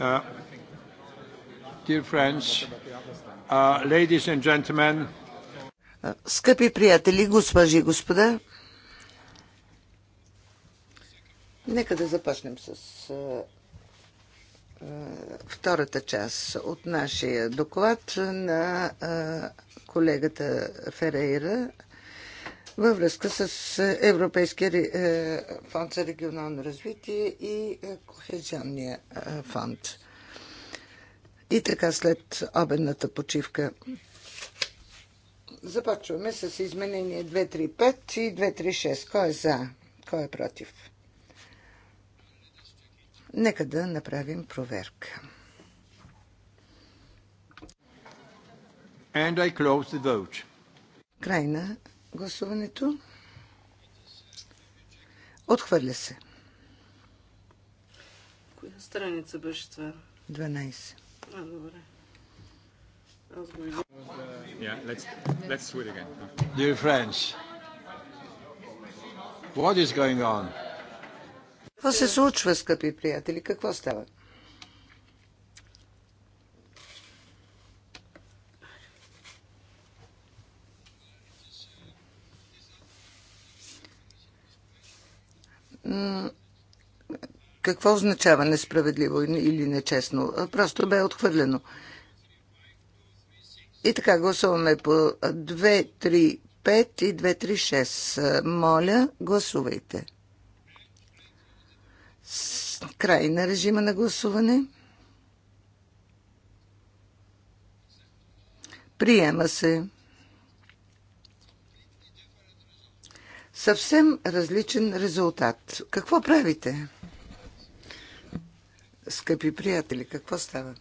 Uh, uh, Скъпи приятели, госпожи и господа, нека да започнем с втората част от нашия доклад на колегата Ферейра във връзка с е, Европейския е, фонд за регионално развитие и е, Кохезионния фонд. И така след обедната почивка започваме с изменение 235 и 236. Кой е за? Кой е против? Нека да направим проверка. And I close the vote. Край на гласуването. Отхвърля се. Коя страница беше това? 12. А, добре. Аз го видя. Yeah, let's, let's do it again. Dear friends, what is going on? Какво се случва, скъпи приятели? Какво става? Какво означава несправедливо или нечестно? Просто бе отхвърлено. И така гласуваме по 2, 3, 5 и 2, 3, 6. Моля, гласувайте. край на режима на гласуване. Приема се. съвсем различен резултат. Какво правите? Скъпи приятели, какво става?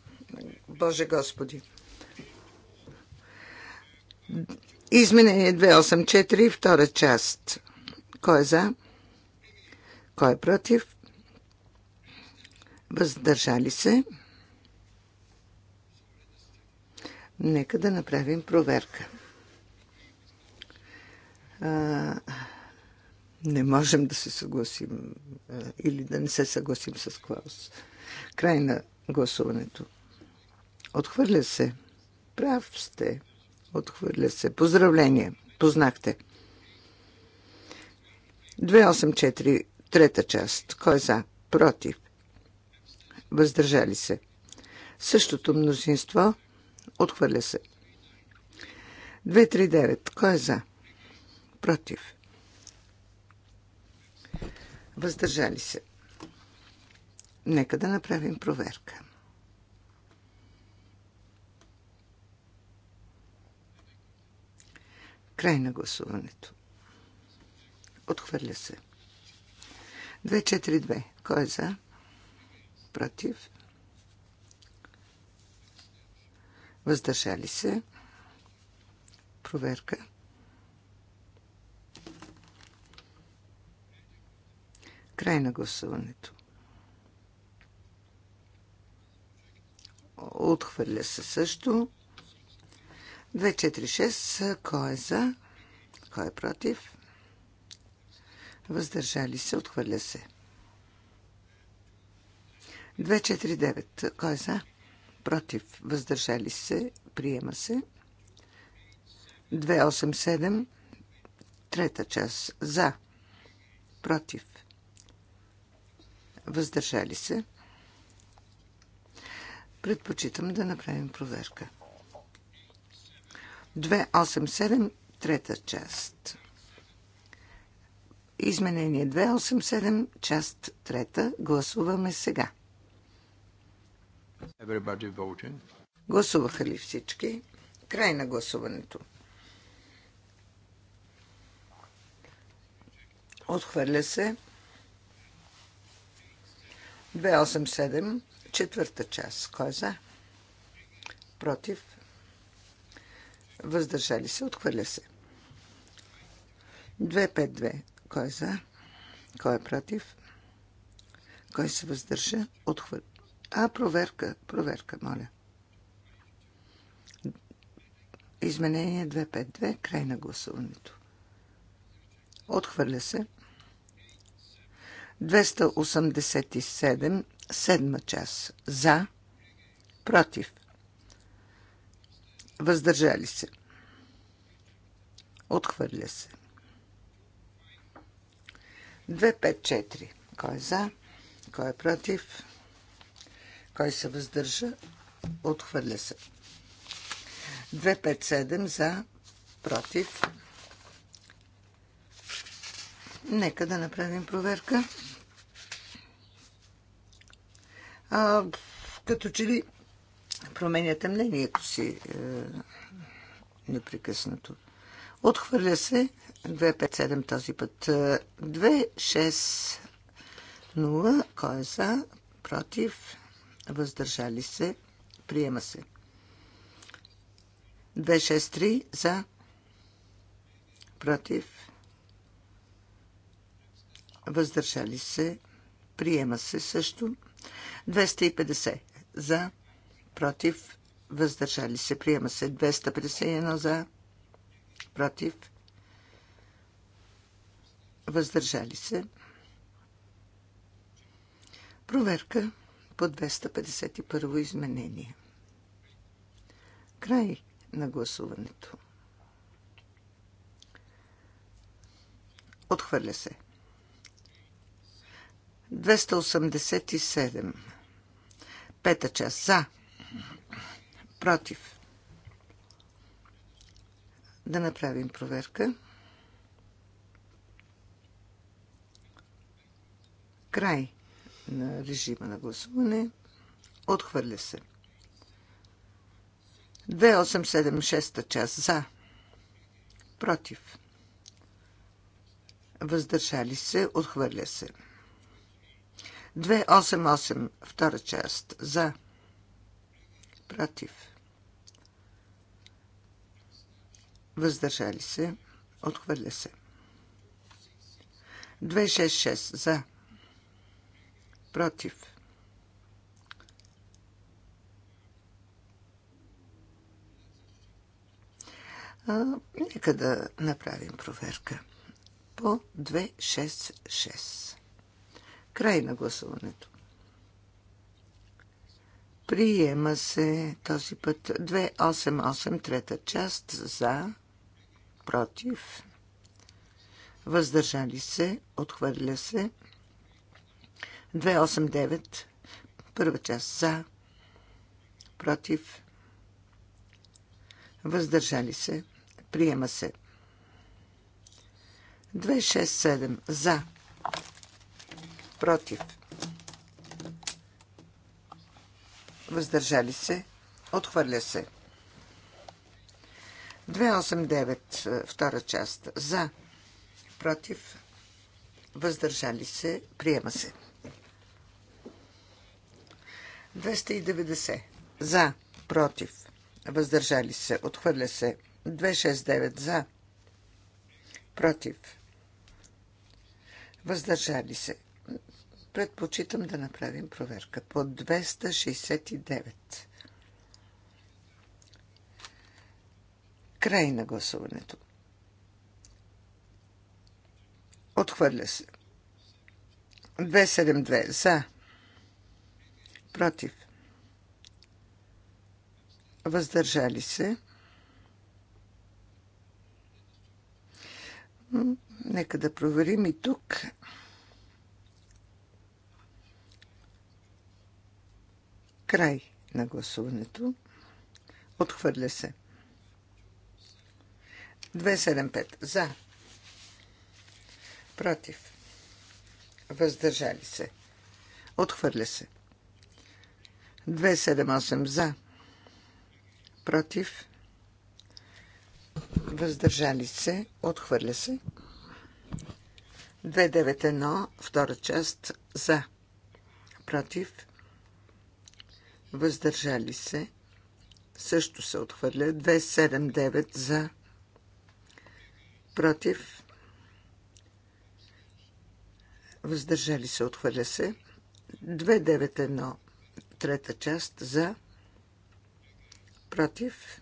Боже Господи! Изменение 284, втора част. Кой е за? Кой е против? Въздържали се? Нека да направим проверка. А, не можем да се съгласим или да не се съгласим с Клаус. Край на гласуването. Отхвърля се. Прав сте. Отхвърля се. Поздравление. Познахте. 284. Трета част. Кой е за? Против. Въздържали се. Същото мнозинство. Отхвърля се. 239. Кой е за? Против. Въздържали се. Нека да направим проверка. Край на гласуването. Отхвърля се. 242. Кой е за? Против. Въздържали се. Проверка. Край на гласуването. Отхвърля се също. 246. Кой е за? Кой е против? Въздържали се. Отхвърля се. 249. Кой е за? Против. Въздържали се. Приема се. 287. Трета част. За. Против въздържали се. Предпочитам да направим проверка. 287, трета част. Изменение 287, част трета. Гласуваме сега. Гласуваха ли всички? Край на гласуването. Отхвърля се. 287, четвърта част. Кой е за? Против. Въздържали се. Отхвърля се. 252. Кой е за? Кой е против? Кой се въздържа? Отхвърля. А, проверка. Проверка, моля. Изменение 252. Край на гласуването. Отхвърля се. 253. 287, седма час. За, против, въздържали се. Отхвърля се. 254. Кой е за? Кой е против? Кой се въздържа? Отхвърля се. 257 за, против. Нека да направим проверка а, като че ли променяте мнението си е, непрекъснато. Отхвърля се 257 този път. 260. Е, Кой е за? Против? Въздържали се? Приема се. 263 за? Против? Въздържали се? Приема се също. 250 за, против, въздържали се. Приема се 251 за, против, въздържали се. Проверка по 251 изменение. Край на гласуването. Отхвърля се. 287. Пета част. За. Против. Да направим проверка. Край на режима на гласуване. Отхвърля се. 2876 част. За. Против. Въздържали се. Отхвърля се. 288, втора част. За. Против. Въздържали се. Отхвърля се. 266. За. Против. А, нека да направим проверка. По 266. Край на гласуването. Приема се този път 288, трета част за, против, въздържали се, отхвърля се. 289, първа част за, против, въздържали се, приема се. 267 за, против, въздържали се, отхвърля се. 289, е, втора част, за, против, въздържали се, приема се. 290, за, против, въздържали се, отхвърля се. 269, за, против, въздържали се, предпочитам да направим проверка по 269. Край на гласуването. Отхвърля се. 272 за. Против. Въздържали се. Нека да проверим и тук Край на гласуването. Отхвърля се. 275. За. Против. Въздържали се. Отхвърля се. 278. За. Против. Въздържали се. Отхвърля се. 291. Втора част. За. Против въздържали се, също се отхвърля. 279 за, против, въздържали се, отхвърля се. 291, трета част, за, против,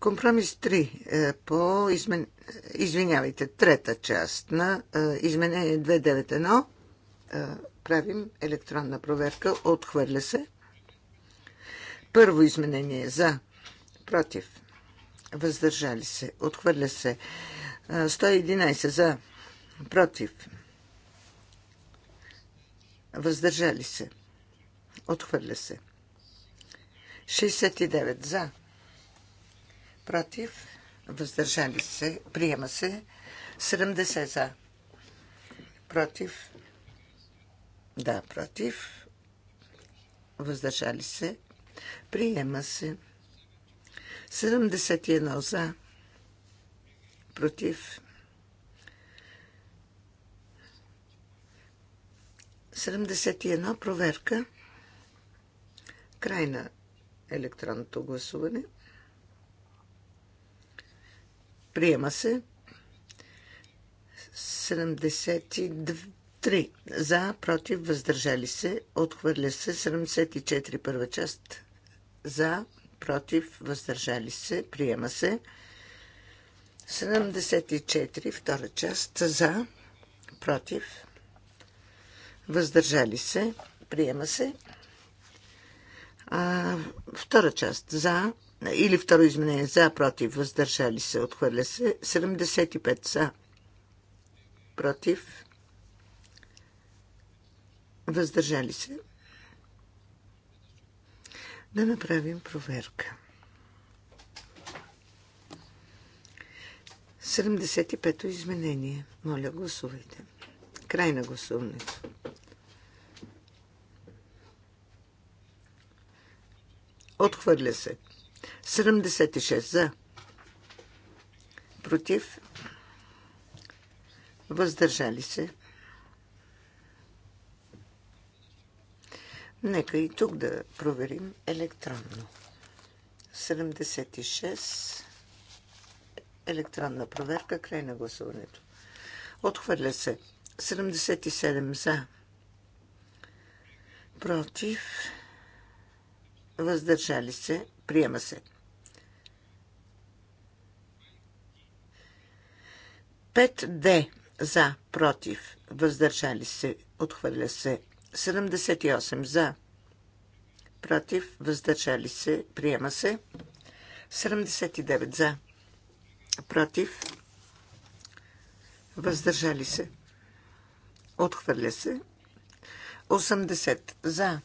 Компромис 3 е, по измен извинявайте, трета част на е, изменение 291 е, правим електронна проверка, отхвърля се. Първо изменение за, против, въздържали се, отхвърля се. 111 е, за, против, въздържали се, отхвърля се. 69 за, против, въздържали се, приема се. 70 за, против, да, против, въздържали се, приема се. 71 за, против, 71 проверка. Край на електронното гласуване. Приема се. 73 за, против, въздържали се. Отхвърля се. 74 първа част за, против, въздържали се. Приема се. 74 втора част за, против, въздържали се. Приема се. А, втора част за, или второ изменение за, против, въздържали се, отхвърля се. 75 за, против, въздържали се. Да направим проверка. 75-то изменение. Моля, гласувайте. Край на гласуването. Отхвърля се. 76 за. Против. Въздържали се. Нека и тук да проверим електронно. 76. Електронна проверка. Край на гласуването. Отхвърля се. 77 за. Против. Въздържали се. Приема се. Пет Д за, против, въздържали се, отхвърля се. 78 за, против, въздържали се, приема се. 79 за, против, въздържали се, отхвърля се. 80 за,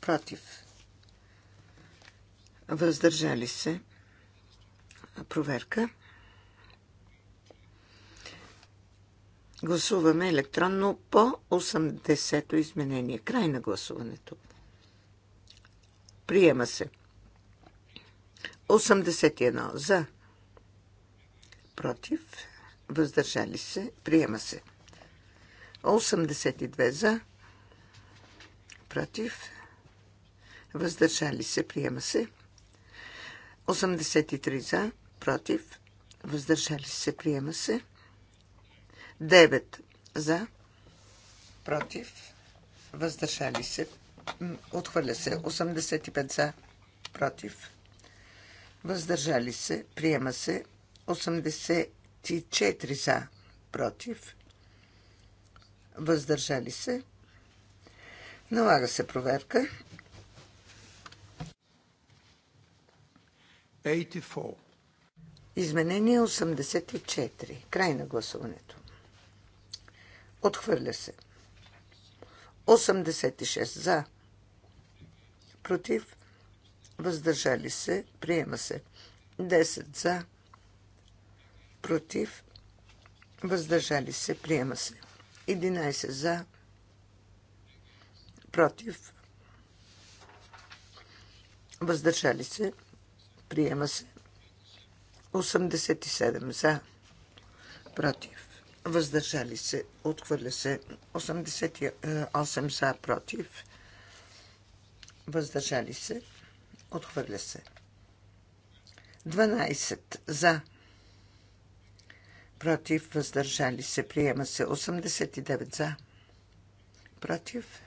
против, въздържали се. Проверка. Гласуваме електронно по 80-то изменение. Край на гласуването. Приема се. 81 за. Против. Въздържали се. Приема се. 82 за. Против. Въздържали се. Приема се. 83 за, против, въздържали се, приема се. 9 за, против, въздържали се, отхвърля се. 85 за, против, въздържали се, приема се. 84 за, против, въздържали се. Налага се проверка. Изменение 84. Край на гласуването. Отхвърля се. 86 за. Против. Въздържали се. Приема се. 10 за. Против. Въздържали се. Приема се. 11 за. Против. Въздържали се. Приема се. 87 за. Против. Въздържали се. Отхвърля се. 88 за. Против. Въздържали се. Отхвърля се. 12 за. Против. Въздържали се. Приема се. 89 за. Против.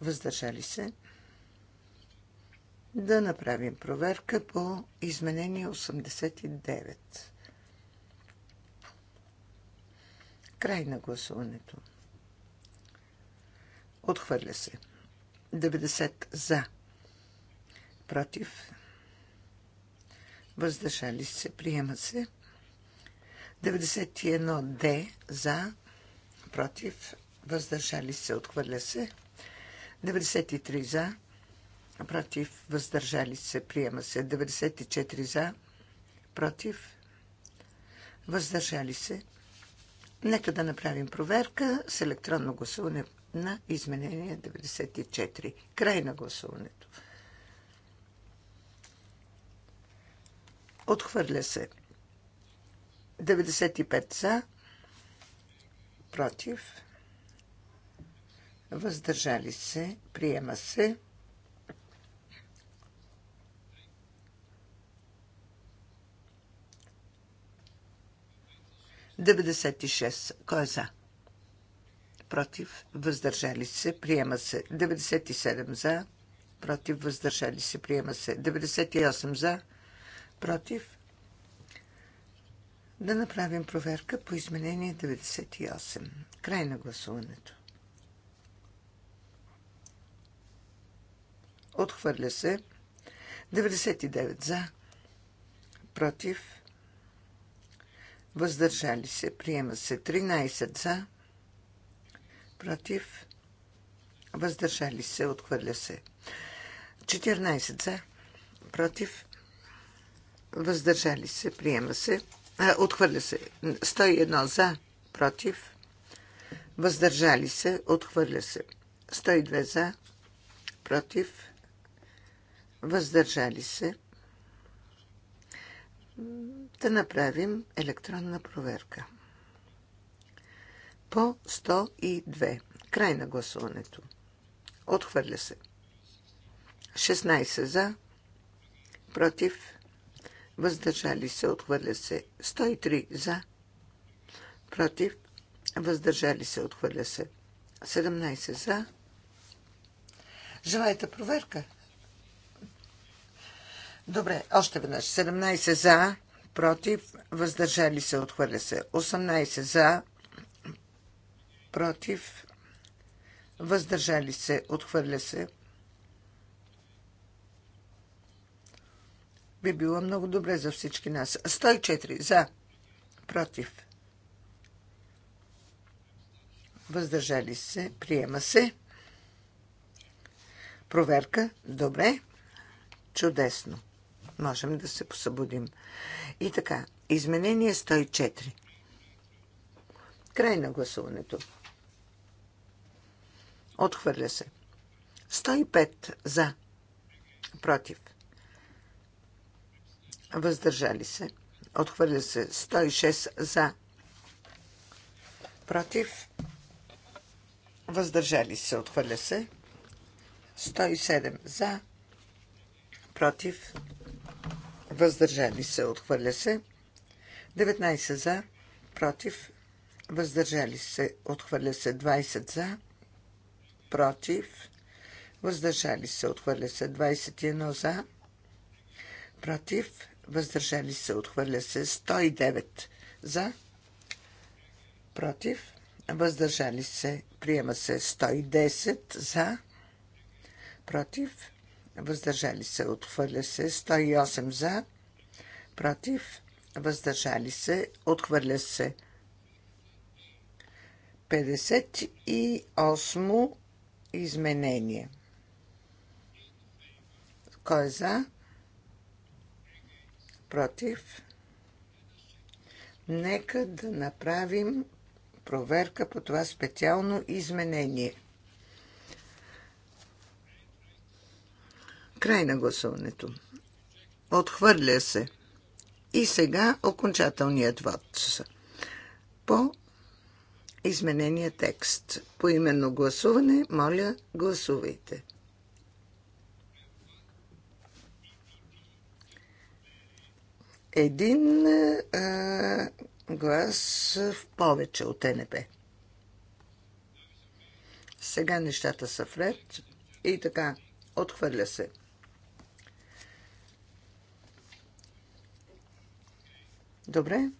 Въздържали се да направим проверка по изменение 89. Край на гласуването. Отхвърля се. 90 за. Против. Въздържали се. Приема се. 91 Д за. Против. Въздържали се. Отхвърля се. 93 за против, въздържали се, приема се. 94 за, против, въздържали се. Нека да направим проверка с електронно гласуване на изменение 94. Край на гласуването. Отхвърля се. 95 за, против, въздържали се, приема се. 96. Кой е за? Против. Въздържали се. Приема се. 97 за. Против. Въздържали се. Приема се. 98 за. Против. Да направим проверка по изменение 98. Край на гласуването. Отхвърля се. 99 за. Против въздържали се. Приема се 13 за, против, въздържали се, отхвърля се. 14 за, против, въздържали се, приема се, а, отхвърля се. 101 за, против, въздържали се, отхвърля се. 102 за, против, въздържали се да направим електронна проверка. По 102. Край на гласуването. Отхвърля се. 16 за, против, въздържали се, отхвърля се. 103 за, против, въздържали се, отхвърля се. 17 за. Желаете проверка? Добре, още веднъж. 17 за, против, въздържали се, отхвърля се. 18 за, против, въздържали се, отхвърля се. Би било много добре за всички нас. 104 за, против, въздържали се, приема се. Проверка, добре, чудесно можем да се посъбудим. И така, изменение 104. Край на гласуването. Отхвърля се. 105 за. Против. Въздържали се. Отхвърля се. 106 за. Против. Въздържали се. Отхвърля се. 107 за. Против въздържали се, отхвърля се. 19 за, против, въздържали се, отхвърля се. 20 за, против, въздържали се, отхвърля се. 21 за, против, въздържали се, отхвърля се. 109 за, против, въздържали се, приема се 110 за, против, въздържали се, отхвърля се 108 за, против, въздържали се, отхвърля се. 58 изменение. Кой е за? Против? Нека да направим проверка по това специално изменение. Край на гласуването. Отхвърля се. И сега окончателният вод по изменения текст. По именно гласуване, моля, гласувайте. Един а, глас в повече от НП. Сега нещата са вред и така, отхвърля се. Добре.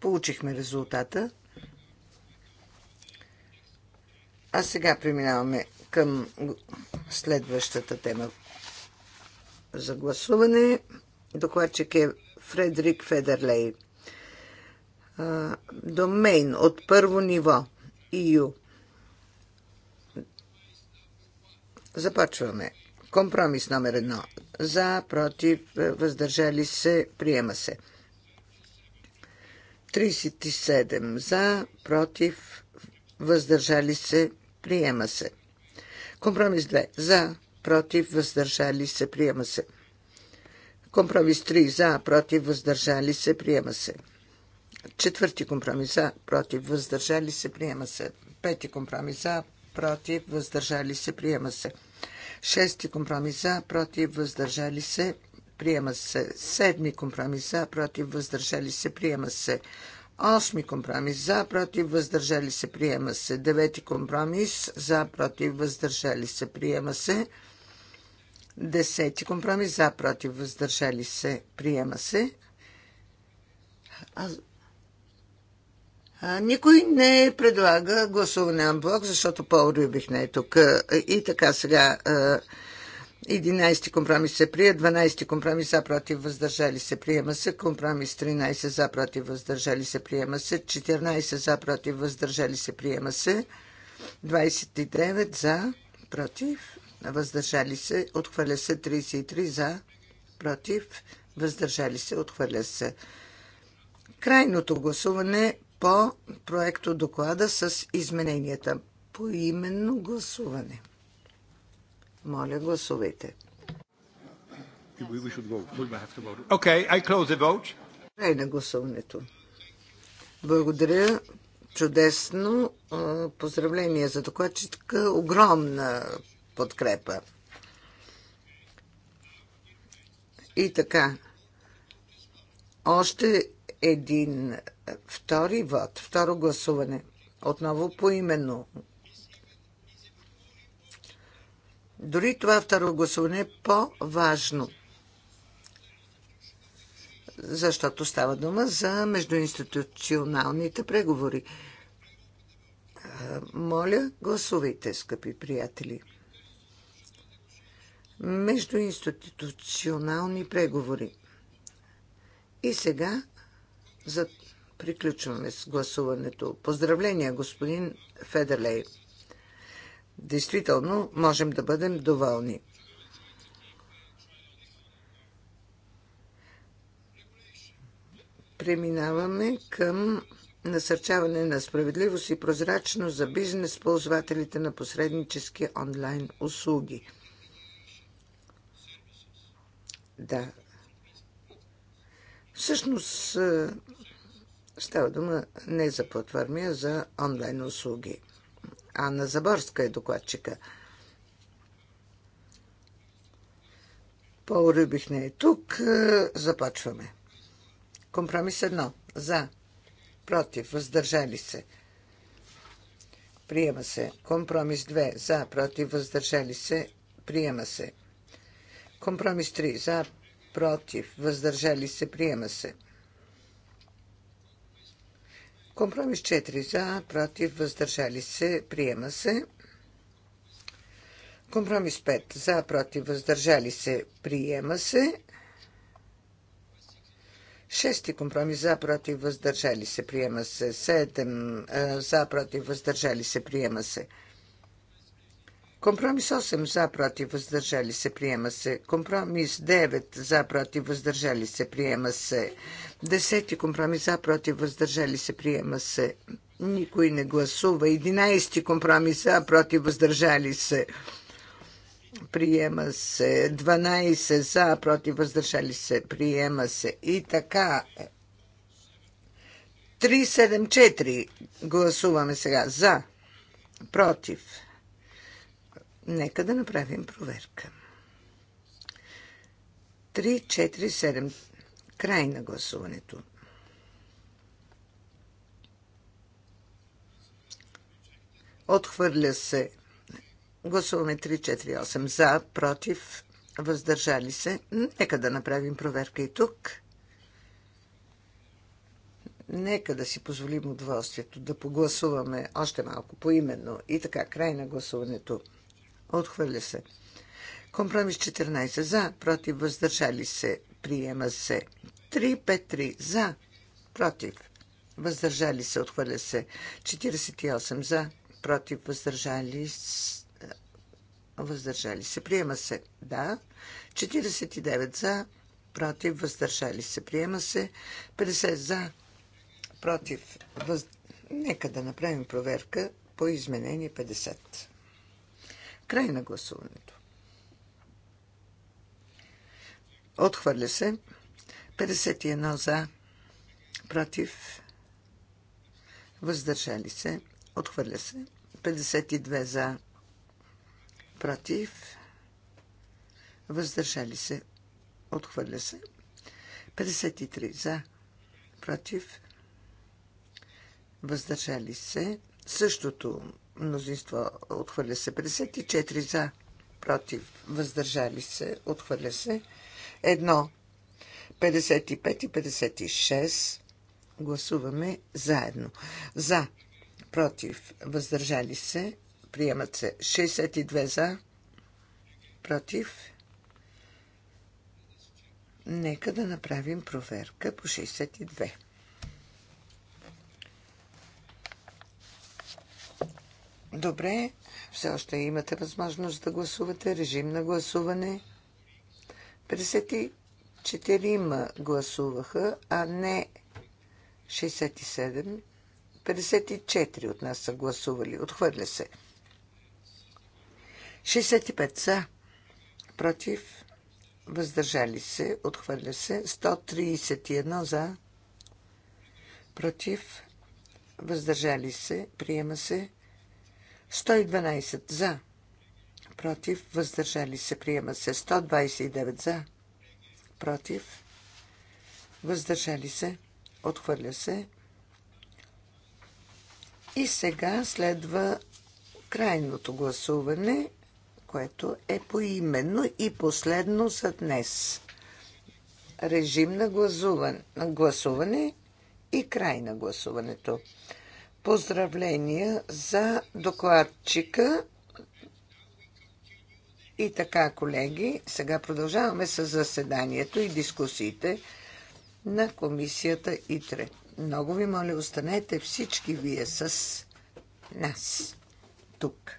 Получихме резултата. А сега преминаваме към следващата тема за гласуване. Докладчик е Фредрик Федерлей. Домейн от първо ниво EU. Започваме. Компромис номер едно. За, против, въздържали се, приема се. 37 за, против, въздържали се, приема се. Компромис 2 за, против, въздържали се, приема се. Компромис 3 за, против, въздържали се, приема се. Четвърти компромис за, против, въздържали се, приема се. Пети компромис за, против, въздържали се, приема се. Шести компромиса против, въздържали се, приема се. Седми компромиса против, въздържали се, приема се. Осми компромис за, против, въздържали се, приема се. Девети компромис за, против, въздържали се, приема се. Десети компромис за, против, въздържали се, приема се. Никой не предлага гласуване на блок, защото Пол Рюбих не е тук. И така сега 11 компромис се прие, 12 компромис за против въздържали се приема се, компромис 13 за против въздържали се приема се, 14 за против въздържали се приема се, 29 за против въздържали се, отхвърля се 33 за против въздържали се, отхвърля се. Крайното гласуване по проекто доклада с измененията. По именно гласуване. Моля, гласувайте. Okay, I close the vote. Край на гласуването. Благодаря. Чудесно. Поздравление за докладчика. Огромна подкрепа. И така. Още един втори вод, второ гласуване. Отново поименно. Дори това второ гласуване е по-важно, защото става дума за междуинституционалните преговори. Моля, гласувайте, скъпи приятели. Междуинституционални преговори. И сега за... Приключваме с гласуването. Поздравления, господин Федерлей. Действително, можем да бъдем доволни. Преминаваме към насърчаване на справедливост и прозрачност за бизнес ползвателите на посреднически онлайн услуги. Да, Всъщност става дума не за платформи, а за онлайн услуги. Анна Заборска е докладчика. Пол Рюбих не е тук. Започваме. Компромис едно. За. Против. Въздържали се. Приема се. Компромис 2. За. Против. Въздържали се. Приема се. Компромис 3. За против, въздържали се, приема се. Компромис 4 за, против, въздържали се, приема се. Компромис 5 за, против, въздържали се, приема се. Шести компромис за, против, въздържали се, приема се. Седем за, против, въздържали се, приема се. Компромис 8 за против въздържали се приема се. Компромис 9 за против въздържали се приема се. Десети компромис за против въздържали се приема се. Никой не гласува. Единайсти компромис за против въздържали се. Приема се. 12 за против въздържали се. Приема се. И така. 374 гласуваме сега. За. Против Нека да направим проверка. 3-4-7. Край на гласуването. Отхвърля се. Гласуваме 3-4-8. За, против, въздържали се. Нека да направим проверка и тук. Нека да си позволим удоволствието да погласуваме още малко поименно. И така, край на гласуването. Отхвърля се. Компромис 14 за, против, въздържали се, приема се. 353 за, против, въздържали се, отхвърля се. 48 за, против, въздържали се. Въздържали се. Приема се. Да. 49 за. Против. Въздържали се. Приема се. 50 за. Против. Въз... Нека да направим проверка по изменение 50. Край на гласуването. Отхвърля се. 51 за, против, въздържали се. Отхвърля се. 52 за, против, въздържали се. Отхвърля се. 53 за, против, въздържали се. Същото мнозинство отхвърля се. 54 за, против, въздържали се, отхвърля се. Едно. 55 и 56 гласуваме заедно. За, против, въздържали се, приемат се 62 за, против. Нека да направим проверка по 62. Добре, все още имате възможност да гласувате. Режим на гласуване. 54 гласуваха, а не 67. 54 от нас са гласували. Отхвърля се. 65 са против, въздържали се, отхвърля се. 131 за, против, въздържали се, приема се. 112 за, против, въздържали се, приема се. 129 за, против, въздържали се, отхвърля се. И сега следва крайното гласуване, което е поименно и последно за днес. Режим на гласуване, гласуване и край на гласуването. Поздравления за докладчика. И така, колеги, сега продължаваме с заседанието и дискусиите на комисията ИТРЕ. Много ви моля, останете всички вие с нас тук.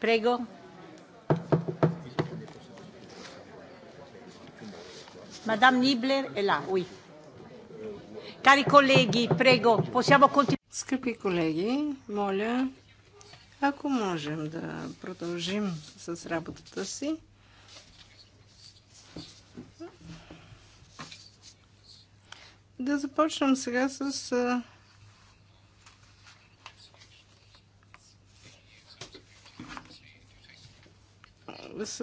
Prego. Madame Nibler è là, oui. Cari colleghi, prego, possiamo continuare. Скъпи колеги, моля, ако можем да продължим с работата си. Да започнем сега с с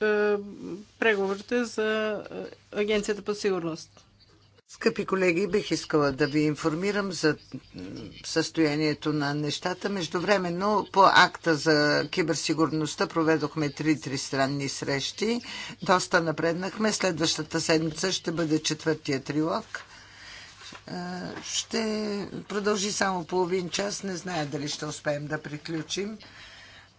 е, преговорите за е, Агенцията по сигурност. Скъпи колеги, бих искала да ви информирам за състоянието на нещата. Междувременно по акта за киберсигурността проведохме три тристранни срещи. Доста напреднахме. Следващата седмица ще бъде четвъртия трилог. Е, ще продължи само половин час. Не зная дали ще успеем да приключим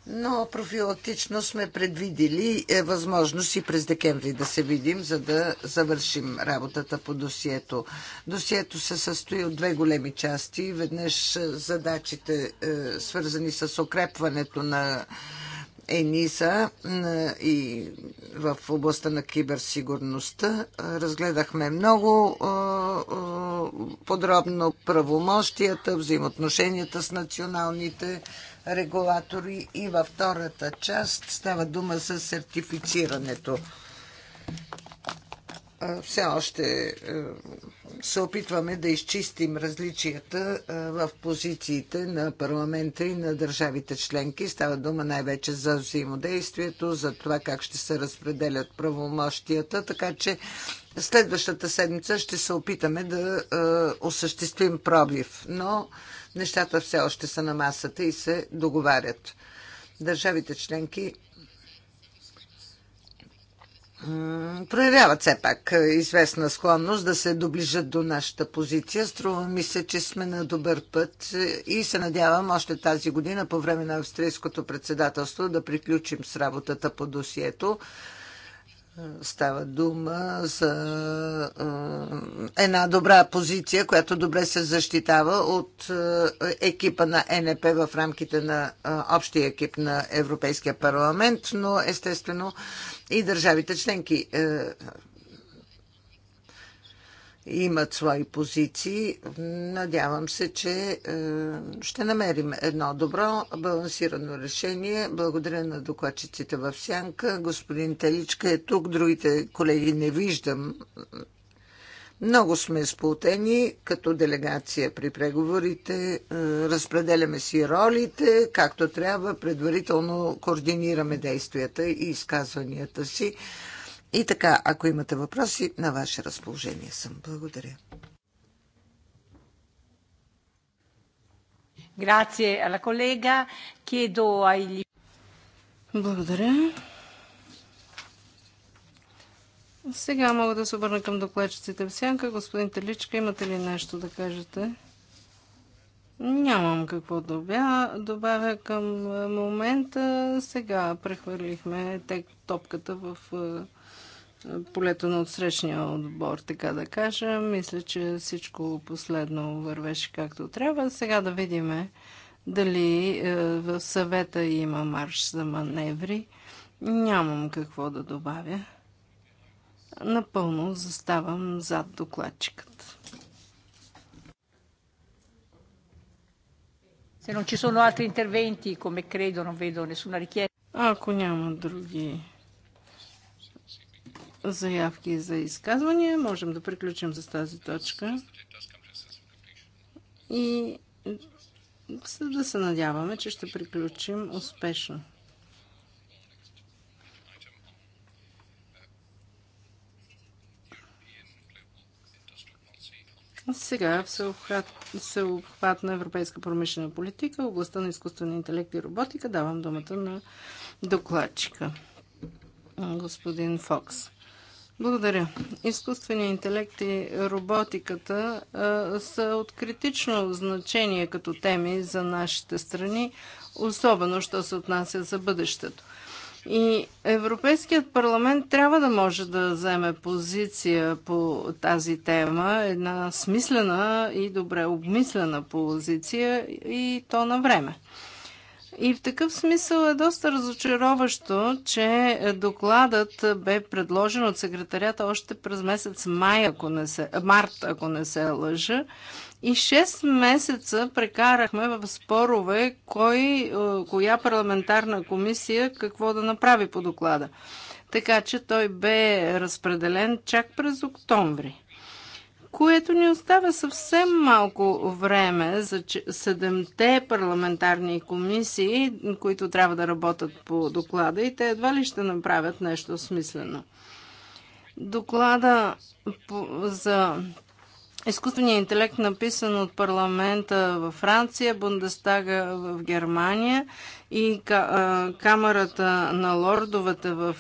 но профилактично сме предвидели е възможност и през декември да се видим, за да завършим работата по досието. Досието се състои от две големи части. Веднъж е, задачите, е, свързани с укрепването на ЕНИСА е, и в областта на киберсигурността. Разгледахме много подробно правомощията, взаимоотношенията с националните регулатори и във втората част става дума за сертифицирането. Все още се опитваме да изчистим различията в позициите на парламента и на държавите членки. Става дума най-вече за взаимодействието, за това как ще се разпределят правомощията, така че следващата седмица ще се опитаме да осъществим пробив. Но нещата все още са на масата и се договарят. Държавите членки проявяват все пак е, известна склонност да се доближат до нашата позиция. Струва ми се, че сме на добър път е, и се надявам още тази година по време на австрийското председателство да приключим с работата по досието. Става дума за е, една добра позиция, която добре се защитава от е, екипа на НП в рамките на е, общия екип на Европейския парламент, но естествено и държавите членки имат свои позиции. Надявам се, че е, ще намерим едно добро, балансирано решение. Благодаря на докладчиците в Сянка. Господин Теличка е тук, другите колеги не виждам. Много сме сплутени като делегация при преговорите, е, разпределяме си ролите, както трябва, предварително координираме действията и изказванията си. И така, ако имате въпроси, на ваше разположение съм. Благодаря. Grazie alla collega. Chiedo agli... Благодаря. Сега мога да се обърна към докладчиците в сянка. Господин Теличка, имате ли нещо да кажете? Нямам какво добя. добавя към момента. Сега прехвърлихме топката в полето на отсрещния отбор, така да кажа. Мисля, че всичко последно вървеше както трябва. Сега да видим дали е, в съвета има марш за маневри. Нямам какво да добавя. Напълно заставам зад докладчикът. Ако няма други заявки за изказвания. Можем да приключим с тази точка. И да се надяваме, че ще приключим успешно. Сега на европейска промишлена политика, областта на изкуствения интелект и роботика. Давам думата на докладчика, господин Фокс. Благодаря. Изкуственият интелект и роботиката а, са от критично значение като теми за нашите страни, особено що се отнася за бъдещето. И Европейският парламент трябва да може да вземе позиция по тази тема, една смислена и добре обмислена позиция и то на време. И в такъв смисъл е доста разочароващо, че докладът бе предложен от секретарята още през месец май, ако не се, март, ако не се лъжа. И 6 месеца прекарахме в спорове кой, е, коя парламентарна комисия какво да направи по доклада. Така че той бе разпределен чак през октомври което ни остава съвсем малко време за седемте парламентарни комисии, които трябва да работят по доклада и те едва ли ще направят нещо смислено. Доклада за изкуствения интелект, написан от парламента във Франция, Бундестага в Германия, и Камерата на лордовете в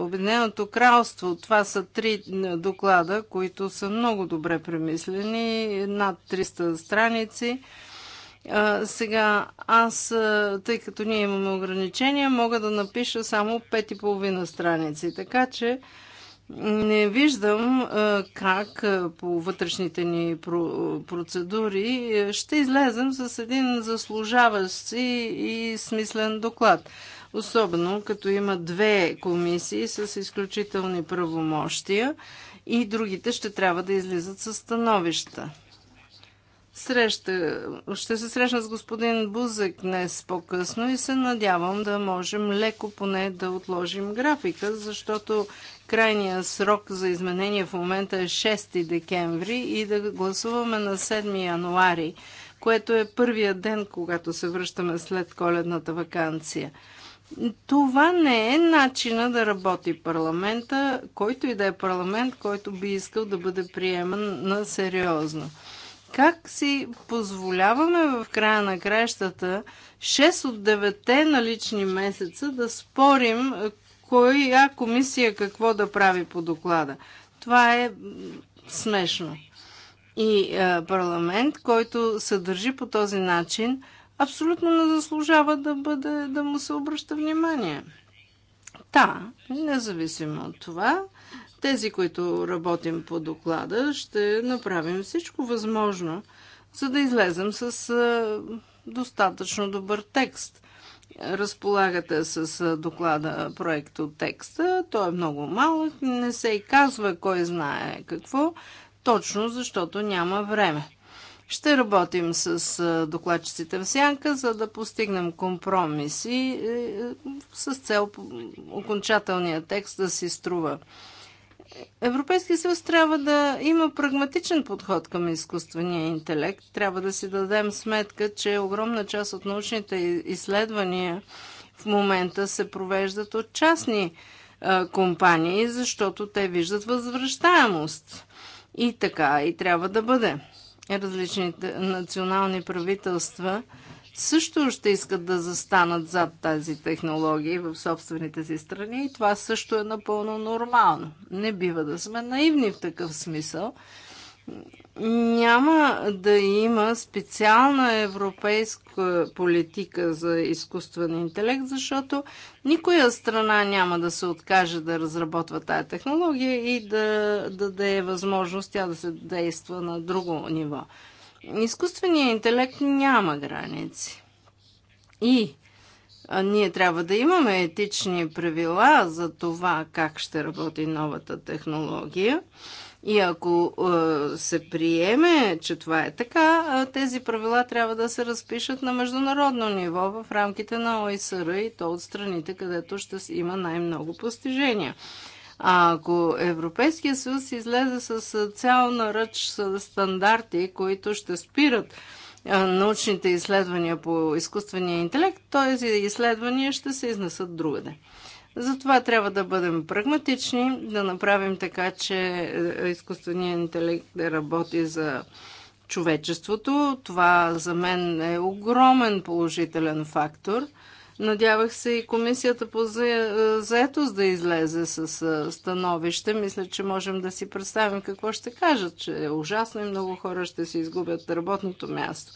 Обединеното кралство. Това са три доклада, които са много добре премислени, над 300 страници. Сега, аз, тъй като ние имаме ограничения, мога да напиша само 5,5 страници. Така че, не виждам как по вътрешните ни процедури ще излезем с един заслужаващ си и смислен доклад. Особено като има две комисии с изключителни правомощия и другите ще трябва да излизат с становища. Среща, ще се срещна с господин Бузък днес по-късно и се надявам да можем леко поне да отложим графика, защото крайния срок за изменение в момента е 6 декември и да гласуваме на 7 януари, което е първия ден, когато се връщаме след коледната вакансия. Това не е начина да работи парламента, който и да е парламент, който би искал да бъде приеман на сериозно. Как си позволяваме в края на краищата 6 от 9 налични месеца да спорим коя комисия какво да прави по доклада. Това е смешно. И а, парламент, който се държи по този начин, абсолютно не заслужава да, бъде, да му се обръща внимание. Та, независимо от това, тези, които работим по доклада, ще направим всичко възможно, за да излезем с достатъчно добър текст. Разполагате с доклада проект от текста. Той е много малък, не се и казва кой знае какво, точно защото няма време. Ще работим с докладчиците в сянка, за да постигнем компромиси е, е, с цел окончателния текст да си струва Европейския съюз трябва да има прагматичен подход към изкуствения интелект. Трябва да си дадем сметка, че огромна част от научните изследвания в момента се провеждат от частни а, компании, защото те виждат възвръщаемост. И така и трябва да бъде. Различните национални правителства – също ще искат да застанат зад тази технология в собствените си страни и това също е напълно нормално. Не бива да сме наивни в такъв смисъл. Няма да има специална европейска политика за изкуствен интелект, защото никоя страна няма да се откаже да разработва тая технология и да, да даде възможност тя да се действа на друго ниво. Изкуственият интелект няма граници. И а, ние трябва да имаме етични правила за това как ще работи новата технология. И ако е, се приеме, че това е така, тези правила трябва да се разпишат на международно ниво в рамките на ОИСР и то от страните, където ще има най-много постижения. А ако Европейския съюз излезе с цял наръч стандарти, които ще спират научните изследвания по изкуствения интелект, тези изследвания ще се изнесат другаде. Затова трябва да бъдем прагматични, да направим така, че изкуственият интелект да работи за човечеството. Това за мен е огромен положителен фактор – Надявах се и комисията по заетост да излезе с становище. Мисля, че можем да си представим какво ще кажат, че е ужасно и много хора ще си изгубят работното място.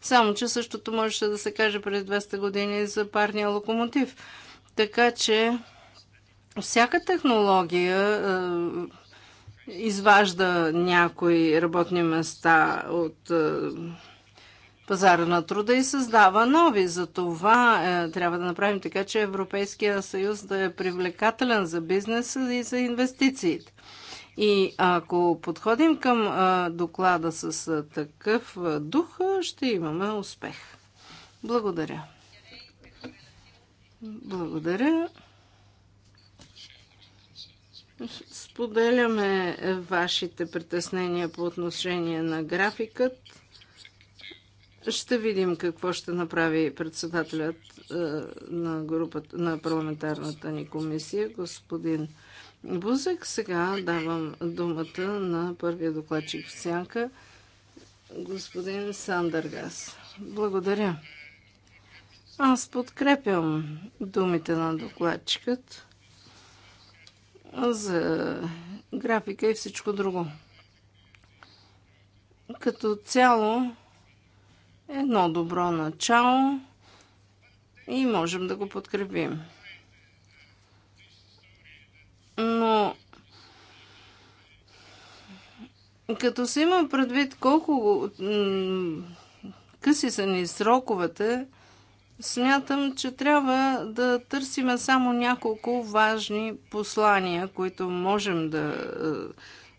Само, че същото можеше да се каже през 200 години за парния локомотив. Така че всяка технология изважда някои работни места от пазара на труда и създава нови. За това е, трябва да направим така, че Европейския съюз да е привлекателен за бизнеса и за инвестициите. И ако подходим към е, доклада с е, такъв е, дух, е, ще имаме успех. Благодаря. Благодаря. Споделяме е, вашите притеснения по отношение на графикът. Ще видим какво ще направи председателят е, на, групата, на парламентарната ни комисия, господин Бузек. Сега давам думата на първия докладчик в сянка, господин Сандъргас. Благодаря. Аз подкрепям думите на докладчикът за графика и всичко друго. Като цяло, едно добро начало и можем да го подкрепим. Но като се има предвид колко къси са ни сроковете, смятам, че трябва да търсиме само няколко важни послания, които можем да е,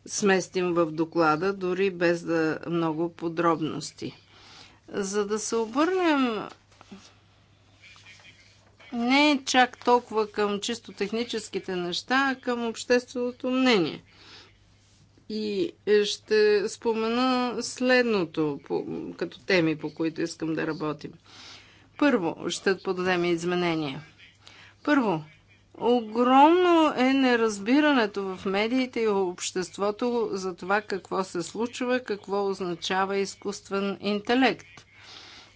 сместим в доклада, дори без да много подробности. За да се обърнем не чак толкова към чисто техническите неща, а към общественото мнение. И ще спомена следното като теми, по които искам да работим. Първо, ще подадем изменения. Първо, Огромно е неразбирането в медиите и обществото за това какво се случва, какво означава изкуствен интелект.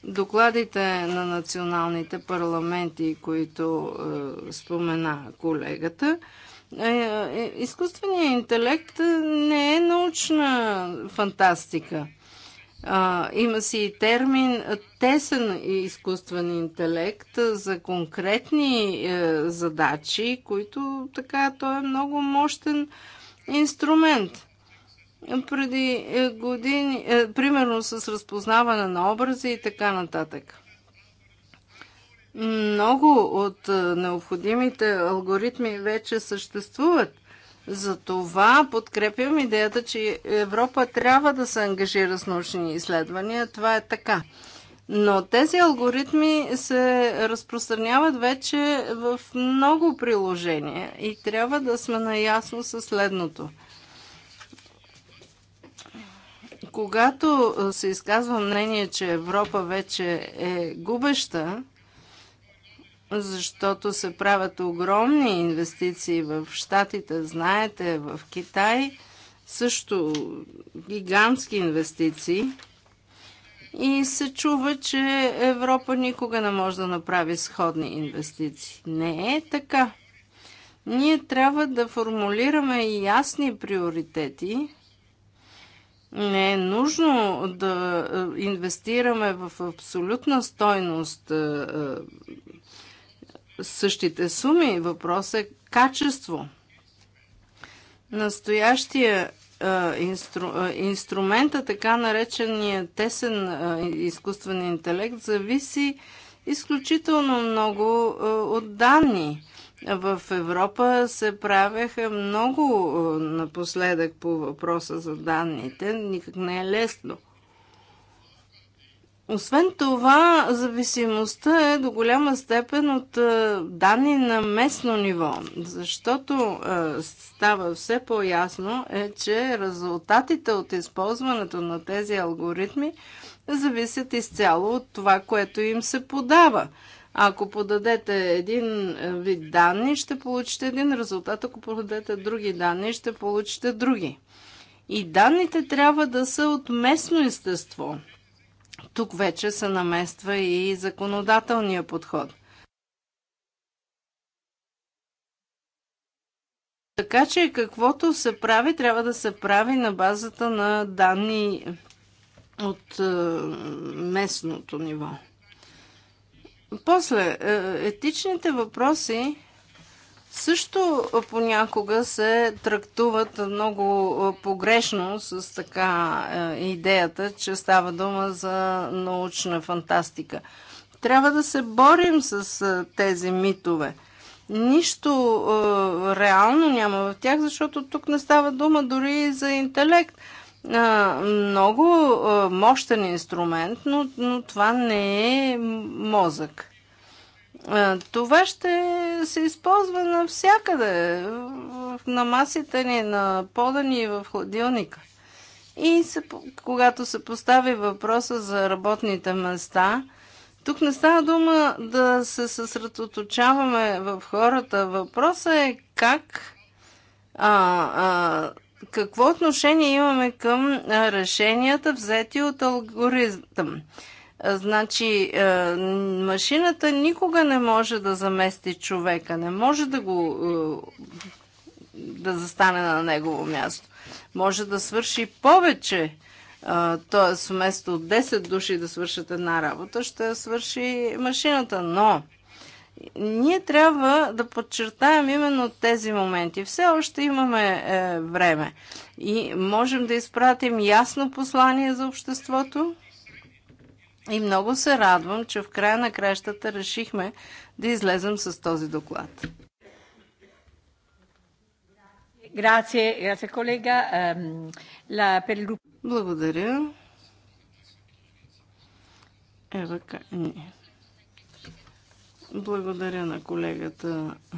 Докладите на националните парламенти, които е, спомена колегата, е, е изкуственият интелект не е научна фантастика. А, има си и термин тесен изкуствен интелект за конкретни е, задачи, които така той е много мощен инструмент. Преди е, години, е, примерно с разпознаване на образи и така нататък. Много от е, необходимите алгоритми вече съществуват затова подкрепям идеята, че Европа трябва да се ангажира с научни изследвания. Това е така. Но тези алгоритми се разпространяват вече в много приложения и трябва да сме наясно със следното. Когато се изказва мнение, че Европа вече е губеща, защото се правят огромни инвестиции в Штатите, знаете, в Китай също гигантски инвестиции. И се чува, че Европа никога не може да направи сходни инвестиции. Не е така. Ние трябва да формулираме ясни приоритети. Не е нужно да е, инвестираме в абсолютна стойност е, е, същите суми. Въпрос е качество. Настоящия инстру, инструмента, е така наречения тесен изкуствен интелект, зависи изключително много от данни. В Европа се правеха много напоследък по въпроса за данните. Никак не е лесно. Освен това, зависимостта е до голяма степен от е, данни на местно ниво, защото е, става все по-ясно е, че резултатите от използването на тези алгоритми зависят изцяло от това, което им се подава. Ако подадете един е, вид данни, ще получите един резултат. Ако подадете други данни, ще получите други. И данните трябва да са от местно естество – тук вече се намества и законодателния подход. Така че каквото се прави, трябва да се прави на базата на данни от е, местното ниво. После, е, етичните въпроси също понякога се трактуват много погрешно с така идеята, че става дума за научна фантастика. Трябва да се борим с тези митове. Нищо е, реално няма в тях, защото тук не става дума дори и за интелект. Е, много е, мощен инструмент, но, но това не е мозък. Това ще се използва навсякъде, на масите ни, на пода ни и в хладилника. И се, когато се постави въпроса за работните места, тук не става дума да се съсредоточаваме в хората. Въпросът е как, а, а, какво отношение имаме към решенията, взети от алгоритъм. Значи, машината никога не може да замести човека, не може да го да застане на негово място. Може да свърши повече. Т.е. вместо 10 души да свършат една работа, ще свърши машината. Но ние трябва да подчертаем именно тези моменти. Все още имаме е, време и можем да изпратим ясно послание за обществото, и много се радвам, че в края на кращата решихме да излезем с този доклад. Благодаря. Ева Благодаря на колегата е,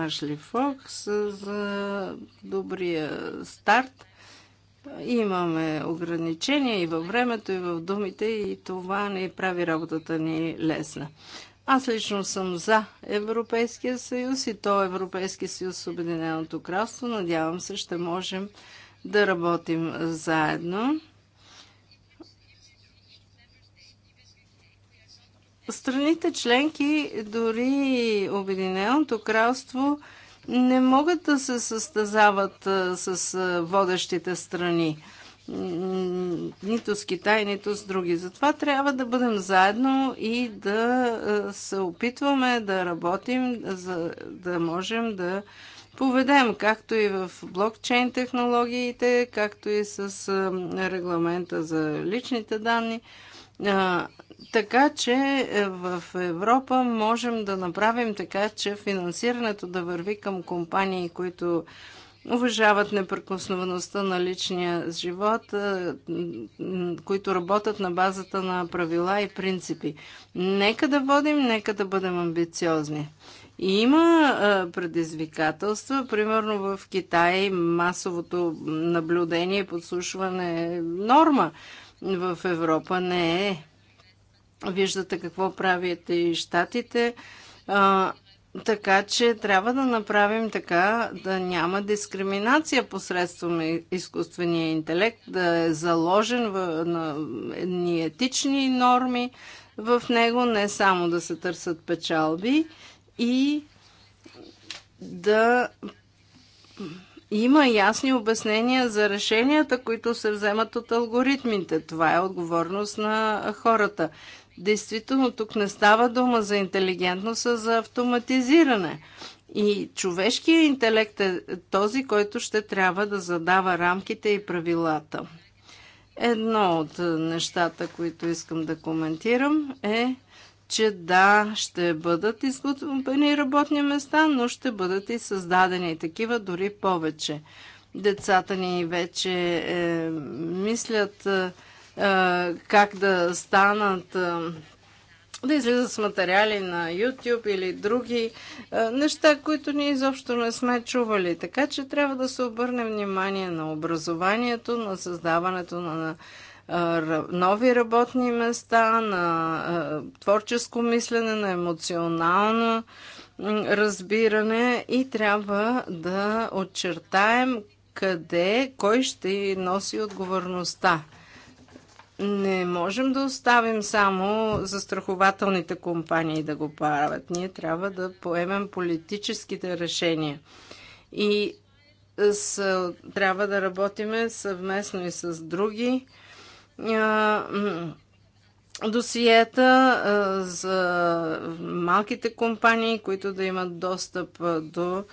Ашли Фокс за добрия старт. Имаме ограничения и във времето, и в думите, и това не прави работата ни лесна. Аз лично съм за Европейския съюз и то Европейския съюз с Обединеното кралство. Надявам се, ще можем да работим заедно. Страните членки, дори Обединеното кралство, не могат да се състезават с водещите страни. Нито с Китай, нито с други. Затова трябва да бъдем заедно и да се опитваме да работим, за да можем да поведем, както и в блокчейн технологиите, както и с регламента за личните данни. Така че е, в Европа можем да направим така, че финансирането да върви към компании, които уважават непрекосновеността на личния живот, е, които работят на базата на правила и принципи. Нека да водим, нека да бъдем амбициозни. И има е, предизвикателства, примерно в Китай масовото наблюдение и подслушване е норма. В Европа не е. Виждате какво правят и щатите. Така че трябва да направим така да няма дискриминация посредством изкуствения интелект, да е заложен в, на едни етични норми в него, не само да се търсят печалби и да има ясни обяснения за решенията, които се вземат от алгоритмите. Това е отговорност на хората. Действително, тук не става дума за интелигентност, а за автоматизиране. И човешкият интелект е този, който ще трябва да задава рамките и правилата. Едно от е, нещата, които искам да коментирам е, че да, ще бъдат изгубени работни места, но ще бъдат и създадени и такива дори повече. Децата ни вече е, мислят е, как да станат да излизат с материали на YouTube или други неща, които ние изобщо не сме чували. Така че трябва да се обърне внимание на образованието, на създаването на, нови работни места, на творческо мислене, на емоционално разбиране и трябва да отчертаем къде, кой ще носи отговорността не можем да оставим само застрахователните компании да го правят. Ние трябва да поемем политическите решения. И с, трябва да работим съвместно и с други досиета за малките компании, които да имат достъп до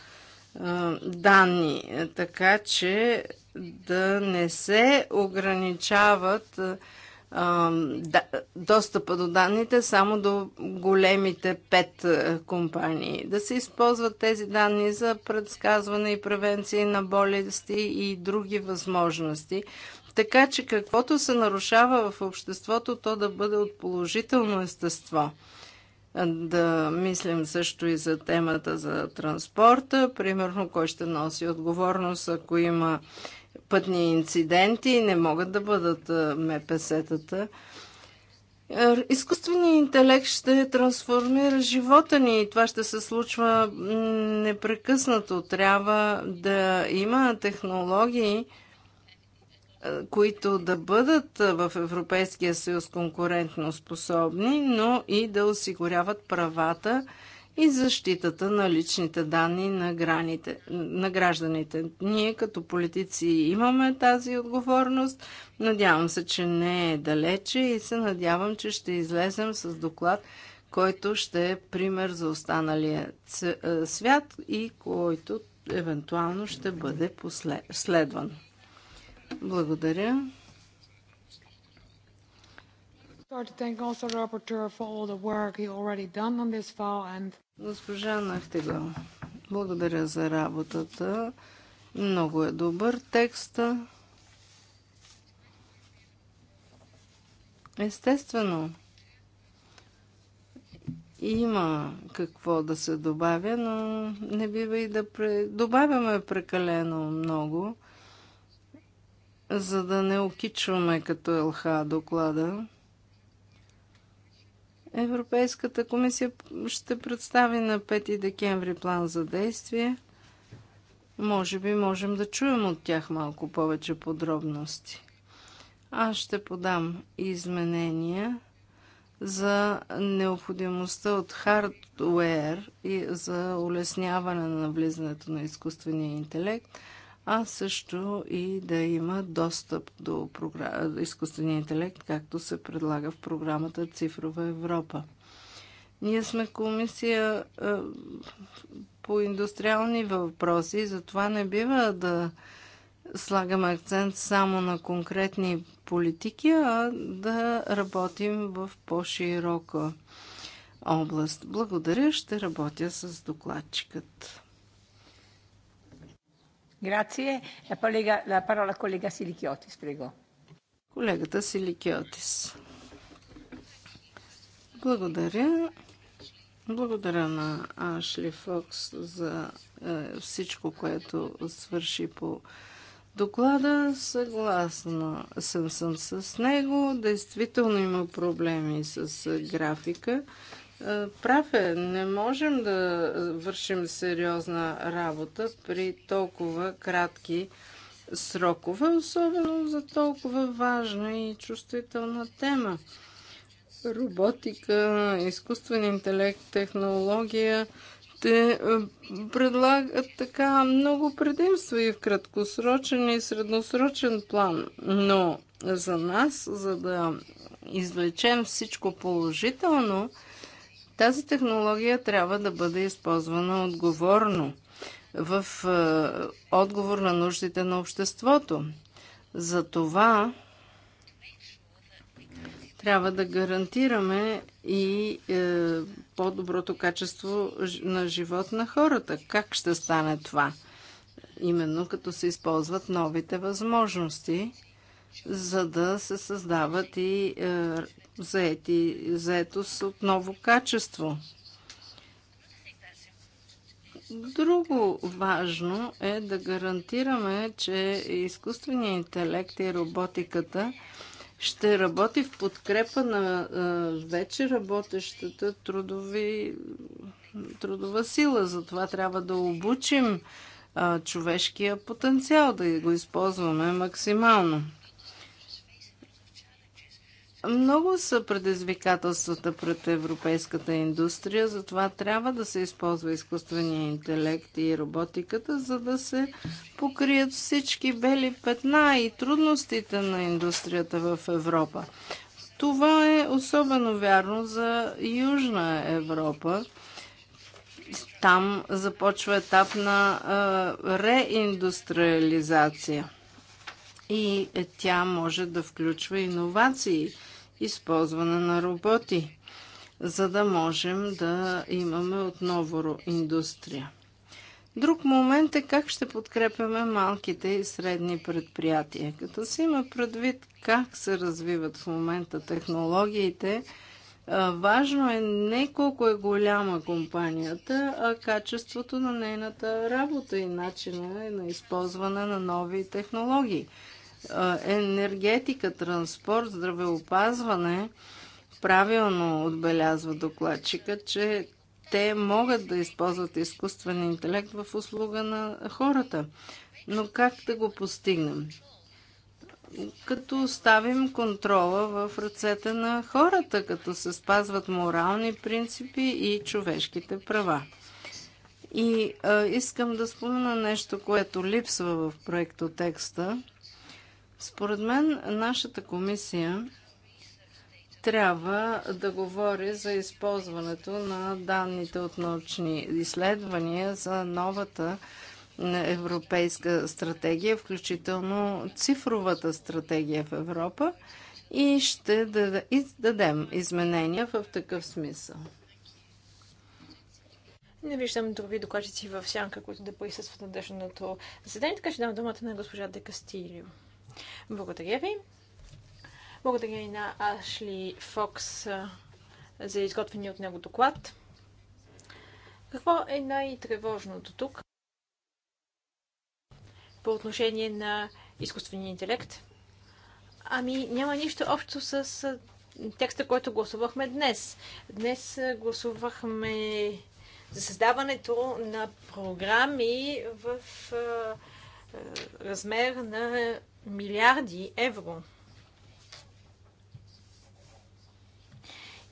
данни. Така че да не се ограничават а, да, достъпа до данните само до големите пет компании. Да се използват тези данни за предсказване и превенции на болести и други възможности. Така че каквото се нарушава в обществото, то да бъде от положително естество да мислим също и за темата за транспорта. Примерно, кой ще носи отговорност, ако има пътни инциденти, не могат да бъдат МПС-тата. Изкуственият интелект ще трансформира живота ни и това ще се случва непрекъснато. Трябва да има технологии, които да бъдат в Европейския съюз конкурентно способни, но и да осигуряват правата и защитата на личните данни на, граните, на гражданите. Ние като политици имаме тази отговорност. Надявам се, че не е далече и се надявам, че ще излезем с доклад, който ще е пример за останалия е, свят и който евентуално ще бъде следван. Благодаря. Госпожа Нахтега, благодаря за работата. Много е добър текста. Естествено, има какво да се добавя, но не бива и да пре... добавяме прекалено много, за да не окичваме като ЛХ доклада. Европейската комисия ще представи на 5 декември план за действие. Може би можем да чуем от тях малко повече подробности. Аз ще подам изменения за необходимостта от хардвер и за улесняване на влизането на изкуствения интелект – а също и да има достъп до изкуствения интелект, както се предлага в програмата Цифрова Европа. Ние сме комисия е, по индустриални въпроси, затова не бива да слагаме акцент само на конкретни политики, а да работим в по-широка област. Благодаря, ще работя с докладчикът. Колегата Силикиотис. Благодаря. Благодаря на Ашли Фокс за е, всичко, което свърши по доклада. Съгласна съм, съм с него. Действително има проблеми с графика. Прав е, не можем да вършим сериозна работа при толкова кратки срокове, особено за толкова важна и чувствителна тема. Роботика, изкуствен интелект, технология те е, предлагат така много предимства и в краткосрочен и средносрочен план. Но за нас, за да извлечем всичко положително, тази технология трябва да бъде използвана отговорно в е, отговор на нуждите на обществото. За това трябва да гарантираме и е, по-доброто качество на живот на хората. Как ще стане това? Именно като се използват новите възможности, за да се създават и е, заети, заето с отново качество. Друго важно е да гарантираме, че изкуственият интелект и роботиката ще работи в подкрепа на вече работещата трудови, трудова сила. Затова трябва да обучим човешкия потенциал, да го използваме максимално. Много са предизвикателствата пред европейската индустрия, затова трябва да се използва изкуствения интелект и роботиката, за да се покрият всички бели петна и трудностите на индустрията в Европа. Това е особено вярно за Южна Европа. Там започва етап на реиндустриализация и тя може да включва иновации – използване на роботи, за да можем да имаме отново индустрия. Друг момент е как ще подкрепяме малките и средни предприятия. Като се има предвид как се развиват в момента технологиите, важно е не колко е голяма компанията, а качеството на нейната работа и начина на използване на нови технологии енергетика, транспорт, здравеопазване, правилно отбелязва докладчика, че те могат да използват изкуствен интелект в услуга на хората. Но как да го постигнем? Като оставим контрола в ръцете на хората, като се спазват морални принципи и човешките права. И а, искам да спомена нещо, което липсва в проекто текста. Според мен, нашата комисия трябва да говори за използването на данните от научни изследвания за новата европейска стратегия, включително цифровата стратегия в Европа и ще дадем изменения в такъв смисъл. Не виждам други докладчици в сянка, които да присъстват на днешното заседание, така ще дам думата на госпожа Декастилио. Благодаря ви. Благодаря и на Ашли Фокс за изготвени от него доклад. Какво е най-тревожното тук по отношение на изкуствения интелект? Ами няма нищо общо с текста, който гласувахме днес. Днес гласувахме за създаването на програми в размер на милиарди евро.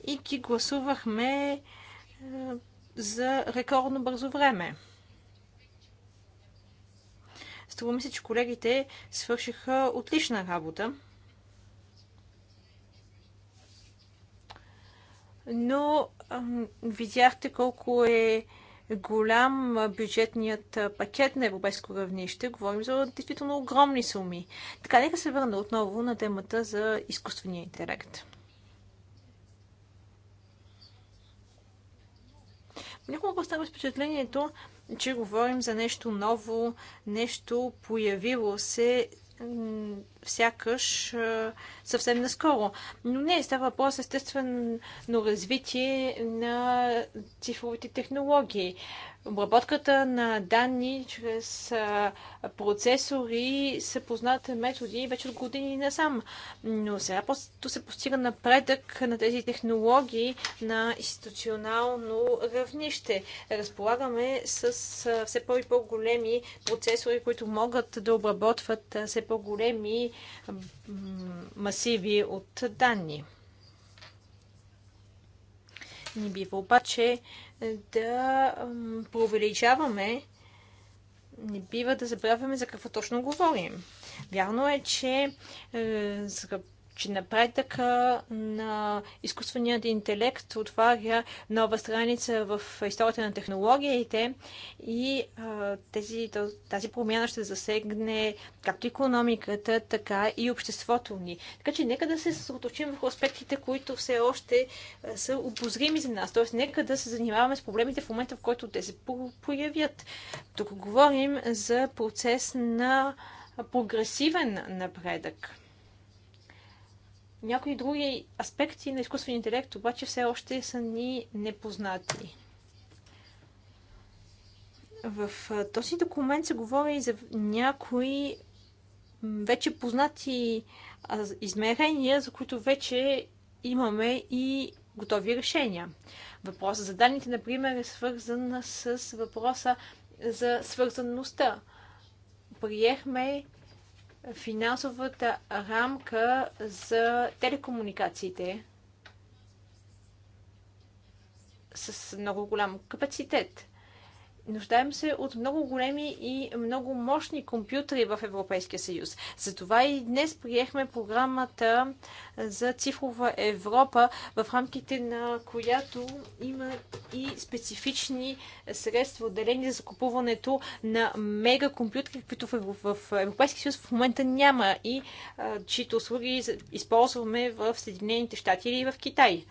И ги гласувахме е, за рекордно бързо време. Струва ми се, че колегите свършиха отлична работа. Но видяхте колко е голям бюджетният пакет на европейско равнище. Говорим за действително огромни суми. Така, нека се върна отново на темата за изкуствения интелект. Няколко остава е впечатлението, че говорим за нещо ново, нещо появило се сякаш съвсем наскоро. Но не, става въпрос естествено развитие на цифровите технологии. Обработката на данни чрез процесори са познати методи вече от години насам. Но сега просто се постига напредък на тези технологии на институционално равнище. Разполагаме с все по- и по-големи процесори, които могат да обработват все по-големи масиви от данни. Не бива обаче да преувеличаваме, не бива да забравяме за какво точно говорим. Вярно е, че е, че напредъка на изкуственият интелект отваря нова страница в историята на технологиите и тези, тази промяна ще засегне както економиката, така и обществото ни. Така че нека да се съсредоточим върху аспектите, които все още са обозрими за нас. Тоест, нека да се занимаваме с проблемите в момента, в който те се появят. Тук говорим за процес на прогресивен напредък. Някои други аспекти на изкуствен интелект обаче все още са ни непознати. В този документ се говори и за някои вече познати измерения, за които вече имаме и готови решения. Въпросът за данните, например, е свързан с въпроса за свързаността. Приехме финансовата рамка за телекомуникациите с много голям капацитет нуждаем се от много големи и много мощни компютри в Европейския съюз. Затова и днес приехме програмата за цифрова Европа, в рамките на която има и специфични средства, отделени за купуването на мегакомпютри, които в Европейския съюз в момента няма и чието услуги използваме в Съединените щати или в Китай.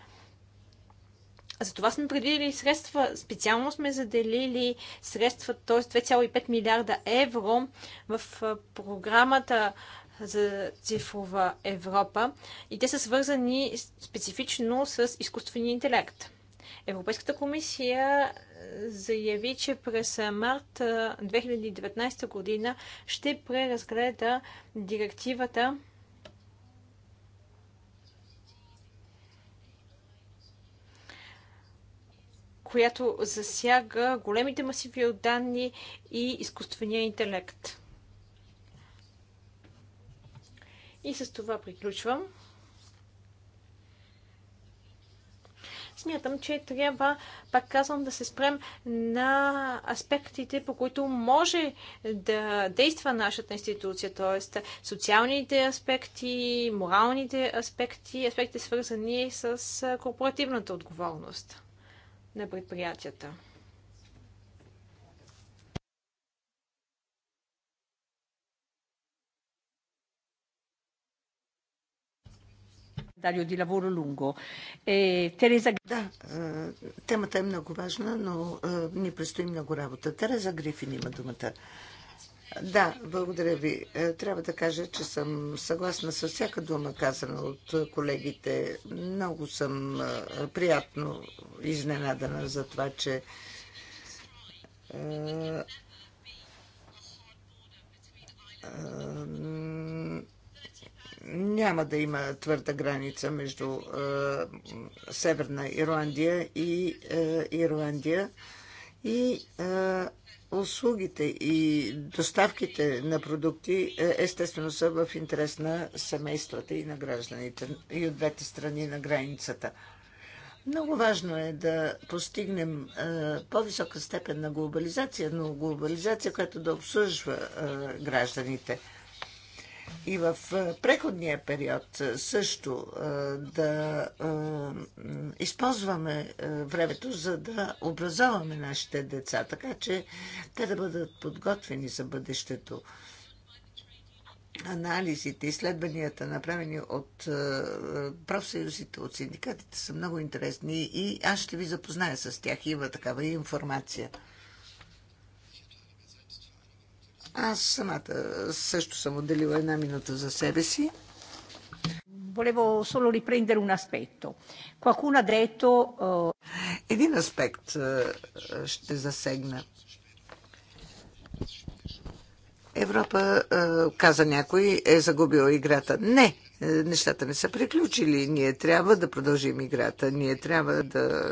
Затова сме предвидили средства, специално сме заделили средства, т.е. 2,5 милиарда евро в програмата за цифрова Европа и те са свързани специфично с изкуствения интелект. Европейската комисия заяви, че през март 2019 година ще преразгледа директивата която засяга големите масиви от данни и изкуствения интелект. И с това приключвам. смятам, че трябва, пак казвам, да се спрем на аспектите, по които може да действа нашата институция, т.е. социалните аспекти, моралните аспекти, аспекти свързани с корпоративната отговорност на предприятията. calendario di лаворо e, лунго. Е, Тереза... Да, темата е много важна, но е, ни предстои много работа. Тереза Грифин има думата. Да, благодаря ви. Е, трябва да кажа, че съм съгласна с всяка дума, казана от колегите. Много съм е, приятно изненадана за това, че е, няма да има твърда граница между Северна Ирландия и Ирландия и а, услугите и доставките на продукти е, естествено са в интерес на семействата и на гражданите и от двете страни на границата. Много важно е да постигнем по-висока степен на глобализация, но глобализация, която да обслужва гражданите – и в е, преходния период е, също е, да използваме времето, за да образоваме нашите деца, така че те да бъдат подготвени за бъдещето. Анализите, изследванията, направени от профсъюзите, от синдикатите, са много интересни и аз ще ви запозная с тях. Има такава информация. Аз самата също съм отделила една минута за себе си. Volevo solo riprendere un aspetto. Qualcuno ha detto... Eh, Един аспект е, ще засегна. Европа, е, каза някой, е загубила играта. Не, е, нещата не са приключили. Ние трябва да продължим играта. Ние трябва да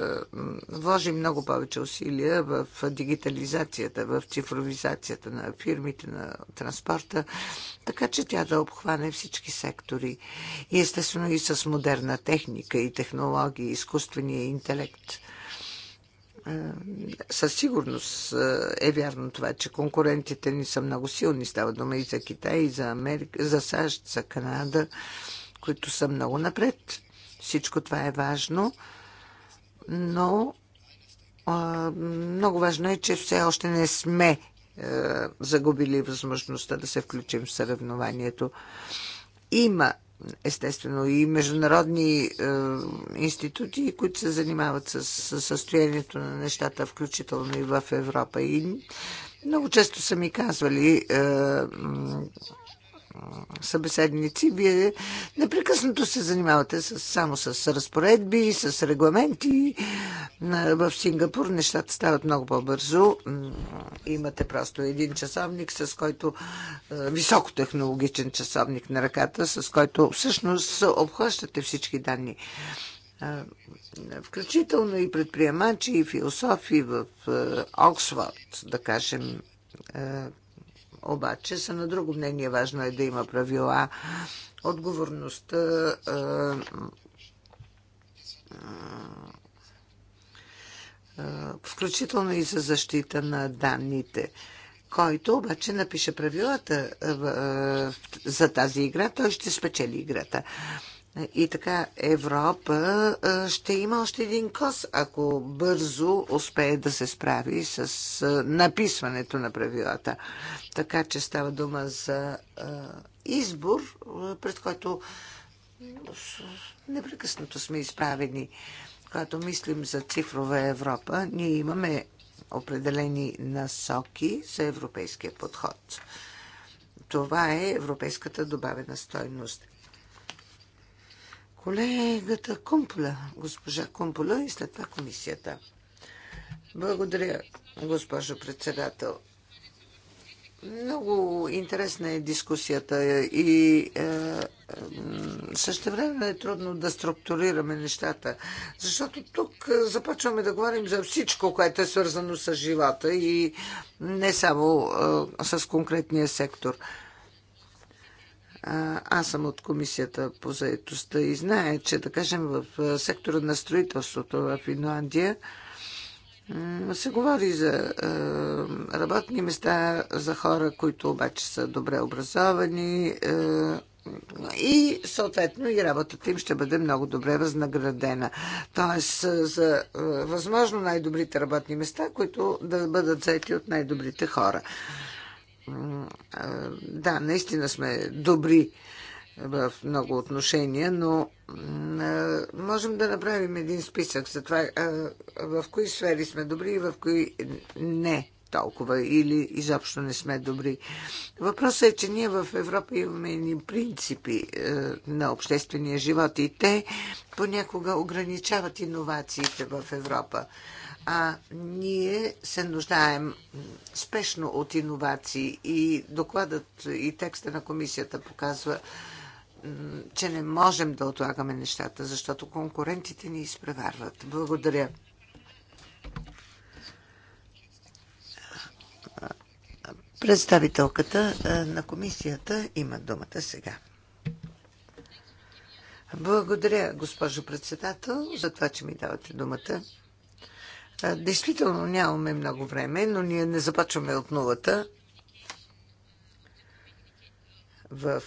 вложим много повече усилия в дигитализацията, в цифровизацията на фирмите, на транспорта, така че тя да обхване всички сектори. И естествено и с модерна техника и технологии, изкуствения интелект. Е, със сигурност е, е вярно това, че конкурентите ни са много силни. Става дума и за Китай, и за Америка, за САЩ, за Канада, които са много напред. Всичко това е важно, но много важно е, че все още не сме е, загубили възможността да се включим в съревнованието. Има естествено и международни е, институти, които се занимават с, с състоянието на нещата, включително и в Европа. И много често са ми казвали е, събеседници. Вие непрекъснато се занимавате с, само с разпоредби, с регламенти. В Сингапур нещата стават много по-бързо. Имате просто един часовник, с който е, високотехнологичен часовник на ръката, с който всъщност обхващате всички данни е, включително и предприемачи и философи в е, Оксфорд, да кажем, обаче са на друго мнение. Важно е да има правила. Отговорността включително и за защита на данните. Който обаче напише правилата за тази игра, той ще спечели играта. И така Европа ще има още един кос, ако бързо успее да се справи с написването на правилата. Така че става дума за избор, пред който непрекъснато сме изправени. Когато мислим за цифрова Европа, ние имаме определени насоки за европейския подход. Това е европейската добавена стойност – колегата Кумпола, госпожа Кумпола и след това комисията. Благодаря, госпожо председател. Много интересна е дискусията и е, е, също време е трудно да структурираме нещата, защото тук започваме да говорим за всичко, което е свързано с живота и не само е, с конкретния сектор. Е, аз съм от комисията по заедостта и знае, че да кажем в сектора на строителството в Финландия се говори за работни места, за хора, които обаче са добре образовани и съответно и работата им ще бъде много добре възнаградена. Тоест за възможно най-добрите работни места, които да бъдат заети от най-добрите хора да, наистина сме добри в много отношения, но можем да направим един списък за това в кои сфери сме добри и в кои не толкова или изобщо не сме добри. Въпросът е, че ние в Европа имаме едни принципи е, на обществения живот и те понякога ограничават иновациите в Европа а ние се нуждаем спешно от иновации и докладът и текста на комисията показва, че не можем да отлагаме нещата, защото конкурентите ни изпреварват. Благодаря. Представителката на комисията има думата сега. Благодаря, госпожо председател, за това, че ми давате думата. Действително нямаме много време, но ние не започваме от нулата. В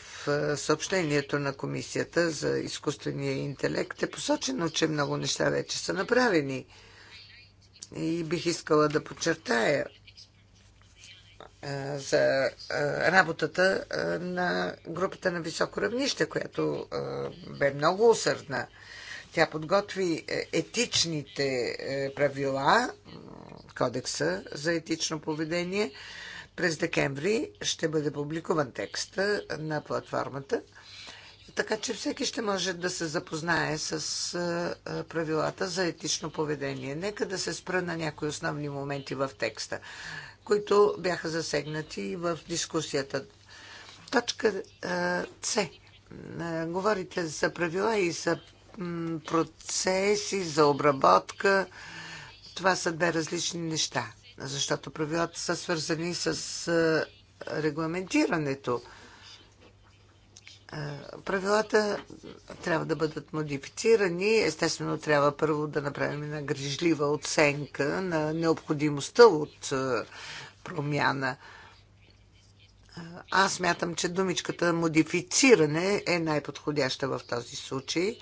съобщението на Комисията за изкуствения интелект е посочено, че много неща вече са направени. И бих искала да подчертая за работата на групата на високо равнище, която бе много усърдна тя подготви е, етичните е, правила, кодекса за етично поведение. През декември ще бъде публикуван текста на платформата, така че всеки ще може да се запознае с е, правилата за етично поведение. Нека да се спра на някои основни моменти в текста, които бяха засегнати в дискусията. Точка С. Говорите за правила и за процеси за обработка, това са две различни неща, защото правилата са свързани с регламентирането. Правилата трябва да бъдат модифицирани. Естествено, трябва първо да направим една грижлива оценка на необходимостта от промяна. Аз мятам, че думичката модифициране е най-подходяща в този случай,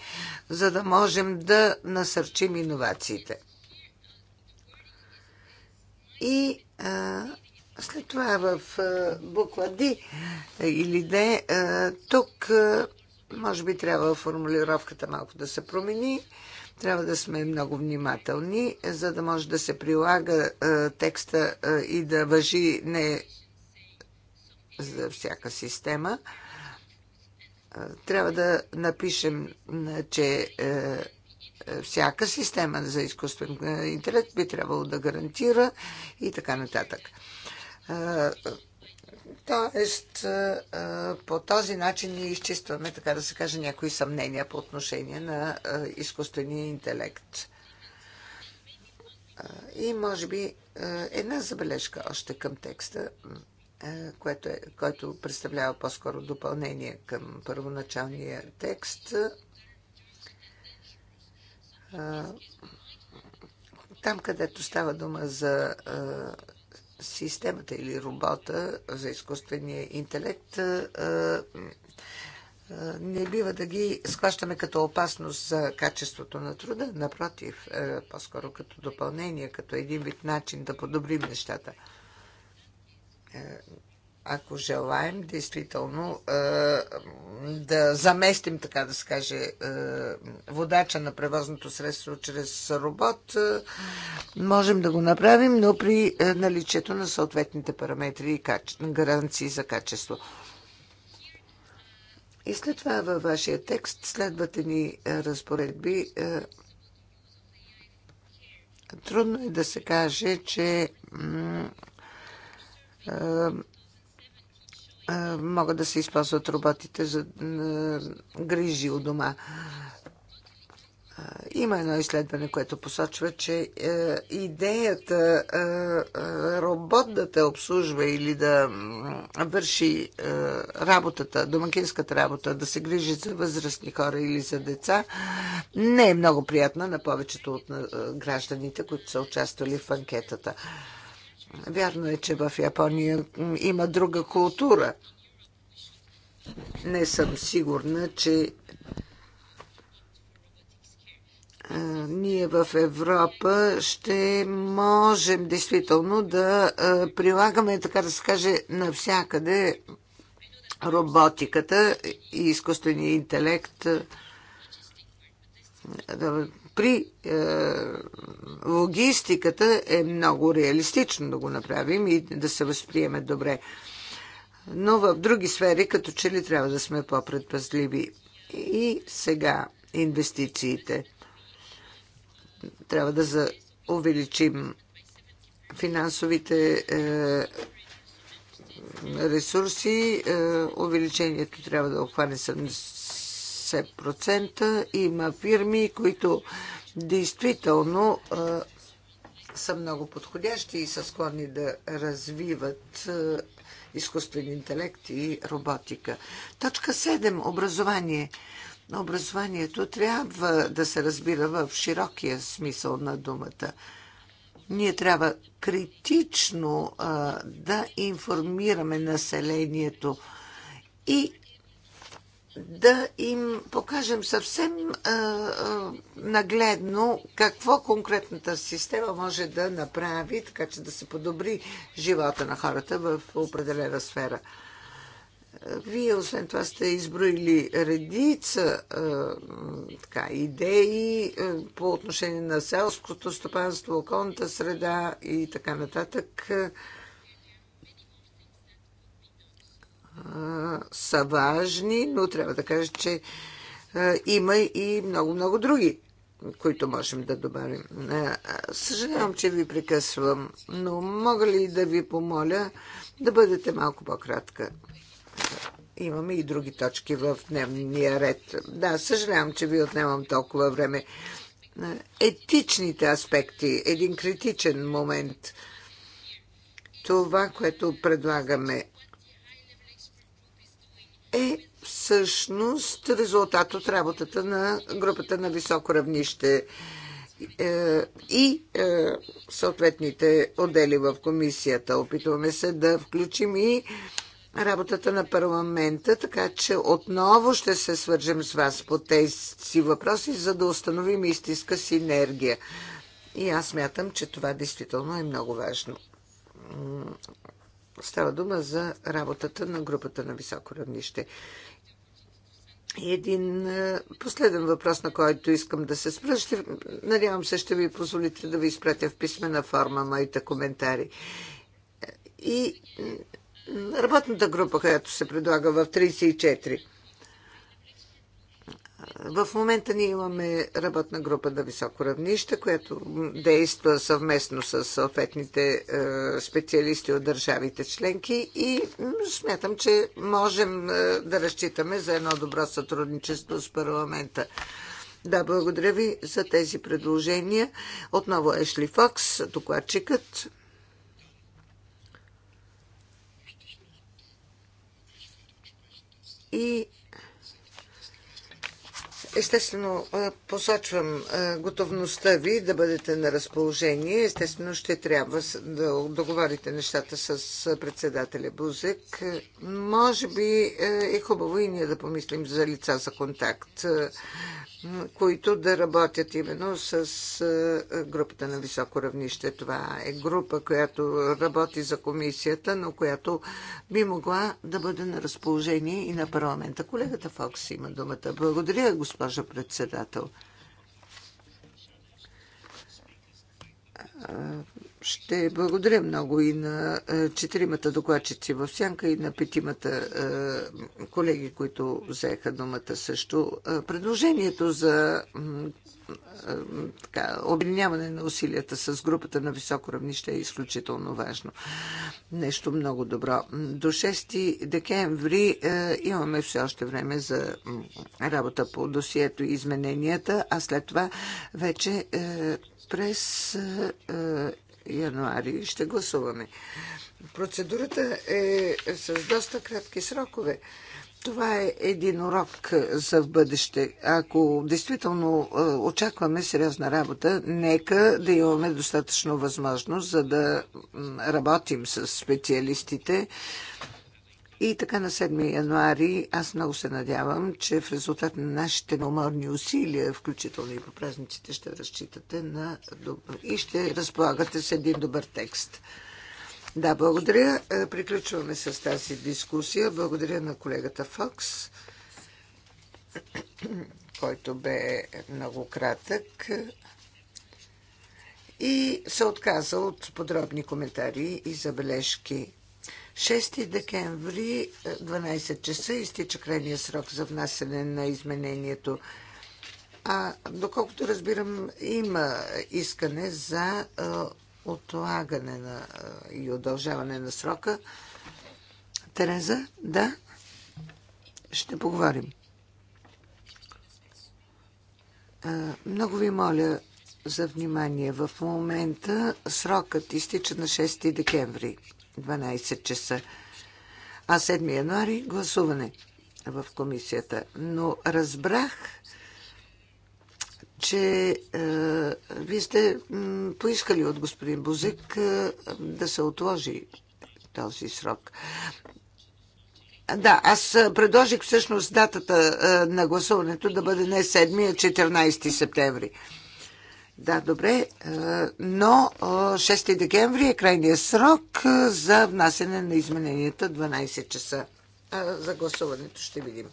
за да можем да насърчим иновациите. И а, след това в а, буква D или D, а, тук а, може би трябва формулировката малко да се промени. Трябва да сме много внимателни, за да може да се прилага а, текста а, и да въжи не за всяка система. Трябва да напишем, че е, е, всяка система за изкуствен е, интелект би трябвало да гарантира и така нататък. Тоест, по този начин ние изчистваме, така да се каже, някои съмнения по отношение на изкуствения интелект. И може би една забележка още към текста което е, който представлява по-скоро допълнение към първоначалния текст. Там, където става дума за системата или робота, за изкуствения интелект, не бива да ги схващаме като опасност за качеството на труда, напротив, по-скоро като допълнение, като един вид начин да подобрим нещата. Е, ако желаем действително е, да заместим, така да се каже, е, водача на превозното средство чрез робот, можем да го направим, но при наличието на съответните параметри и гаранции за качество. И след това във вашия текст следвате ни разпоредби. Трудно е да се каже, че е, е, могат да се използват роботите за е, грижи у дома. Има едно изследване, което посочва, че идеята робот да те обслужва или да върши работата, домакинската работа, да се грижи за възрастни хора или за деца, не е много приятна на повечето от гражданите, които са участвали в анкетата. Вярно е, че в Япония има друга култура. Не съм сигурна, че ние в Европа ще можем действително да прилагаме, така да се каже, навсякъде роботиката и изкуствения интелект при е, логистиката е много реалистично да го направим и да се възприеме добре. Но в други сфери, като че ли трябва да сме по-предпазливи. И сега инвестициите. Трябва да за, увеличим финансовите е, ресурси. Е, увеличението трябва да обхване 50%. Има фирми, които действително са много подходящи и са склонни да развиват изкуствен интелект и роботика. Точка 7. Образование. Образованието трябва да се разбира в широкия смисъл на думата. Ние трябва критично а, да информираме населението и да им покажем съвсем а, а, нагледно какво конкретната система може да направи, така че да се подобри живота на хората в определена сфера. Вие, освен това, сте изброили редица а, така, идеи а, по отношение на селското стопанство, околната среда и така нататък. А, са важни, но трябва да кажа, че има и много-много други, които можем да добавим. Съжалявам, че ви прекъсвам, но мога ли да ви помоля да бъдете малко по-кратка? Имаме и други точки в дневния ред. Да, съжалявам, че ви отнемам толкова време. Етичните аспекти, един критичен момент. Това, което предлагаме е всъщност резултат от работата на групата на високо равнище е, и е, съответните отдели в комисията. Опитваме се да включим и работата на парламента, така че отново ще се свържем с вас по тези въпроси, за да установим истинска синергия. И аз мятам, че това действително е много важно. Става дума за работата на групата на високо равнище. един е, последен въпрос, на който искам да се спра. Ще, надявам се, ще ви позволите да ви изпратя в писмена форма моите коментари. Е, и работната група, която се предлага в 34 в момента ние имаме работна група на високо равнище, която действа съвместно с съответните е, специалисти от държавите членки и смятам, че можем е, да разчитаме за едно добро сътрудничество с парламента. Да, благодаря ви за тези предложения. Отново Ешли Фокс, докладчикът. И Естествено, посочвам готовността ви да бъдете на разположение. Естествено, ще трябва да договорите нещата с председателя Бузек. Може би е хубаво и ние да помислим за лица за контакт, които да работят именно с групата на високо равнище. Това е група, която работи за комисията, но която би могла да бъде на разположение и на парламента. Колегата Фокс има думата. Благодаря, господин госпожо председател. Ще благодаря много и на е, четиримата докладчици в Сянка и на петимата е, колеги, които взеха думата също. Е, предложението за така, обединяване на усилията с групата на високо равнище е изключително важно. Нещо много добро. До 6 декември е, имаме все още време за работа по досието и измененията, а след това вече е, през е, януари ще гласуваме. Процедурата е с доста кратки срокове. Това е един урок за в бъдеще. Ако действително е, очакваме сериозна работа, нека да имаме достатъчно възможност, за да работим с специалистите и така на 7 януари аз много се надявам, че в резултат на нашите наморни усилия, включително и по празниците, ще разчитате на и ще разполагате с един добър текст. Да, благодаря. Е, приключваме с тази дискусия. Благодаря на колегата Фокс, който бе много кратък и се отказа от подробни коментари и забележки. 6 декември, 12 е, часа, изтича крайния срок за внасяне на изменението. А, доколкото разбирам, има искане за а, е, отлагане на, а, е, и удължаване на срока. Тереза, да? Ще поговорим. А, много ви моля за внимание. В момента срокът изтича на 6 декември. 12 часа. А 7 януари гласуване в комисията. Но разбрах, че е, вие сте м, поискали от господин Бузик е, да се отложи този срок. Да, аз предложих всъщност датата е, на гласуването да бъде не 7, а 14 септември. Да, добре, е, но 6 е, декември е крайният срок е, за внасене на измененията 12 часа. За гласуването ще видим.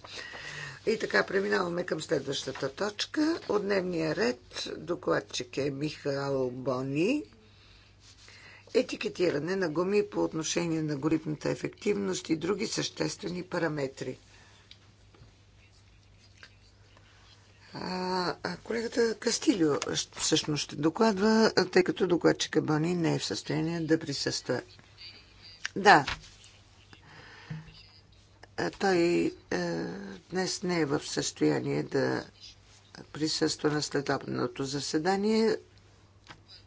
И така, преминаваме към следващата точка. От дневния ред докладчик е Михаил Бони. Етикетиране на гуми по отношение на горипната ефективност и други съществени параметри. колегата Кастилио всъщност ще докладва, тъй като докладчика Бони не е в състояние да присъства. Да, той е, днес не е в състояние да присъства на следобното заседание.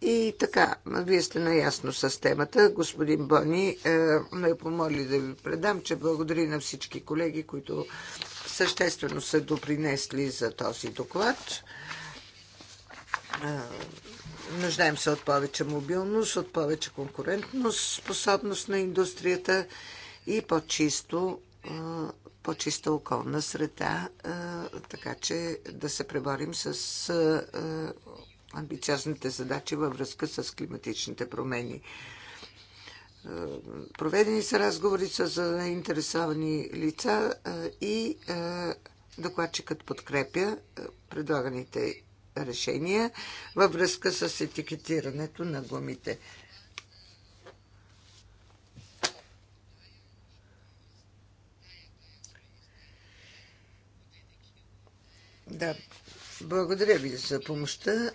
И така, вие сте наясно с темата. Господин Бони е, ме помоли да ви предам, че благодари на всички колеги, които съществено са допринесли за този доклад. Нуждаем се от повече мобилност, от повече конкурентност, способност на индустрията и по-чисто по-чиста околна среда, така че да се преборим с амбициозните задачи във връзка с климатичните промени. Е, проведени са разговори с заинтересовани лица е, и е, докладчикът подкрепя предлаганите решения във връзка с етикетирането на гумите. Да, благодаря ви за помощта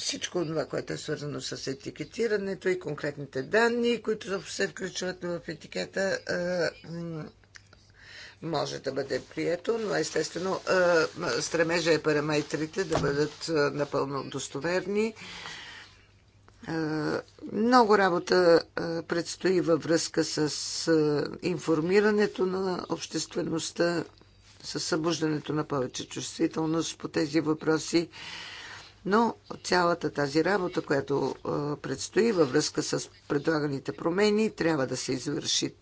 всичко това, което е свързано с етикетирането и конкретните данни, които се включват в етикета, може да бъде прието, но естествено стремежа е параметрите да бъдат напълно достоверни. Много работа предстои във връзка с информирането на обществеността, с събуждането на повече чувствителност по тези въпроси. Но цялата тази работа, която предстои във връзка с предлаганите промени, трябва да се извърши,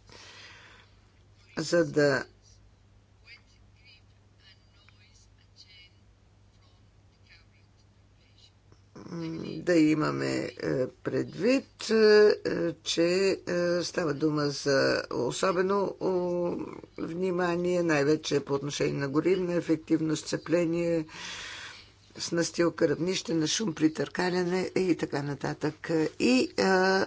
за да да имаме е, предвид, е, че е, става дума за особено внимание, най-вече по отношение на горивна ефективност, цепление с настилка, равнище на шум, притъркаляне и така нататък. И а,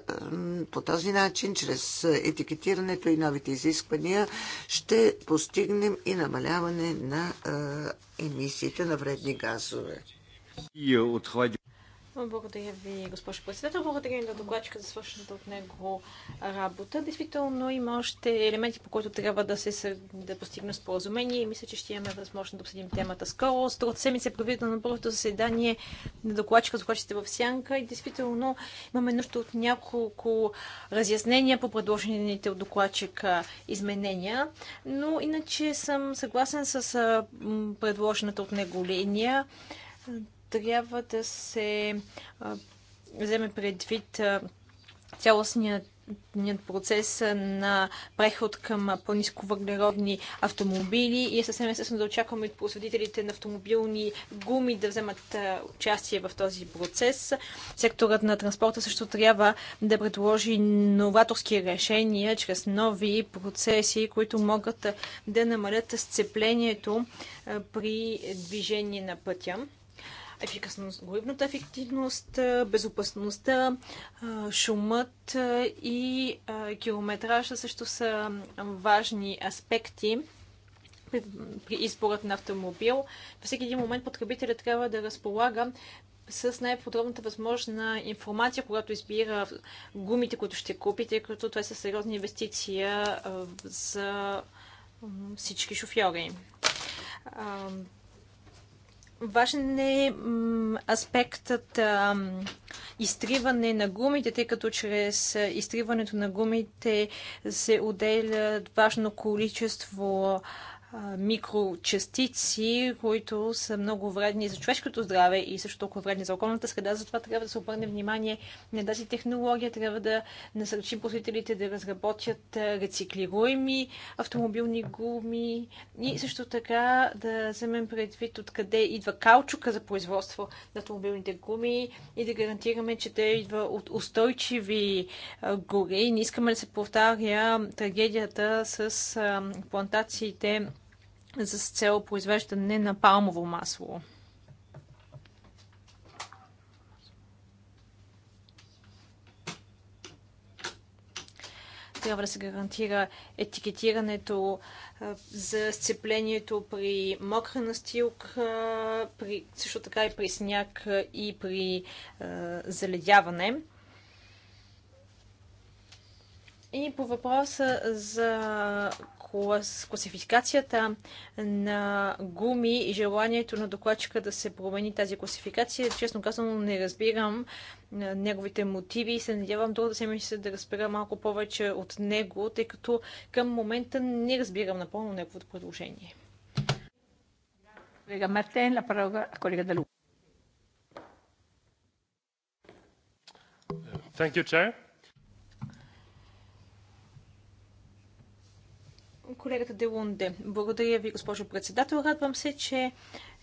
по този начин, чрез етикетирането и новите изисквания, ще постигнем и намаляване на а, емисиите на вредни газове. Благодаря ви, госпожо председател. Благодаря ви на докладчика за свършената от него работа. Действително има още елементи, по които трябва да се да постигне споразумение и мисля, че ще имаме възможност да обсъдим темата скоро. Строт седмица е проведено на първото заседание на докладчика, за в Сянка и действително имаме нужда от няколко разяснения по предложените от докладчика изменения, но иначе съм съгласен с предложената от него линия трябва да се вземе предвид цялостният процес на преход към по въглеродни автомобили и е съвсем естествено да очакваме от производителите на автомобилни гуми да вземат участие в този процес. Секторът на транспорта също трябва да предложи новаторски решения чрез нови процеси, които могат да намалят сцеплението при движение на пътя ефикасност, глибната ефективност, безопасността, шумът и километража също са важни аспекти при, изборът на автомобил. Във всеки един момент потребителят трябва да разполага с най-подробната възможна информация, когато избира гумите, които ще купите, като това са сериозни инвестиция за всички шофьори Важен е аспектът а, изтриване на гумите, тъй като чрез изтриването на гумите се отделят важно количество микрочастици, които са много вредни за човешкото здраве и също толкова вредни за околната среда. Затова трябва да се обърне внимание на тази технология. Трябва да насърчим посетителите да разработят рециклируеми автомобилни гуми и също така да вземем предвид откъде идва каучука за производство на автомобилните гуми и да гарантираме, че те идва от устойчиви гори. Не искаме да се повтаря трагедията с плантациите с цел произвеждане на палмово масло. трябва да се гарантира етикетирането за сцеплението при мокра настилка, при, също така и при сняг и при е, заледяване. И по въпроса за класификацията на гуми и желанието на докладчика да се промени тази класификация, честно казано не разбирам неговите мотиви и се надявам друг да се мисля да разбера малко повече от него, тъй като към момента не разбирам напълно неговото предложение. Колега Мартен, la parola a Thank you, Chair. колегата Делунде. Благодаря ви, госпожо председател. Радвам се, че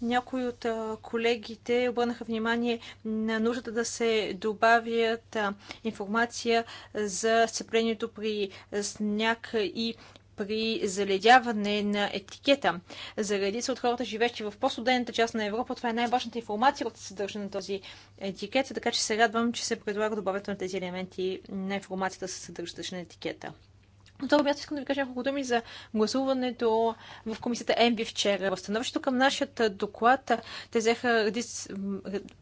някои от колегите обърнаха внимание на нуждата да се добавят информация за сцеплението при сняг и при заледяване на етикета. За редица от хората, живещи в по-студената част на Европа, това е най-важната информация, която се съдържа на този етикет, така че се радвам, че се предлага добавянето на тези елементи на информацията, се съдържаща на етикета. На това място искам да ви кажа няколко думи за гласуването в комисията МВ вчера. В становището към нашата доклад те взеха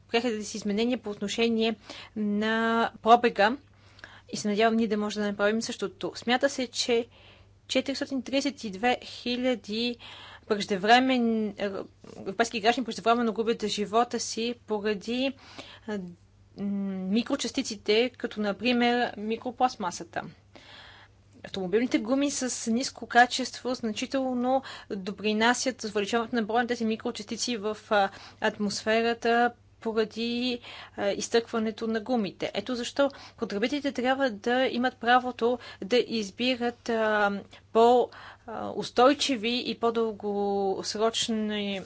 приеха да си изменения по отношение на пробега и се надявам ние да можем да направим същото. Смята се, че 432 хиляди преждевремен, европейски граждани преждевременно губят живота си поради микрочастиците, като например микропластмасата автомобилните гуми с ниско качество значително допринасят за увеличаването на броя на тези микрочастици в атмосферата, поради изтъкването на гумите. Ето защо потребителите трябва да имат правото да избират по- устойчиви и по-дългосрочни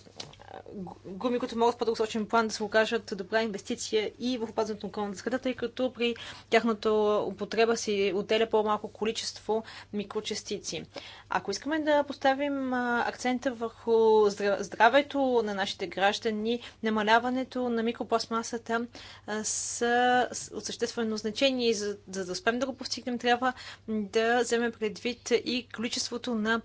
гуми, които могат в по-дългосрочен план да се окажат добра инвестиция и в опазването на околната среда, тъй като при тяхната употреба си отделя по-малко количество микрочастици. Ако искаме да поставим акцента върху здравето на нашите граждани, намаляването на микропластмасата са от съществено значение и за, за да успеем да го постигнем, трябва да вземем предвид и количеството на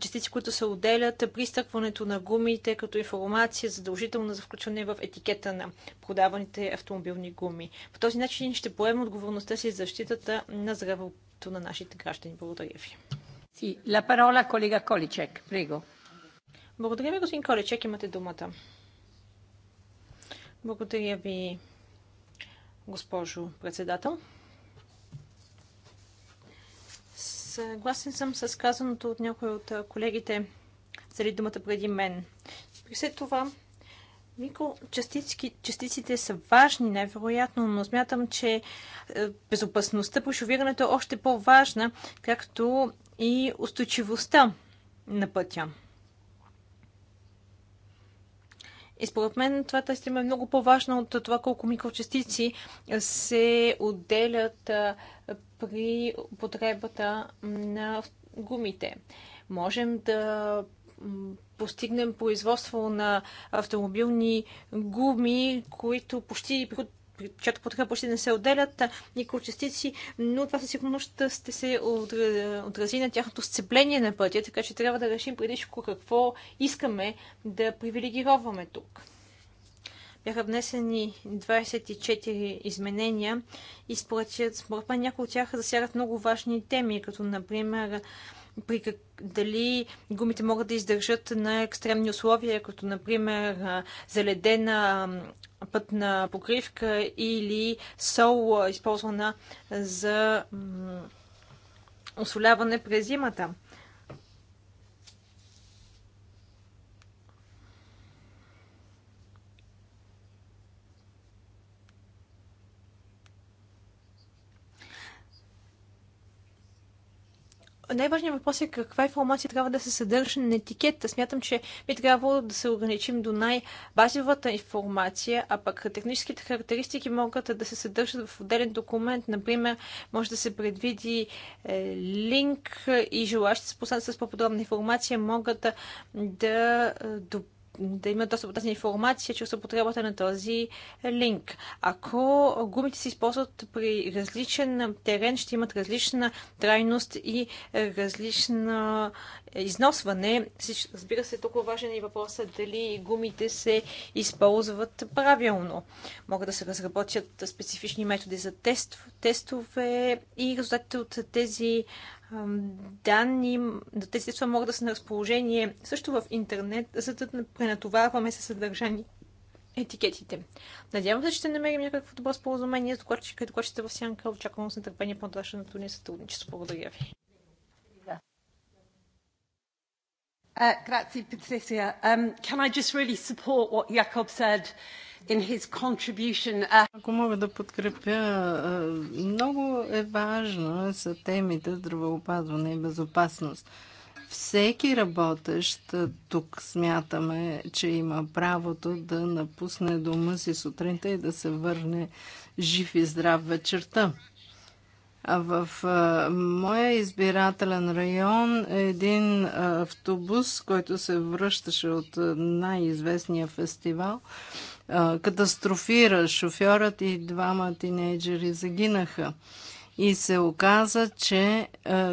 частици, които се отделят при стъкването на гумите като информация задължителна за включване в етикета на продаваните автомобилни гуми. По този начин ще поемем отговорността си за защитата на здравето на нашите граждани. Благодаря ви. Си, la parola колега Количек. Приго. Благодаря ви, господин Количек. Имате думата. Благодаря ви, госпожо председател. Съгласен съм с казаното от някой от колегите, заради думата преди мен. При след това, частиците са важни, най-вероятно, но смятам, че е, безопасността по шовирането е още по-важна, както и устойчивостта на пътя. И според мен това тестиране е много по-важно от това колко микрочастици се отделят при потребата на гумите. Можем да постигнем производство на автомобилни гуми, които почти чиято подкрепа почти не се отделят частици, но това със сигурност ще се отрази на тяхното сцепление на пътя, така че трябва да решим преди всичко какво искаме да привилегироваме тук. Бяха внесени 24 изменения и според мен някои от тях засягат много важни теми, като например при как, дали гумите могат да издържат на екстремни условия, като например заледена пътна покривка или сол, използвана за осоляване през зимата. най-важният въпрос е каква информация трябва да се съдържа на етикета. Смятам, че би трябвало да се ограничим до най-базовата информация, а пък техническите характеристики могат да се съдържат в отделен документ. Например, може да се предвиди е, линк и желащите се с по-подробна информация могат да, е, да да имат достъп до тази информация чрез употребата на този линк. Ако гумите се използват при различен терен, ще имат различна трайност и различна износване. Разбира се, толкова важен е и въпросът дали гумите се използват правилно. Могат да се разработят специфични методи за тест, тестове и резултатите от тези данни, да тези средства могат да са на разположение също в интернет, за да пренатоварваме се съдържани етикетите. Надявам се, че ще намерим някакво добро споразумение за което ще кажете в сянка. Очаквам с нетърпение по-нататъчното ни сътрудничество. Благодаря ви. Uh, grazie, Patricia. Um, can I just really support what Jakob said in his contribution. Uh, Ако мога да подкрепя, много е важно е са темите здравеопазване и безопасност. Всеки работещ тук смятаме, че има правото да напусне дома си сутринта и да се върне жив и здрав вечерта. А в а, моя избирателен район е един автобус, който се връщаше от най-известния фестивал, а, катастрофира. Шофьорът и двама тинейджери загинаха. И се оказа, че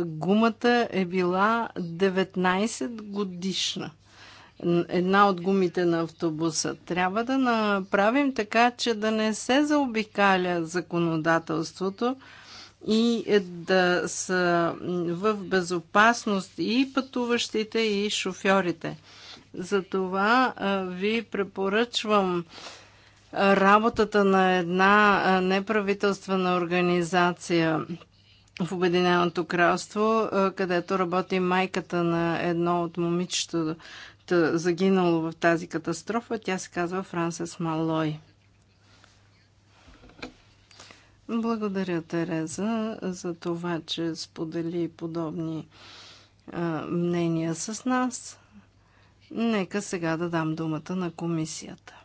гумата е била 19 годишна една от гумите на автобуса. Трябва да направим така, че да не се заобикаля законодателството и е, да са в безопасност и пътуващите, и шофьорите. Затова ви препоръчвам работата на една неправителствена организация в Обединеното кралство, където работи майката на едно от момичетата, загинало в тази катастрофа. Тя се казва Франсес Малой. Благодаря, Тереза, за това, че сподели подобни мнения с нас. Нека сега да дам думата на комисията.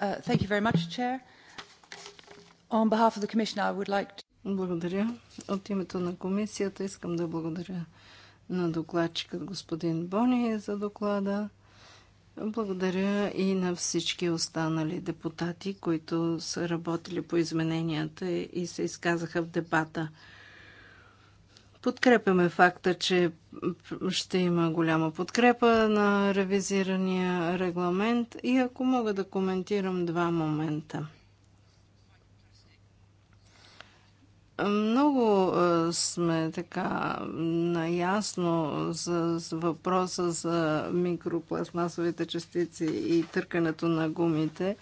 Uh, благодаря. От името на комисията искам да благодаря на докладчикът господин Бони за доклада. Благодаря и на всички останали депутати, които са работили по измененията и се изказаха в дебата. Подкрепяме факта, че ще има голяма подкрепа на ревизирания регламент и ако мога да коментирам два момента. Много сме така наясно с, въпроса за микропластмасовите частици и търкането на гумите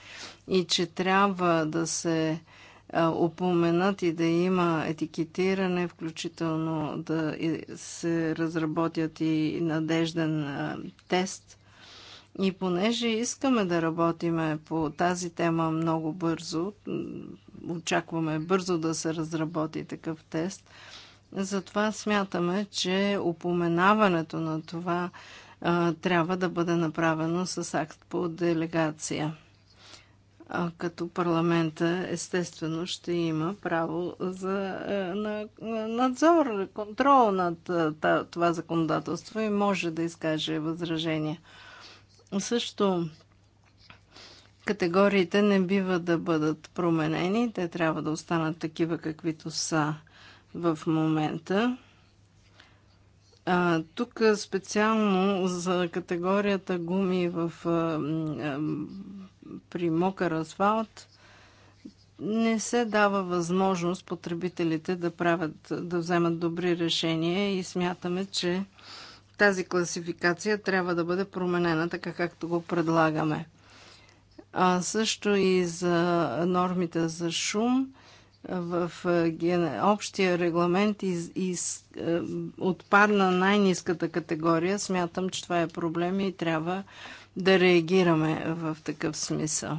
и че трябва да се упоменат и да има етикетиране, включително да се разработят и надежден тест. И понеже искаме да работиме по тази тема много бързо, очакваме бързо да се разработи такъв тест. Затова смятаме, че упоменаването на това а, трябва да бъде направено с акт по делегация. А, като парламента, естествено, ще има право за на, надзор, контрол над това законодателство и може да изкаже възражения. Също Категориите не бива да бъдат променени, те трябва да останат такива каквито са в момента. тук специално за категорията гуми в, при мокър асфалт не се дава възможност потребителите да правят, да вземат добри решения и смятаме, че тази класификация трябва да бъде променена така, както го предлагаме а също и за нормите за шум в общия регламент из, из, е, отпадна най-низката категория. Смятам, че това е проблем и трябва да реагираме в такъв смисъл.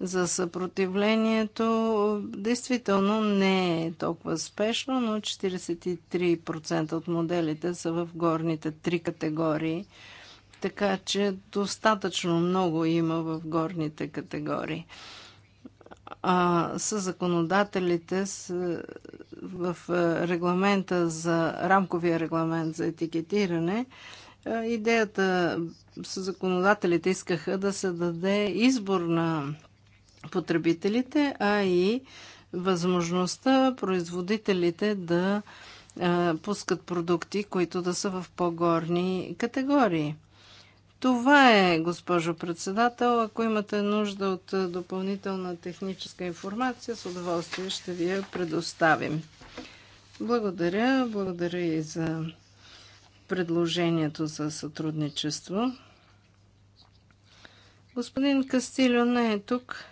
За съпротивлението действително не е толкова спешно, но 43% от моделите са в горните три категории – така че достатъчно много има в горните категории. А, с законодателите с, в регламента за рамковия регламент за етикетиране идеята с законодателите искаха да се даде избор на потребителите, а и възможността производителите да пускат продукти, които да са в по-горни категории. Това е, госпожо председател. Ако имате нужда от е, допълнителна техническа информация, с удоволствие ще ви я предоставим. Благодаря. Благодаря и за предложението за сътрудничество. Господин Кастилио, не е тук,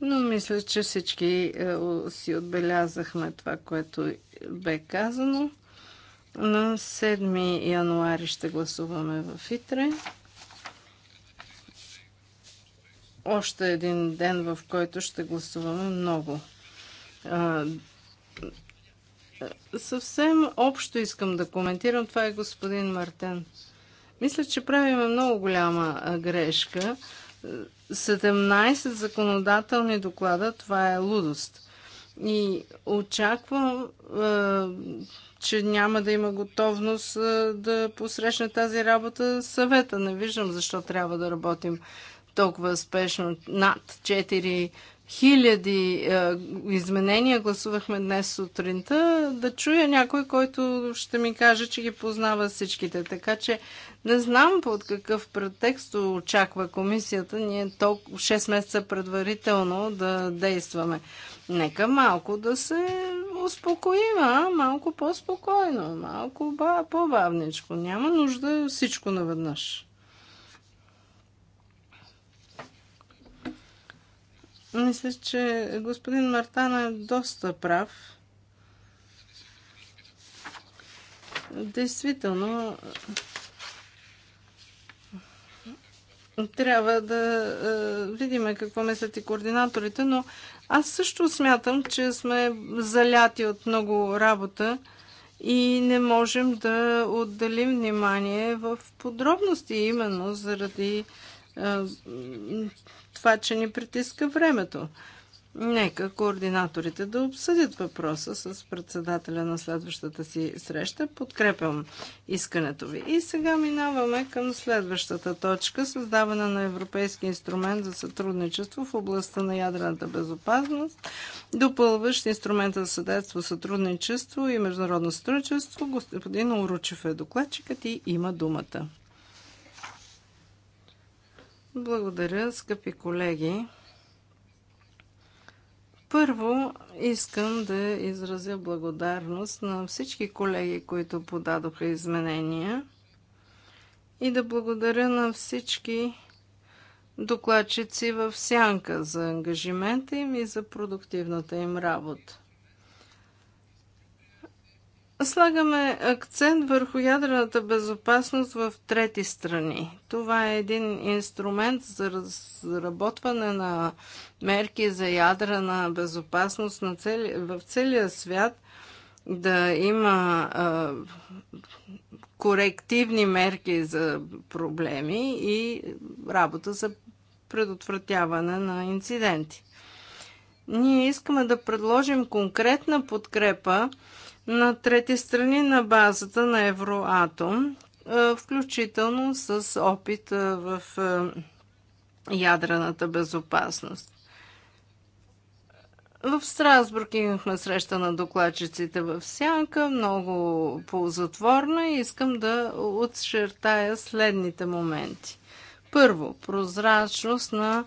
но мисля, че всички е, си отбелязахме това, което бе казано. На 7 януари ще гласуваме в ИТРЕ. още един ден, в който ще гласуваме много. Съвсем общо искам да коментирам. Това е господин Мартен. Мисля, че правиме много голяма грешка. 17 законодателни доклада, това е лудост. И очаквам, че няма да има готовност да посрещне тази работа съвета. Не виждам защо трябва да работим толкова спешно. Над 4 хиляди е, изменения гласувахме днес сутринта, да чуя някой, който ще ми каже, че ги познава всичките. Така че не знам под какъв претекст очаква комисията ние толкова 6 месеца предварително да действаме. Нека малко да се успокоим, а? малко по-спокойно, малко по-бавничко. Няма нужда всичко наведнъж. Мисля, че господин Мартан е доста прав. Действително, трябва да е, видим какво мислят и координаторите, но аз също смятам, че сме заляти от много работа и не можем да отделим внимание в подробности, именно заради това, че ни притиска времето. Нека координаторите да обсъдят въпроса с председателя на следващата си среща. Подкрепям искането ви. И сега минаваме към следващата точка създаване на Европейски инструмент за сътрудничество в областта на ядрената безопасност, допълващ инструмента за съдетство, сътрудничество и международно сътрудничество. Господин Оручев е докладчикът и има думата. Благодаря, скъпи колеги. Първо искам да изразя благодарност на всички колеги, които подадоха изменения и да благодаря на всички докладчици в сянка за ангажимента им и за продуктивната им работа. Слагаме акцент върху ядрената безопасност в трети страни. Това е един инструмент за разработване на мерки за ядрена безопасност на цели, в целия свят, да има а, корективни мерки за проблеми и работа за предотвратяване на инциденти. Ние искаме да предложим конкретна подкрепа на трети страни на базата на Евроатом, включително с опит в ядрената безопасност. В Страсбург имахме среща на докладчиците в Сянка, много ползотворна и искам да отчертая следните моменти. Първо, прозрачност на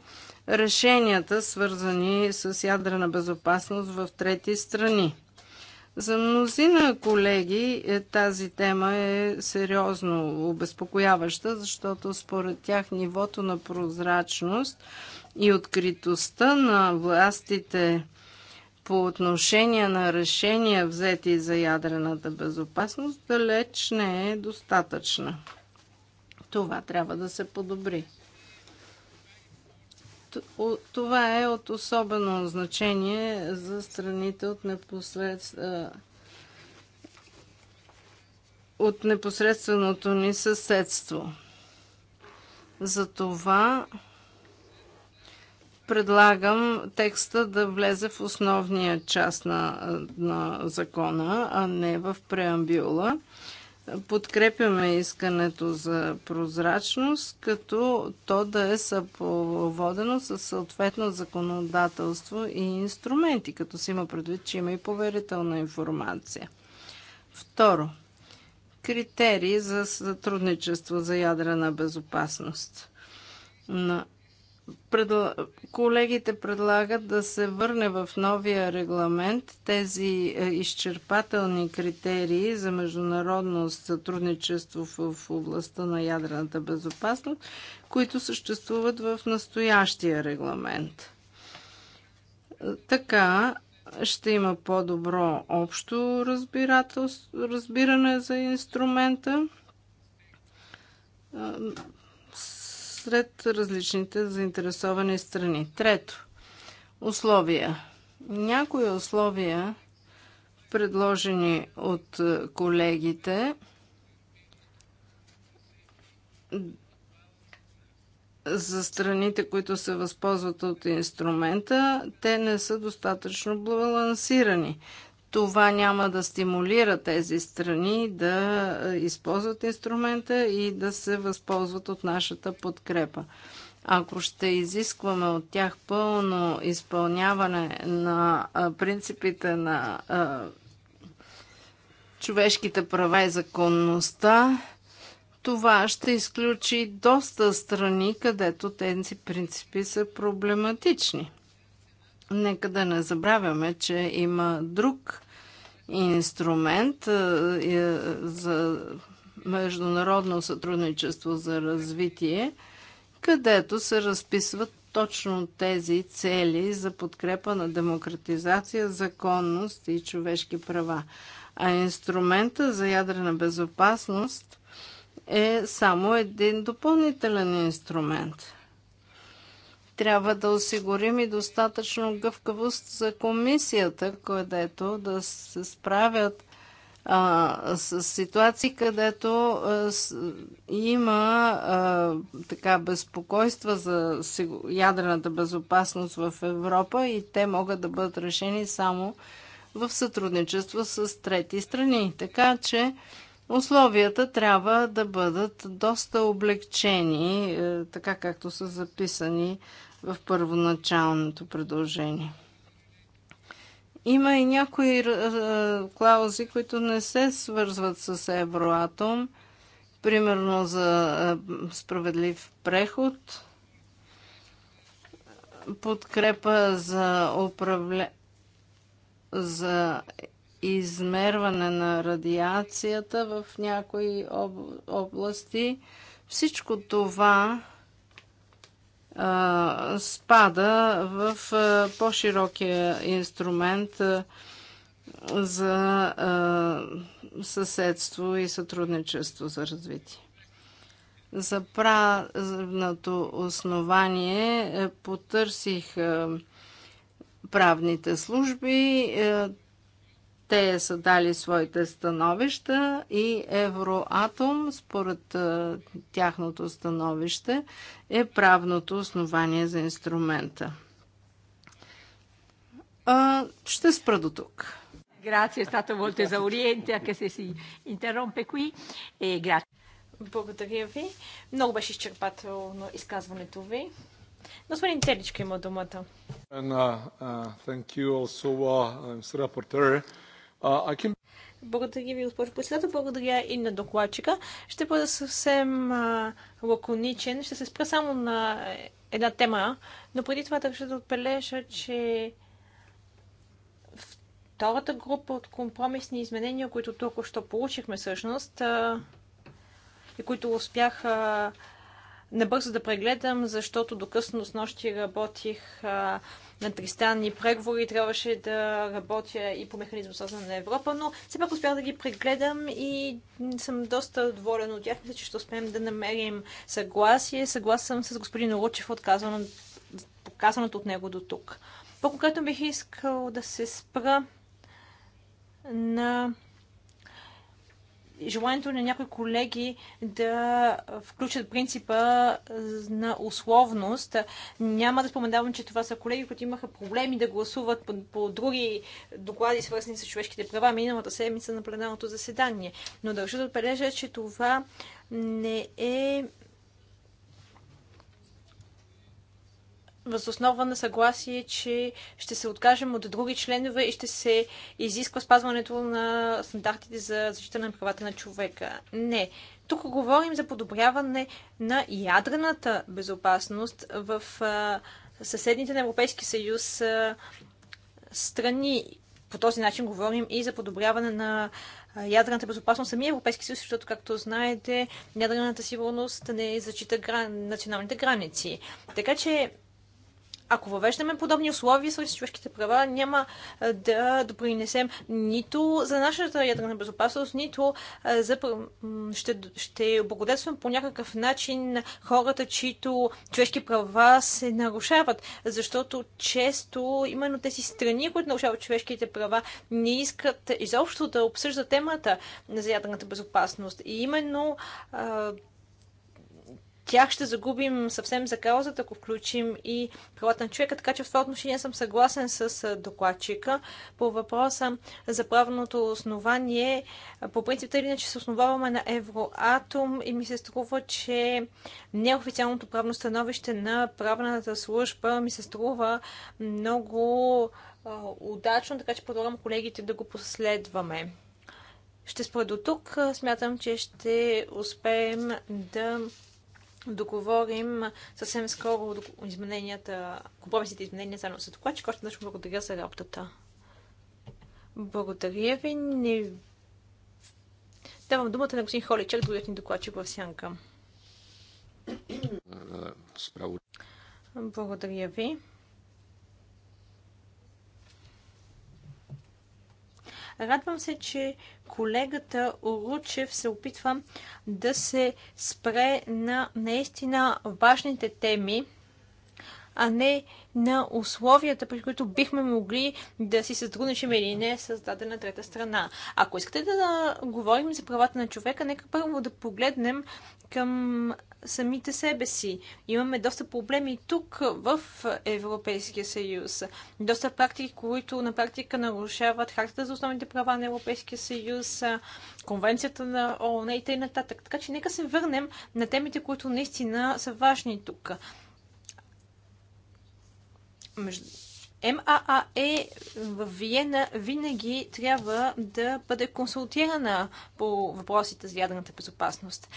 решенията, свързани с ядрена безопасност в трети страни – за мнозина колеги е, тази тема е сериозно обезпокояваща, защото според тях нивото на прозрачност и откритостта на властите по отношение на решения взети за ядрената безопасност далеч не е достатъчна. Това трябва да се подобри. Това е от особено значение за страните от непосредствено от непосредственото ни съседство. Затова предлагам текста да влезе в основния част на, на закона, а не в преамбюла. Подкрепяме искането за прозрачност, като то да е съповодено с съответно законодателство и инструменти, като си има предвид, че има и поверителна информация. Второ, критерии за сътрудничество за ядрена безопасност. На Предла... Колегите предлагат да се върне в новия регламент тези е, изчерпателни критерии за международно сътрудничество в областта на ядрената безопасност, които съществуват в настоящия регламент. Е, така ще има по-добро общо разбиране за инструмента е, сред различните заинтересовани страни. Трето, условия. Някои условия, предложени от е, колегите, за страните, които се възползват от инструмента, те не са достатъчно балансирани това няма да стимулира тези страни да е, използват инструмента и да се възползват от нашата подкрепа. Ако ще изискваме от тях пълно изпълняване на е, принципите на е, човешките права и законността, това ще изключи доста страни, където тези принципи са проблематични. Нека да не забравяме, че има друг инструмент е, е, за международно сътрудничество за развитие, където се разписват точно тези цели за подкрепа на демократизация, законност и човешки права. А инструмента за ядрена безопасност е само един допълнителен инструмент – трябва да осигурим и достатъчно гъвкавост за комисията, където да се справят а, с ситуации, където а, с, има а, така безпокойства за ядрената безопасност в Европа и те могат да бъдат решени само в сътрудничество с трети страни. Така че условията трябва да бъдат доста облегчени, е, така както са записани в първоначалното предложение. Има и някои е, клаузи, които не се свързват с Евроатом, примерно за е, справедлив преход, подкрепа за управление за измерване на радиацията в някои области. Всичко това спада в по-широкия инструмент за съседство и сътрудничество за развитие. За правното основание е, потърсих правните служби. Е, те са дали своите становища и Евроатом, според тяхното становище, е правното основание за инструмента. А, ще спра до тук. Grazie, è stato molto esauriente, anche se si interrompe qui. E grazie. Благодаря ви. Много беше изчерпателно изказването ви. Господин Теличка има думата. And, uh, uh, thank you also, uh, Mr. Rapporteur. Can... Благодаря ви, госпожо председател. Благодаря и на докладчика. Ще бъда съвсем лаконичен. Ще се спра само на една тема, но преди това държа да отбележа, че втората група от компромисни изменения, които тук още получихме всъщност и които успяха набързо да прегледам, защото до късно с нощи работих а, на тристанни преговори, трябваше да работя и по механизма свързан на Европа, но все пак успях да ги прегледам и съм доста доволен от тях. Мисля, че ще успеем да намерим съгласие. Съгласен съм с господин Лучев от казано, показаното от него до тук. По-конкретно бих искал да се спра на желанието на някои колеги да включат принципа на условност. Няма да споменавам, че това са колеги, които имаха проблеми да гласуват по, по други доклади, свързани с човешките права, миналата седмица на пленарното заседание. Но държа да отбележа, че това не е възоснова на съгласие, че ще се откажем от други членове и ще се изисква спазването на стандартите за защита на правата на човека. Не. Тук говорим за подобряване на ядрената безопасност в съседните на Европейски съюз страни. По този начин говорим и за подобряване на ядрената безопасност самия Европейски съюз, защото, както знаете, ядрената сигурност не зачита националните граници. Така че ако въвеждаме подобни условия с човешките права, няма да допринесем нито за нашата ядрена безопасност, нито за... ще, ще облагодетстваме по някакъв начин хората, чието човешки права се нарушават. Защото често именно тези страни, които нарушават човешките права, не искат изобщо да обсъждат темата за ядрената безопасност. И именно тях ще загубим съвсем за каузата, ако включим и правата на човека. Така че в това отношение съм съгласен с докладчика. По въпроса за правното основание, по принцип, тъй иначе се основаваме на Евроатом и ми се струва, че неофициалното правно становище на правната служба ми се струва много удачно, така че предлагам колегите да го последваме. Ще спра до тук. Смятам, че ще успеем да договорим съвсем скоро измененията, компромисните изменения заедно с докладчик. Още нещо благодаря за работата. Благодаря ви. Не... Давам думата на господин Холичек, другият ни докладчик в сянка. Справо. Благодаря ви. Радвам се, че колегата Оручев се опитва да се спре на наистина важните теми, а не на условията, при които бихме могли да си сътрудничим или не с дадена трета страна. Ако искате да говорим за правата на човека, нека първо да погледнем към самите себе си. Имаме доста проблеми тук в Европейския съюз. Доста практики, които на практика нарушават Хартата за основните права на Европейския съюз, Конвенцията на ООН и т.н. Така че нека се върнем на темите, които наистина са важни тук. Между... МААЕ в Виена винаги трябва да бъде консултирана по въпросите за ядрената безопасност.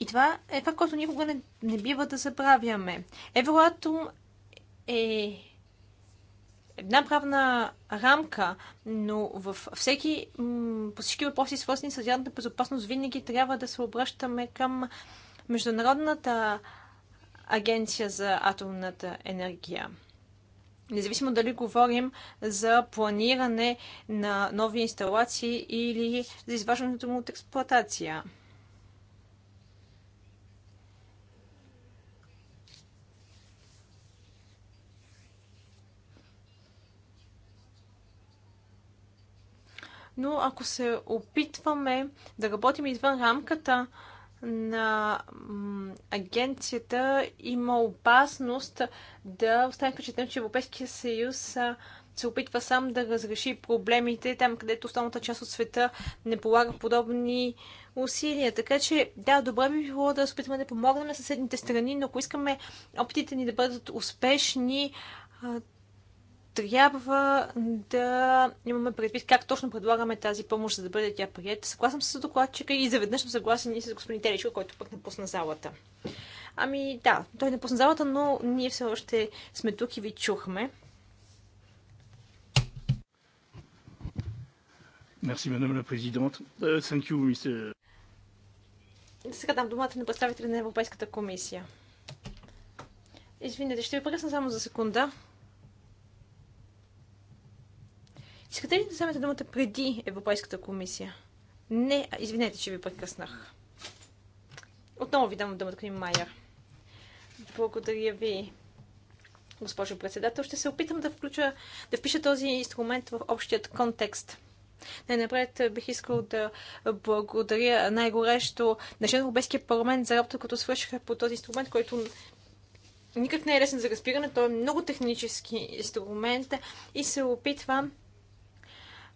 И това е факт, който никога не, не бива да забравяме. Евроатом е една правна рамка, но във всеки, по всички въпроси, свързани с ядната безопасност, винаги трябва да се обръщаме към Международната агенция за атомната енергия. Независимо дали говорим за планиране на нови инсталации или за изваждането му от експлоатация. но ако се опитваме да работим извън рамката на агенцията, има опасност да останем впечатлен, че Европейския съюз се опитва сам да разреши проблемите там, където останалата част от света не полага подобни усилия. Така че, да, добре би било да се опитваме да помогнем на съседните страни, но ако искаме опитите ни да бъдат успешни, трябва да имаме предвид как точно предлагаме тази помощ, за да бъде тя приета. Съгласен с докладчика и заведнъж съм съгласен и с господин Теличко, който пък напусна залата. Ами да, той напусна залата, но ние все още сме тук и ви чухме. Мерси, мадам ла президент. Thank you, мистер. Сега дам думата на представителя на Европейската комисия. Извинете, ще ви прекъсна само за секунда. Искате ли да вземете думата преди Европейската комисия? Не, извинете, че ви прекъснах. Отново ви дам думата, господин Майер. Благодаря ви, госпожо председател. Ще се опитам да включа, да впиша този инструмент в общият контекст. Най-напред бих искал да благодаря най-горещо на член Европейския парламент за работа, като свършиха по този инструмент, който никак не е лесен за разбиране. Той е много технически инструмент и се опитвам.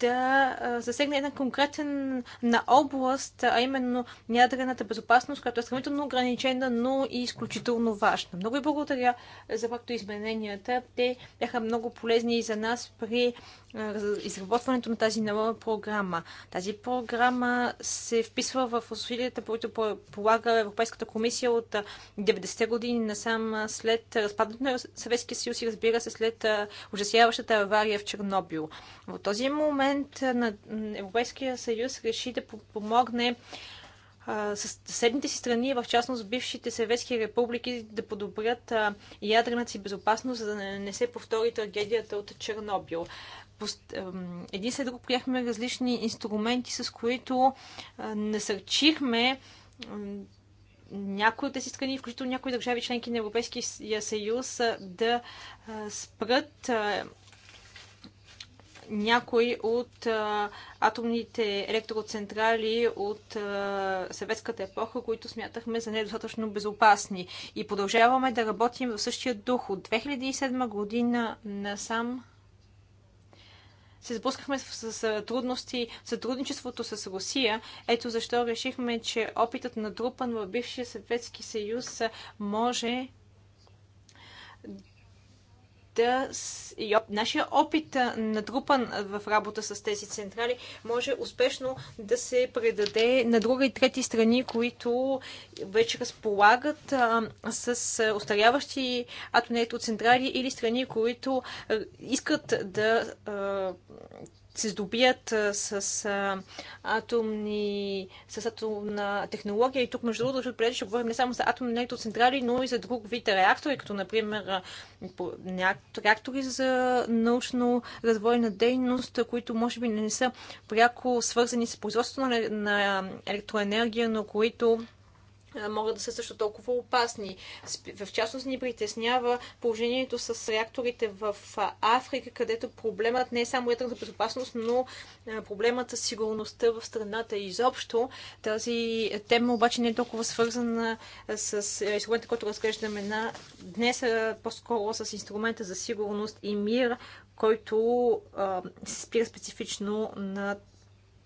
да засегне една конкретен на област, а именно ядрената безопасност, която е сравнително ограничена, но и изключително важна. Много ви благодаря за факто измененията. Те бяха много полезни и за нас при изработването на тази нова програма. Тази програма се вписва в усилията, които полага Европейската комисия от 90-те години насам след разпадането на Съветския съюз и разбира се след ужасяващата авария в Чернобил. В този момент на Европейския съюз реши да помогне съседните си страни, в частност бившите съветски републики, да подобрят ядрената си безопасност, за да не се повтори трагедията от Чернобил. Един след друг приехме различни инструменти, с които насърчихме някои от тези страни, включително някои държави членки на Европейския съюз, да спрат някои от а, атомните електроцентрали от а, съветската епоха, които смятахме за недостатъчно безопасни. И продължаваме да работим в същия дух. От 2007 година насам се сблъскахме с, с трудности сътрудничеството с Русия. Ето защо решихме, че опитът на трупан в бившия Съветски съюз може да и оп, нашия опит натрупан в работа с тези централи може успешно да се предаде на друга и трети страни, които вече разполагат а, с устаряващи атомни централи или страни, които искат да а, се здобият с а, атомни, с атомна технология. И тук, между другото, ще отбележа, ще говорим не само за атомни електроцентрали, но и за друг вид реактори, като, например, реактори за научно-развойна дейност, които може би не са пряко свързани с производството на, на електроенергия, но които могат да са също толкова опасни. В частност ни притеснява положението с реакторите в Африка, където проблемът не е само ядрената безопасност, но проблемът с сигурността в страната изобщо. Тази тема обаче не е толкова свързана с инструмента, който разглеждаме на днес, по-скоро с инструмента за сигурност и мир, който се спира специфично на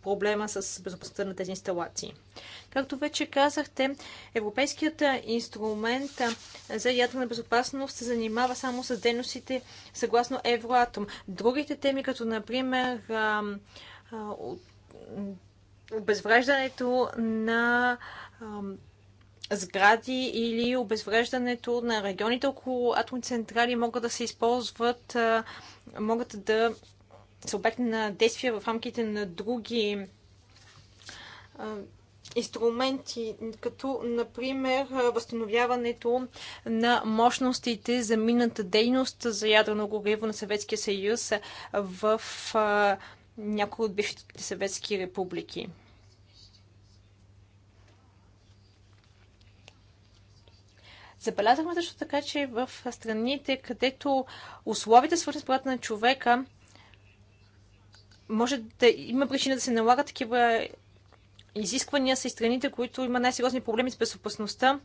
проблема с безопасността на тези инсталации. Както вече казахте, Европейският инструмент за ядрена безопасност се занимава само с дейностите съгласно Евроатом. Другите теми, като например обезвреждането на сгради или обезвреждането на регионите около атомни централи могат да се използват, могат да са обект на действия в рамките на други инструменти, като, например, възстановяването на мощностите за мината дейност за ядрено гориво на Съветския съюз в някои от бившите съветски републики. Забелязахме също така, че в страните, където условията, свързани с правата на човека, може да има причина да се налагат такива изисквания с страните, които има най-сериозни проблеми с безопасността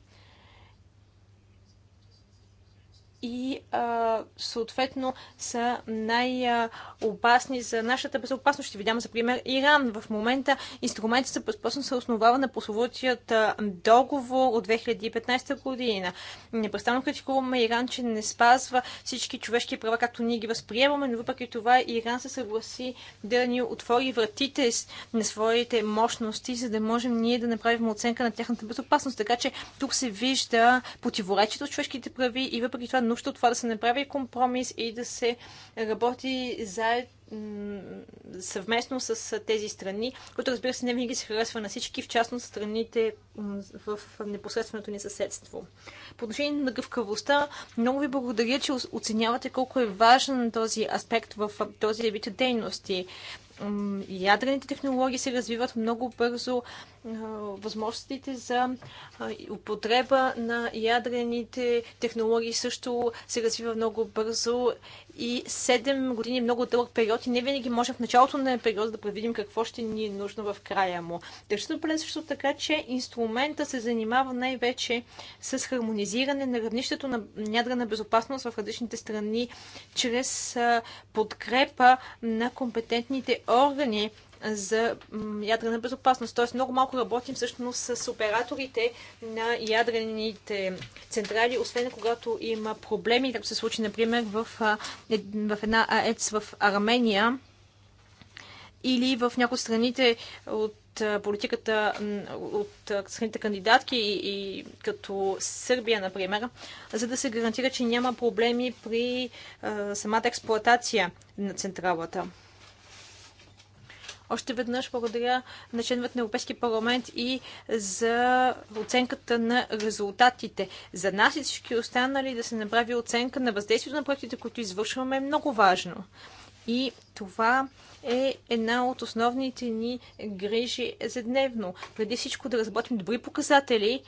и а, съответно са най-опасни за нашата безопасност. Ще ви дам за пример Иран. В момента инструментът за безопасност се основава на пословутият договор от 2015 година. Непрестанно критикуваме Иран, че не спазва всички човешки права, както ние ги възприемаме, но въпреки това Иран се съгласи да ни отвори вратите на своите мощности, за да можем ние да направим оценка на тяхната безопасност. Така че тук се вижда противоречието от човешките прави и въпреки това нужда от това да се направи компромис и да се работи заедно съвместно с тези страни, които разбира се не винаги се харесва на всички, в частност страните в непосредственото ни съседство. По отношение на гъвкавостта, много ви благодаря, че оценявате колко е важен този аспект в този вид дейности. Ядрените технологии се развиват много бързо, възможностите за употреба на ядрените технологии също се развива много бързо и 7 години е много дълъг период и не винаги може в началото на периода да предвидим какво ще ни е нужно в края му. Държа бъде също така, че инструмента се занимава най-вече с хармонизиране на равнището на ядрена безопасност в различните страни чрез подкрепа на компетентните органи за ядрена безопасност. Тоест много малко работим всъщност с операторите на ядрените централи, освен когато има проблеми, както се случи, например, в, в една АЕЦ в Армения или в някои страните от политиката от страните кандидатки и, и като Сърбия, например, за да се гарантира, че няма проблеми при а, самата експлоатация на централата. Още веднъж благодаря на членовете на Европейския парламент и за оценката на резултатите. За нас и всички останали да се направи оценка на въздействието на проектите, които извършваме, е много важно. И това е една от основните ни грижи ежедневно. Преди всичко да разработим добри показатели,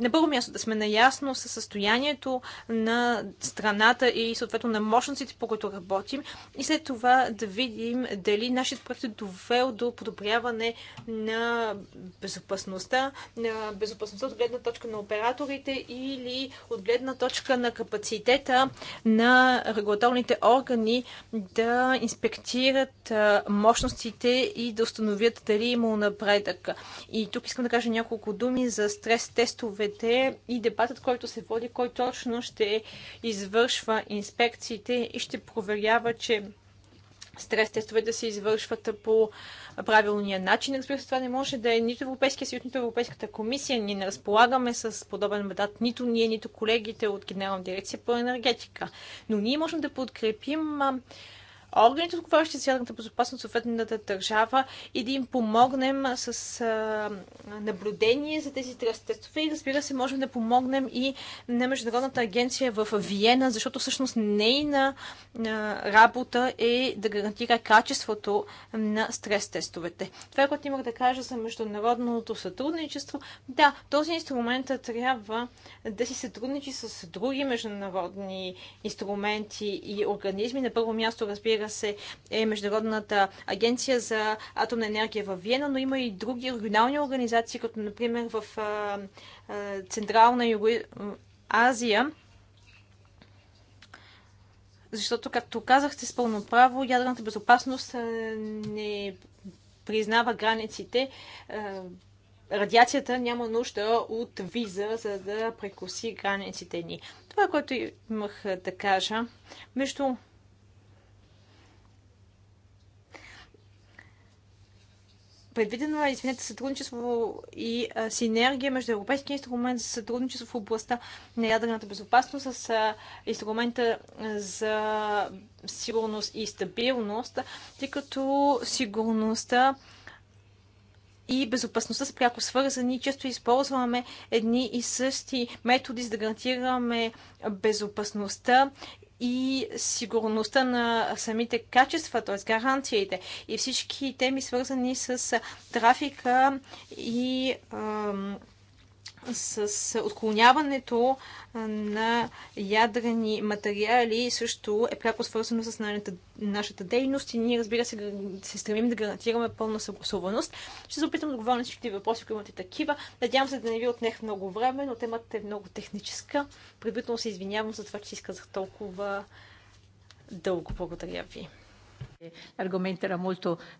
на първо място да сме наясно със състоянието на страната и съответно на мощностите, по които работим и след това да видим дали нашият проект е довел до подобряване на безопасността, на безопасността от гледна точка на операторите или от гледна точка на капацитета на регулаторните органи да инспектират мощностите и да установят дали има напредък. И тук искам да кажа няколко думи за стрес-тестове членовете и дебатът, който се води, кой точно ще извършва инспекциите и ще проверява, че стрес тестовете се извършват по правилния начин. Разбира се, това не може да е нито Европейския съюз, нито Европейската комисия. Ние не разполагаме с подобен мандат нито ние, нито колегите от Генерална дирекция по енергетика. Но ние можем да подкрепим органите, отговарящи за ядрената безопасност, съответната държава и да им помогнем с а, наблюдение за тези тестове. И разбира се, можем да помогнем и на Международната агенция в Виена, защото всъщност нейна а, работа е да гарантира качеството на стрес-тестовете. Това е, което имах да кажа за международното сътрудничество. Да, този инструмент трябва да си сътрудничи с други международни инструменти и организми. На първо място, разбира разбира се, е Международната агенция за атомна енергия в Виена, но има и други регионални организации, като например в Централна Юго... Азия, защото, както казахте с пълно право, ядрената безопасност не признава границите. Радиацията няма нужда от виза, за да прекоси границите ни. Това, което имах да кажа, между предвидено е извинете сътрудничество и а, синергия между Европейския инструмент за сътрудничество в областта на ядрената безопасност с а, инструмента за сигурност и стабилност, тъй като сигурността и безопасността са пряко свързани. Често използваме едни и същи методи, за да гарантираме безопасността и сигурността на самите качества, т.е. гаранциите и всички теми свързани с трафика и ам, с отклоняването на ядрени материали също е пряко свързано с нашата, нашата дейност и ние, разбира се, се стремим да гарантираме пълна съгласуваност. Ще се опитам да говоря на всички въпроси, които имате такива. Надявам се да не ви отнех много време, но темата е много техническа. Предварително се извинявам за това, че изказах толкова дълго. Благодаря ви. Аргументът е много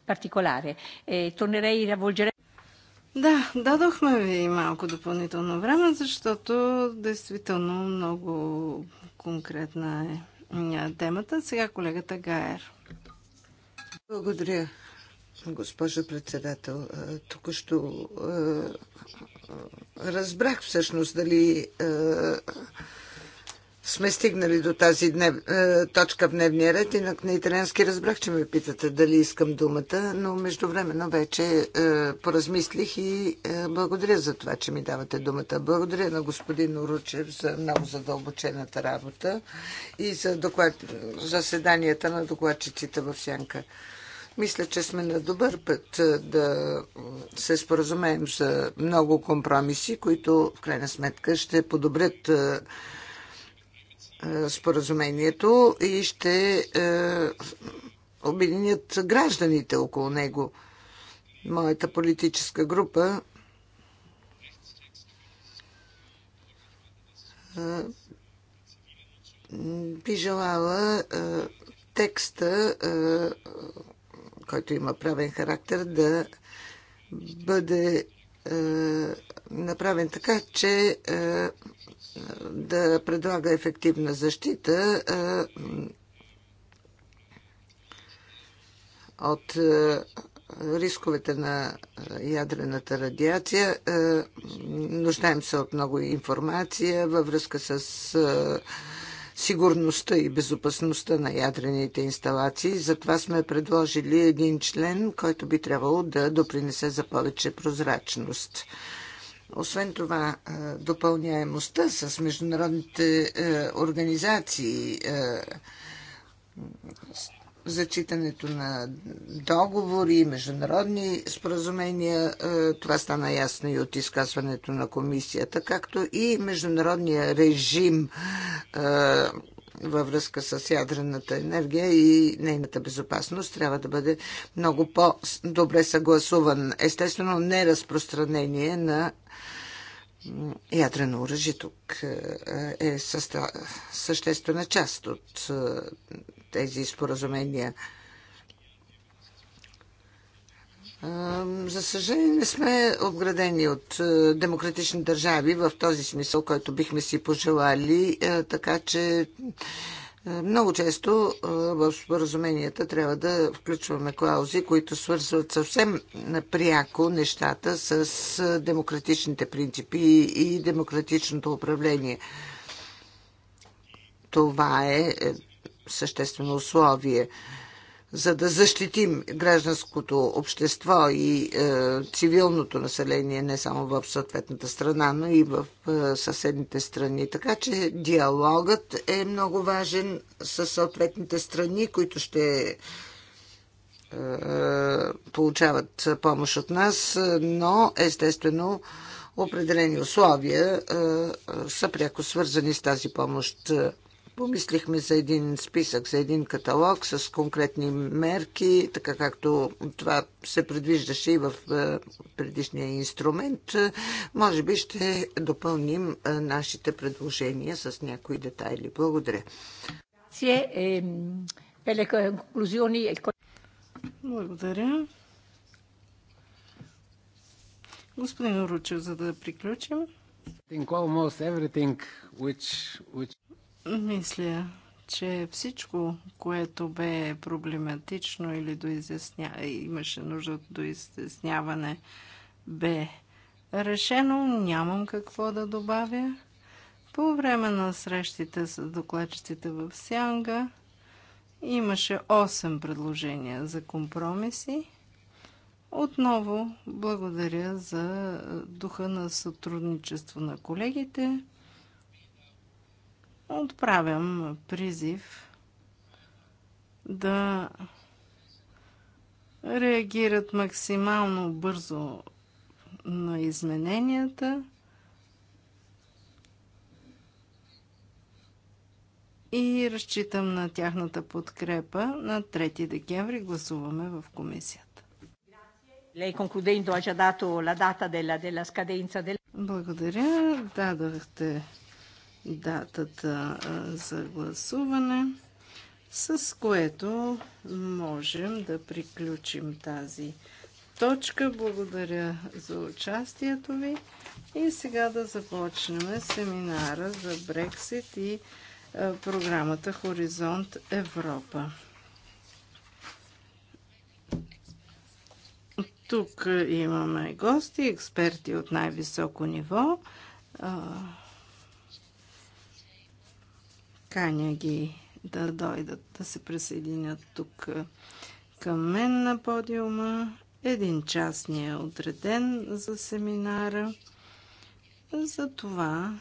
particolare. Тонерей да a да, дадохме ви малко допълнително време, защото действително много конкретна е, е темата. Сега колегата Гаер. Благодаря, госпожа председател. Тук ще е, разбрах всъщност дали е, сме стигнали до тази днев, е, точка в дневния ред и на, на италиански разбрах, че ме питате дали искам думата, но междувременно вече е, поразмислих и е, благодаря за това, че ми давате думата. Благодаря на господин Оручев за много задълбочената работа и за доклад, заседанията на докладчиците в Сянка. Мисля, че сме на добър път е, да се споразумеем за много компромиси, които в крайна сметка ще подобрят е, е, споразумението и ще е, обединят гражданите около него. Моята политическа група е, би желала текста, който има правен характер, да бъде направен така, че да предлага ефективна защита от рисковете на ядрената радиация. Нуждаем се от много информация във връзка с сигурността и безопасността на ядрените инсталации. Затова сме предложили един член, който би трябвало да допринесе за повече прозрачност. Освен това, допълняемостта с международните организации, зачитането на договори, международни споразумения, това стана ясно и от изказването на комисията, както и международния режим във връзка с ядрената енергия и нейната безопасност трябва да бъде много по-добре съгласуван. Естествено, неразпространение на ядрено оръжие тук е, е съществена част от е, тези споразумения. Е, за съжаление, не сме обградени от демократични държави в този смисъл, който бихме си пожелали, така че е, много често е, в споразуменията трябва да включваме клаузи, които свързват съвсем пряко нещата с е, демократичните принципи и демократичното управление. Това е съществено условие за да защитим гражданското общество и е, цивилното население не само в съответната страна, но и в е, съседните страни. Така че диалогът е много важен с съответните страни, които ще е, получават помощ от нас, но естествено определени условия е, е са пряко свързани с тази помощ. Помислихме за един списък, за един каталог с конкретни мерки, така както това се предвиждаше и в е, предишния инструмент. Може би ще допълним е, нашите предложения с някои детайли. Благодаря. Ehm, e Благодаря. Господин Ручев, за да приключим. Which, which... Мисля, че всичко, което бе проблематично или доизясня... имаше нужда от доизясняване, бе решено. Нямам какво да добавя. По време на срещите с докладчиците в Сянга имаше 8 предложения за компромиси. Отново благодаря за духа на сътрудничество на колегите отправям призив да реагират максимално бързо на измененията и разчитам на тяхната подкрепа. На 3 декември гласуваме в комисията. Благодаря. Дадахте датата за гласуване, с което можем да приключим тази точка. Благодаря за участието ви и сега да започнем семинара за Брексит и програмата Хоризонт Европа. Тук имаме гости, експерти от най-високо ниво. Каня ги да дойдат да се присъединят тук към мен на подиума. Един час ни е отреден за семинара. За това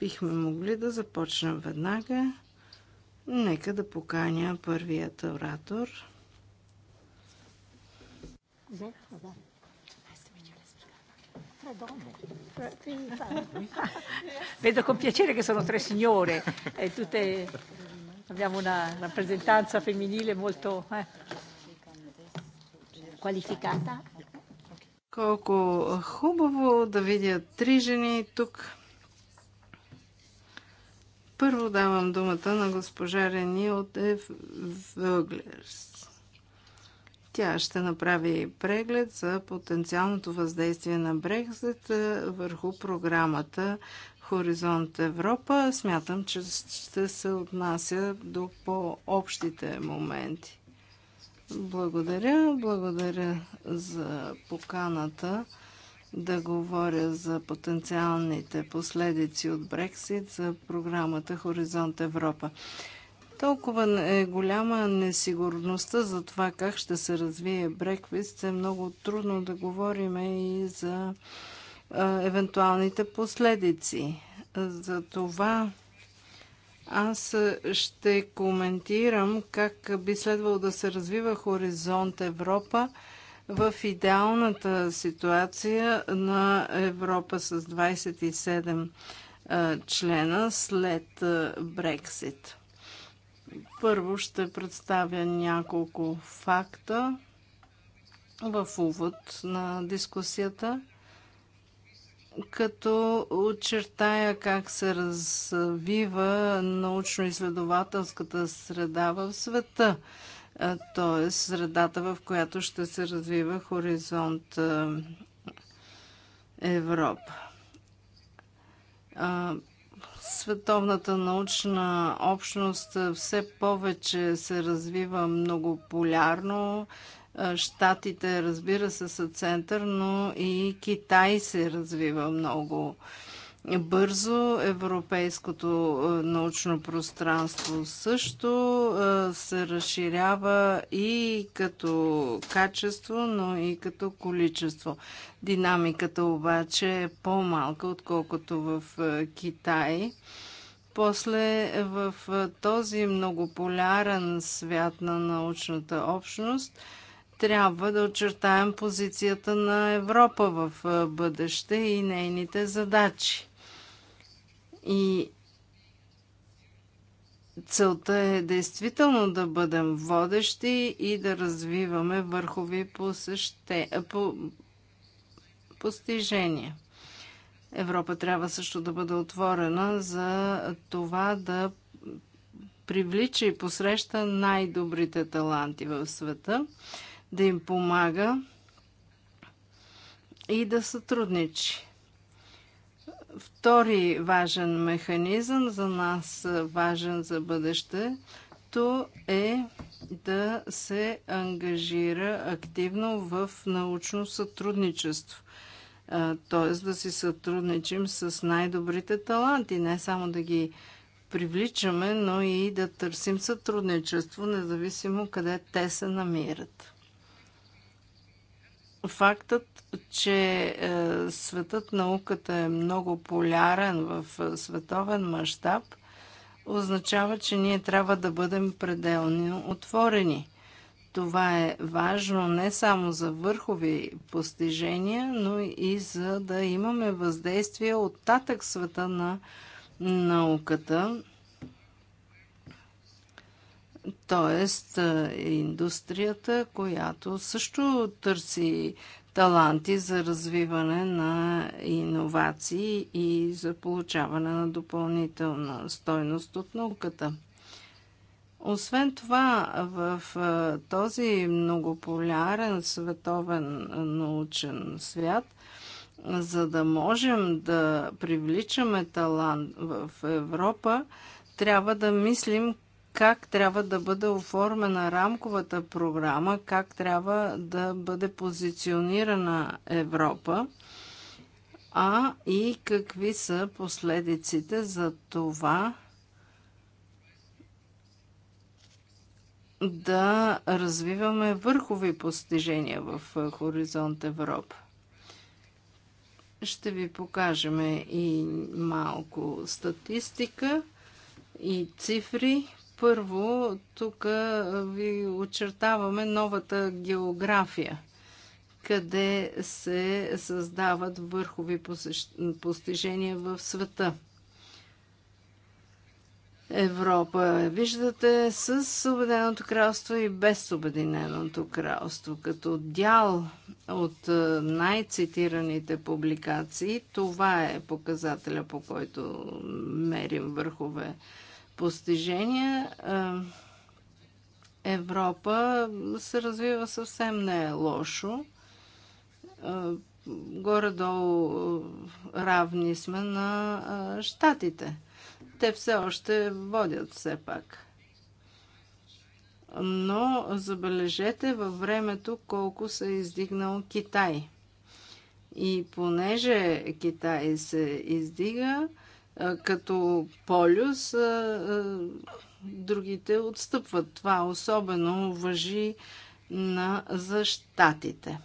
бихме могли да започнем веднага. Нека да поканя първият оратор. Да, да tre donne, quindi Vedo con piacere che sono tre signore, e tutte abbiamo una rappresentanza femminile molto eh, qualificata. Колко хубаво да видя три жени тук. Първо давам думата на госпожа Рени от Въглерс. Тя ще направи преглед за потенциалното въздействие на Брекзит е, върху програмата Хоризонт Европа. Смятам, че ще се отнася до по-общите моменти. Благодаря. Благодаря за поканата да говоря за потенциалните последици от Брексит за програмата Хоризонт Европа. Толкова е голяма несигурността за това как ще се развие Бреквист, е много трудно да говорим и за а, евентуалните последици. За това аз ще коментирам как би следвало да се развива Хоризонт Европа в идеалната ситуация на Европа с 27 члена след Брексит. Първо ще представя няколко факта в увод на дискусията, като очертая как се развива научно-изследователската среда в света, т.е. средата, в която ще се развива хоризонт Европа Световната научна общност все повече се развива многополярно. Штатите, разбира се, са център, но и Китай се развива много. Бързо европейското е, научно пространство също е, се разширява и като качество, но и като количество. Динамиката обаче е по-малка, отколкото в е, Китай. После в този многополярен свят на научната общност трябва да очертаем позицията на Европа в бъдеще и нейните задачи. И целта е действително да бъдем водещи и да развиваме върхови посъще... по... постижения. Европа трябва също да бъде отворена за това да привлича и посреща най-добрите таланти в света, да им помага и да сътрудничи. Втори важен механизъм за нас, важен за бъдещето, е да се ангажира активно в научно сътрудничество. Т.е. да си сътрудничим с най-добрите таланти, не само да ги привличаме, но и да търсим сътрудничество, независимо къде те се намират. Фактът, че е, светът науката е много полярен в е, световен мащаб, означава, че ние трябва да бъдем пределно отворени. Това е важно не само за върхови постижения, но и за да имаме въздействие от татък света на науката Тоест, индустрията, която също търси таланти за развиване на иновации и за получаване на допълнителна стойност от науката. Освен това, в този многополярен световен научен свят, за да можем да привличаме талант в Европа, трябва да мислим как трябва да бъде оформена рамковата програма, как трябва да бъде позиционирана Европа, а и какви са последиците за това да развиваме върхови постижения в Хоризонт Европа. Ще ви покажем и малко статистика и цифри. Първо, тук ви очертаваме новата география, къде се създават върхови постижения в света. Европа. Виждате с Обединеното кралство и без Обединеното кралство. Като дял от най-цитираните публикации, това е показателя, по който мерим върхове постижения Европа се развива съвсем не е лошо. Горе-долу равни сме на щатите. Те все още водят все пак. Но забележете във времето колко се е издигнал Китай. И понеже Китай се издига, като полюс, другите отстъпват. Това особено въжи на защатите.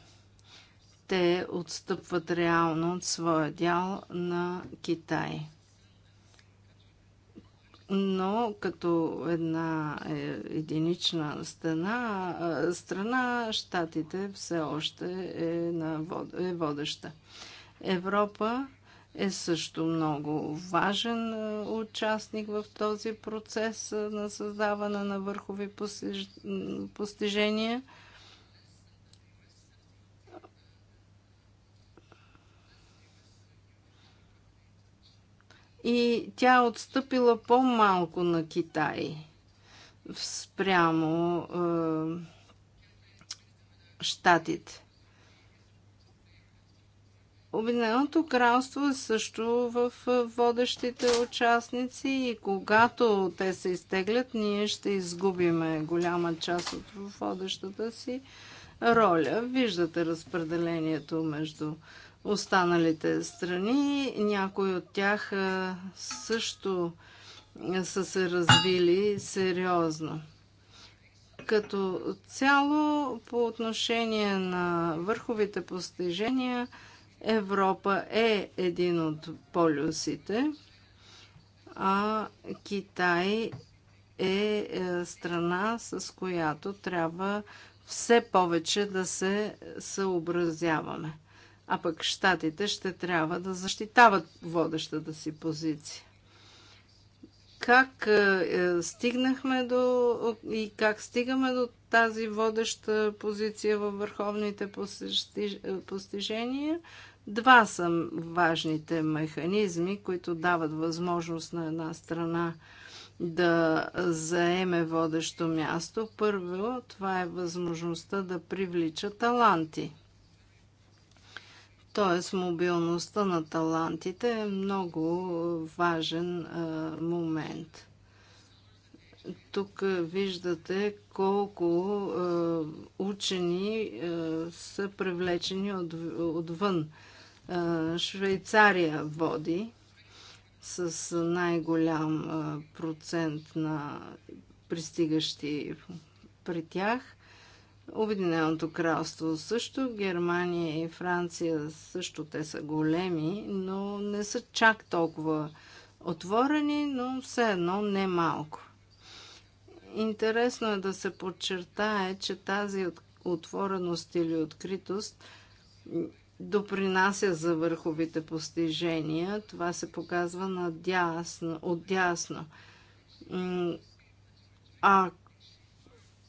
Те отстъпват реално от своя дял на Китай. Но като една е, единична страна, страна щатите все още е, на, е водеща. Европа е също много важен е, участник в този процес е, на създаване на върхови постижения. И тя е отстъпила по-малко на Китай спрямо е, щатите. Обединеното кралство е също в водещите участници и когато те се изтеглят, ние ще изгубиме голяма част от водещата си роля. Виждате разпределението между останалите страни. Някои от тях също са се развили сериозно. Като цяло, по отношение на върховите постижения, Европа е един от полюсите, а Китай е, е страна, с която трябва все повече да се съобразяваме. А пък щатите ще трябва да защитават водещата си позиция. Как е, е, стигнахме до и как стигаме до тази водеща позиция във върховните постижения? Два са важните механизми, които дават възможност на една страна да заеме водещо място. Първо, това е възможността да привлича таланти. Тоест, мобилността на талантите е много важен а, момент. Тук виждате колко а, учени а, са привлечени от, отвън. Швейцария води с най-голям процент на пристигащи при тях. Обединеното кралство също, Германия и Франция също те са големи, но не са чак толкова отворени, но все едно не малко. Интересно е да се подчертае, че тази отвореност или откритост допринася за върховите постижения. Това се показва надясно, отдясно. А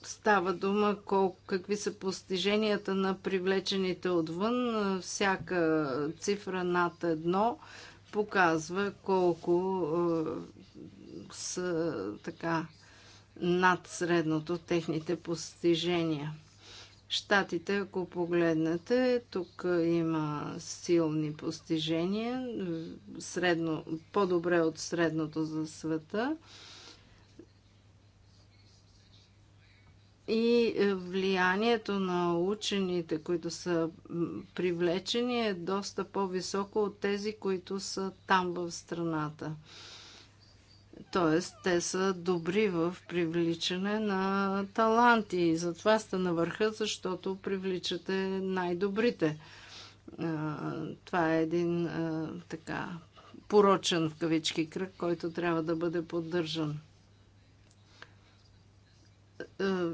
става дума колко, какви са постиженията на привлечените отвън. Всяка цифра над едно показва колко е, са така над средното техните постижения. Штатите, ако погледнете, тук има силни постижения, средно, по-добре от средното за света. И влиянието на учените, които са привлечени, е доста по-високо от тези, които са там в страната. Тоест, те са добри в привличане на таланти и затова сте на върха, защото привличате най-добрите. Това е един така порочен в кавички кръг, който трябва да бъде поддържан.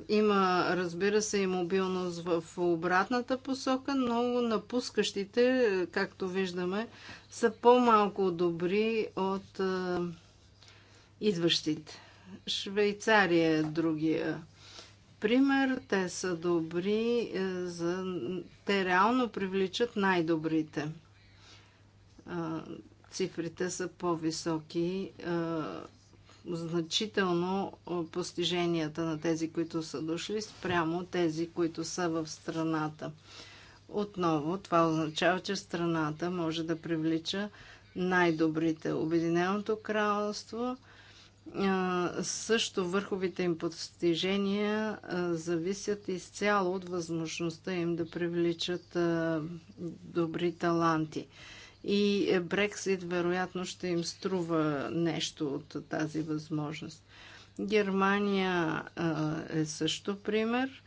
Има, разбира се, и мобилност в обратната посока, но напускащите, както виждаме, са по-малко добри от идващите. Швейцария е другия пример. Те са добри, е, за... те реално привличат най-добрите. Е, цифрите са по-високи. Е, значително постиженията на тези, които са дошли, спрямо тези, които са в страната. Отново, това означава, че страната може да привлича най-добрите. Обединеното кралство – също върховите им постижения зависят изцяло от възможността им да привличат добри таланти. И е, Брексит вероятно ще им струва нещо от тази възможност. Германия е също пример.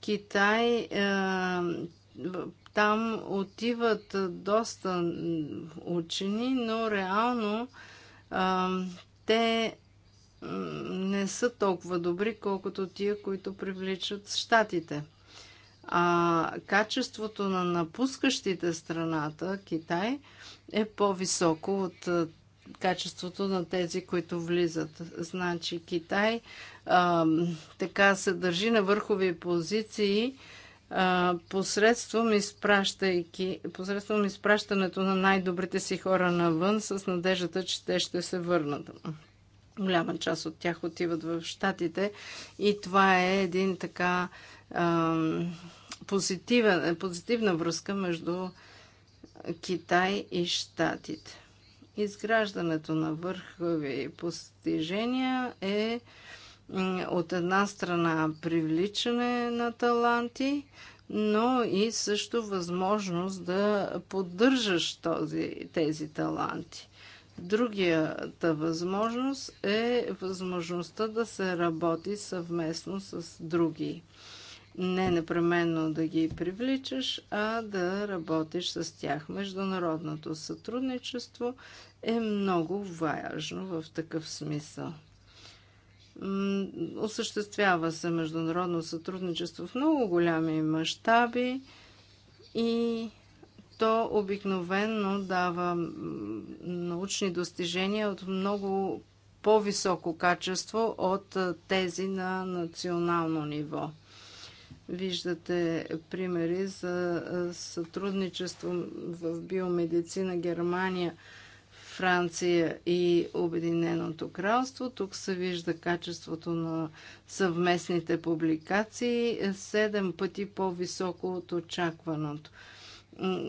Китай там отиват доста учени, но реално те не са толкова добри, колкото тия, които привличат щатите. А качеството на напускащите страната Китай е по-високо от качеството на тези, които влизат. Значи Китай а, така се държи на върхови позиции а, посредством, изпращайки, посредством изпращането на най-добрите си хора навън с надеждата, че те ще се върнат. Голяма част от тях отиват в Штатите и това е един така ам, позитивен, позитивна връзка между Китай и Штатите. Изграждането на върхови постижения е от една страна привличане на таланти, но и също възможност да поддържаш този, тези таланти. Другията възможност е възможността да се работи съвместно с други. Не непременно да ги привличаш, а да работиш с тях. Международното сътрудничество е много важно в такъв смисъл. Осъществява се международно сътрудничество в много голями мащаби и то обикновенно дава научни достижения от много по-високо качество от тези на национално ниво. Виждате примери за сътрудничество в биомедицина Германия, Франция и Обединеното кралство. Тук се вижда качеството на съвместните публикации 7 пъти по-високо от очакваното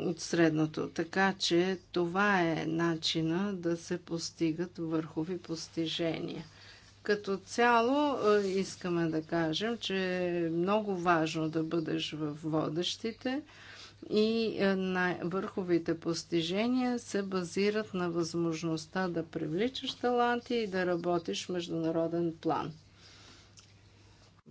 от средното. Така че това е начина да се постигат върхови постижения. Като цяло е, искаме да кажем, че е много важно да бъдеш в водещите и е, на върховите постижения се базират на възможността да привличаш таланти и да работиш в международен план.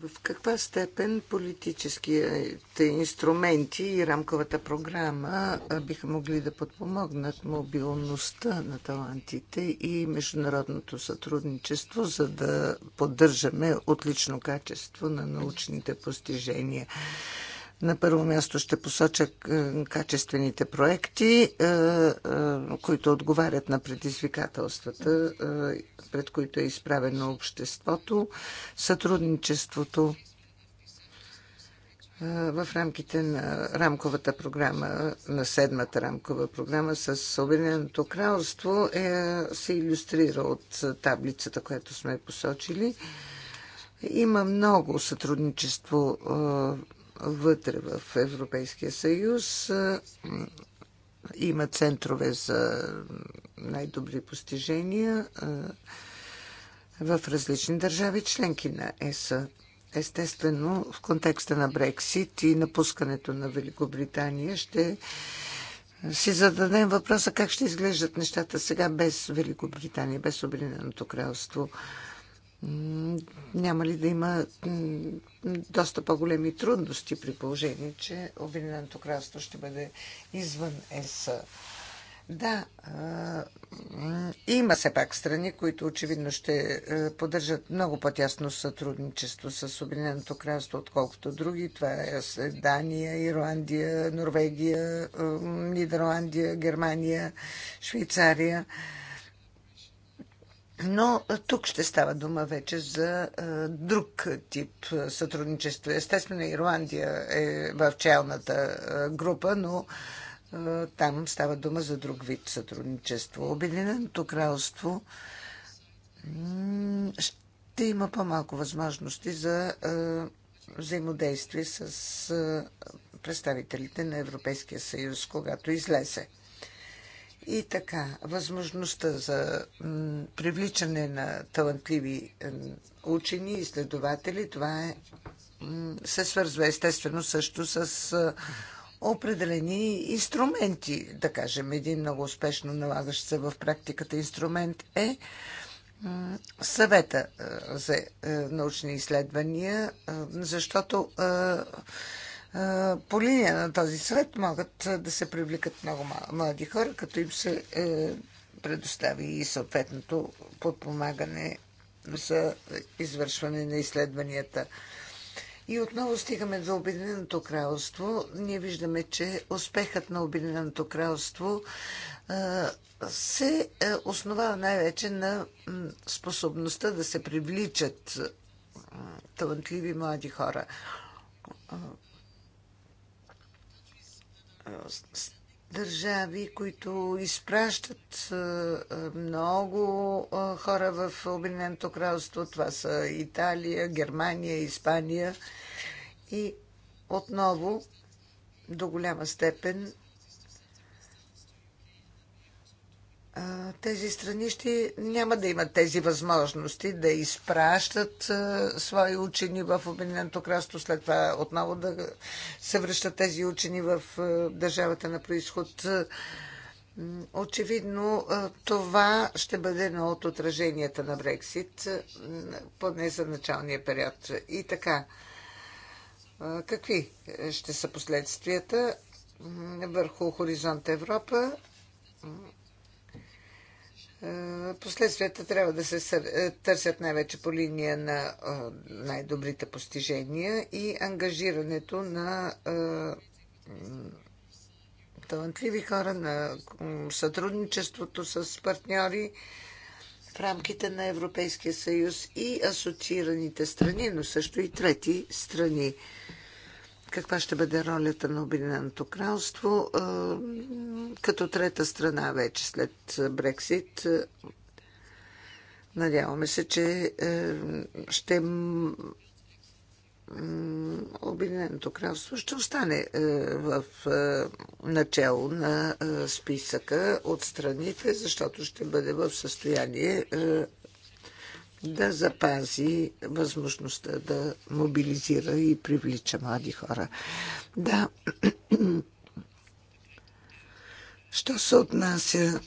В каква степен политическите инструменти и рамковата програма биха могли да подпомогнат мобилността на талантите и международното сътрудничество, за да поддържаме отлично качество на научните постижения? На първо място ще посоча е, качествените проекти, е, е, които отговарят на предизвикателствата, пред които е изправено обществото, сътрудничеството в рамките на рамковата програма, на седмата рамкова програма с Обединеното кралство е, се иллюстрира от таблицата, която сме посочили. Има много сътрудничество вътре в Европейския съюз. Има центрове за най-добри постижения в различни държави, членки на ЕСА. Естествено, в контекста на Брексит и напускането на Великобритания ще си зададем въпроса как ще изглеждат нещата сега без Великобритания, без Обединеното кралство няма ли да има доста по-големи трудности при положение, че Обединеното кралство ще бъде извън ЕС? Да, има все пак страни, които очевидно ще поддържат много по-тясно сътрудничество с Обединеното кралство, отколкото други. Това е Дания, Ирландия, Норвегия, Нидерландия, Германия, Швейцария. Но тук ще става дума вече за друг тип сътрудничество. Естествено, Ирландия е в челната група, но там става дума за друг вид сътрудничество. Обединеното кралство ще има по-малко възможности за взаимодействие с представителите на Европейския съюз, когато излезе. И така, възможността за привличане на талантливи учени, и изследователи, това е, се свързва естествено също с определени инструменти. Да кажем, един много успешно налагащ се в практиката инструмент е съвета за е, научни изследвания, защото по линия на този съвет могат да се привлекат много млади хора, като им се е, предостави и съответното подпомагане за извършване на изследванията. И отново стигаме до Обединеното кралство. Ние виждаме, че успехът на Обединеното кралство се е, основава най-вече на способността да се привличат талантливи млади хора държави, които изпращат много хора в Обединеното кралство. Това са Италия, Германия, Испания. И отново до голяма степен тези страни ще, няма да имат тези възможности да изпращат а, свои учени в Обединеното кралство, след това отново да се връщат тези учени в а, държавата на происход. Очевидно, това ще бъде едно от отраженията на Брексит, поне за началния период. И така, какви ще са последствията върху хоризонт Европа? Е, последствията трябва да се е, търсят най-вече по линия на е, най-добрите постижения и ангажирането на талантливи хора, на сътрудничеството с партньори в рамките на Европейския съюз и асоциираните страни, но също и трети страни каква ще бъде ролята на Обединеното кралство като трета страна вече след Брексит. Надяваме се, че е, ще Обединеното кралство ще остане е, в е, начало на списъка от страните, защото ще бъде в състояние да запази възможността да мобилизира и привлича млади хора. Да. Що се отнася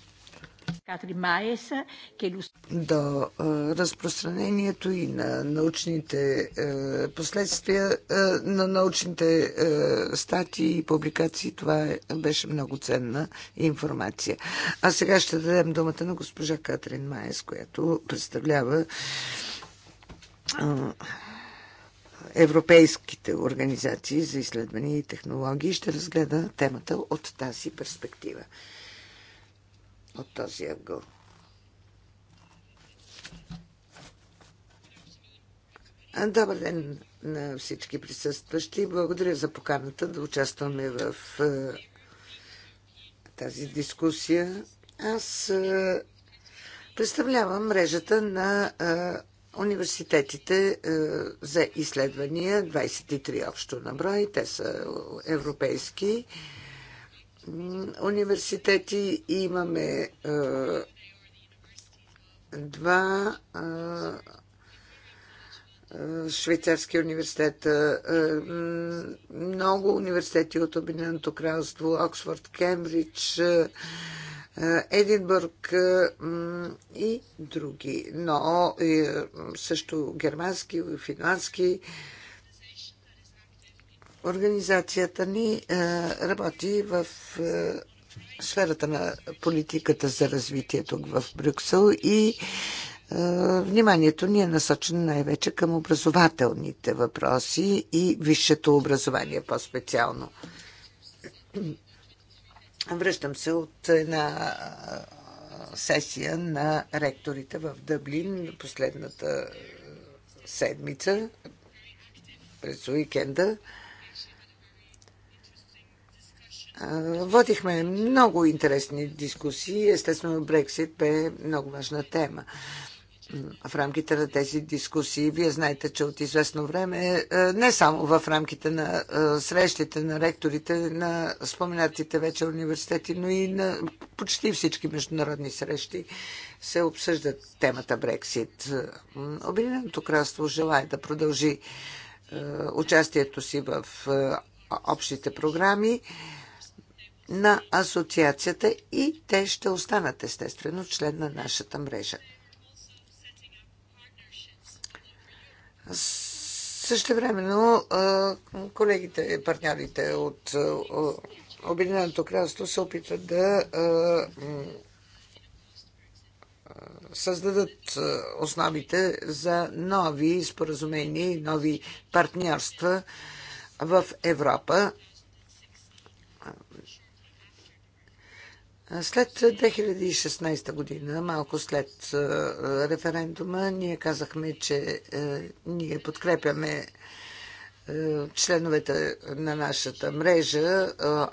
до разпространението и на научните е, последствия, е, на научните е, статии и публикации. Това беше много ценна информация. А сега ще дадем думата на госпожа Катрин Маес, която представлява европейските организации за изследвания и технологии. Ще разгледа темата от тази перспектива от този ъгъл. Добър ден на всички присъстващи. Благодаря за поканата да участваме в е, тази дискусия. Аз е, представлявам мрежата на е, университетите за изследвания, 23 общо на брой. Те са европейски университети имаме е, два е, е, швейцарски университет, много университети от Обединеното кралство, Оксфорд, Кембридж, Единбург и други, но също германски, финландски Организацията ни е, работи в е, сферата на политиката за развитие тук в Брюксел и е, вниманието ни е насочено най-вече към образователните въпроси и висшето образование по-специално. Връщам се от една сесия на ректорите в Дъблин последната седмица през уикенда. Водихме много интересни дискусии. Естествено, Брексит бе много важна тема в рамките на тези дискусии. Вие знаете, че от известно време, е, не само в рамките на е, срещите на ректорите на споменатите вече университети, но и на почти всички международни срещи се обсъждат темата Брексит. Обединеното кралство желая да продължи е, участието си в общите програми на асоциацията и те ще останат естествено член на нашата мрежа. Също времено колегите, партньорите от Обединеното кралство се опитват да създадат основите за нови споразумения и нови партньорства в Европа След 2016 година, малко след референдума, ние казахме, че ние подкрепяме членовете на нашата мрежа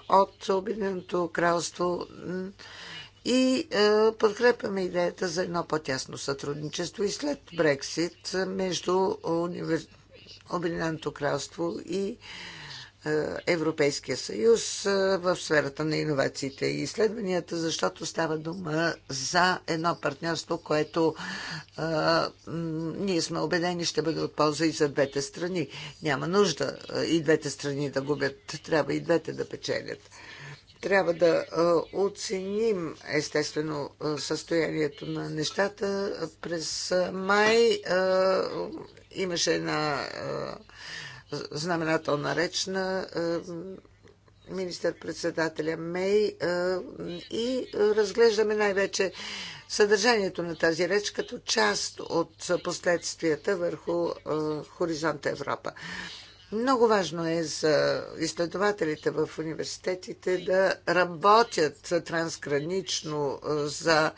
от Обединеното кралство и подкрепяме идеята за едно по-тясно сътрудничество и след Брексит между Обединеното кралство и Европейския съюз в сферата на иновациите и изследванията, защото става дума за едно партньорство, което ние сме убедени ще бъде от полза и за двете страни. Няма нужда и двете страни да губят, трябва и двете да печелят. Трябва да оценим естествено състоянието на нещата. През май имаше една знаменателна реч на е, министър-председателя Мей е, и разглеждаме най-вече съдържанието на тази реч като част от последствията върху е, хоризонта Европа. Много важно е за изследователите в университетите да работят трансгранично е, за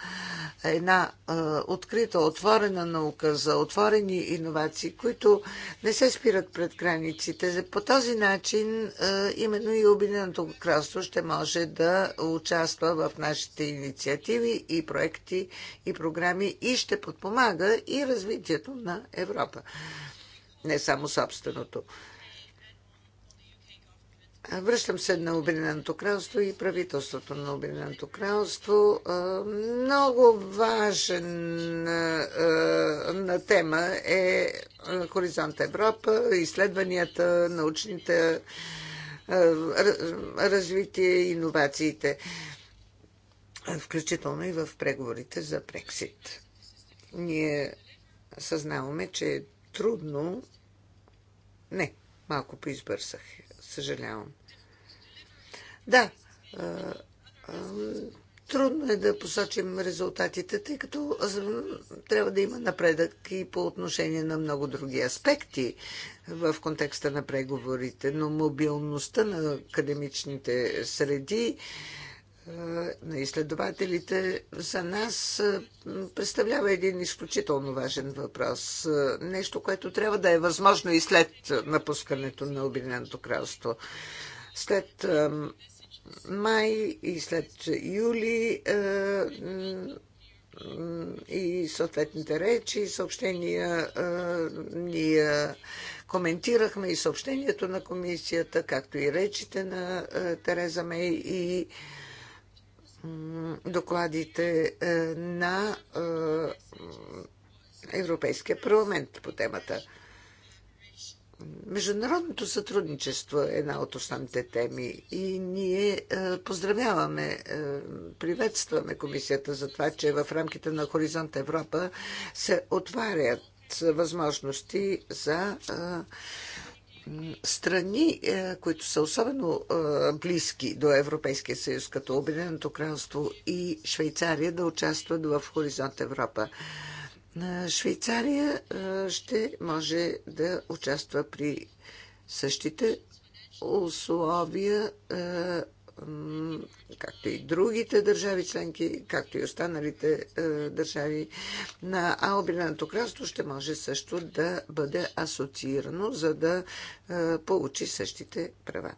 една е, открита, отворена наука, за отворени иновации, които не се спират пред границите. По този начин е, именно и Обединеното кралство ще може да участва в нашите инициативи и проекти и програми и ще подпомага и развитието на Европа. Не само собственото. Връщам се на Обединеното кралство и правителството на Обединеното кралство. Много важен на тема е Хоризонт Европа, изследванията, научните развитие, иновациите, включително и в преговорите за Брексит. Ние съзнаваме, че е трудно. Не, малко поизбърсах Съжалявам. Да, трудно е да посочим резултатите, тъй като трябва да има напредък и по отношение на много други аспекти в контекста на преговорите, но мобилността на академичните среди на изследователите за нас представлява един изключително важен въпрос. Нещо, което трябва да е възможно и след напускането на Обединеното кралство. След май и след юли и съответните речи и съобщения ние коментирахме и съобщението на комисията, както и речите на Тереза Мей и докладите е, на е, Европейския парламент по темата. Международното сътрудничество е една от основните теми и ние е, поздравяваме, приветстваме комисията за това, че в рамките на Хоризонт Европа се отварят възможности за страни, е, които са особено е, близки до Европейския съюз, като Обединеното кралство и Швейцария, да участват в Хоризонт Европа. Е, Швейцария ще може да участва при същите условия както и другите държави членки, както и останалите е, държави на Албиленото кралство, ще може също да бъде асоциирано, за да е, получи същите права.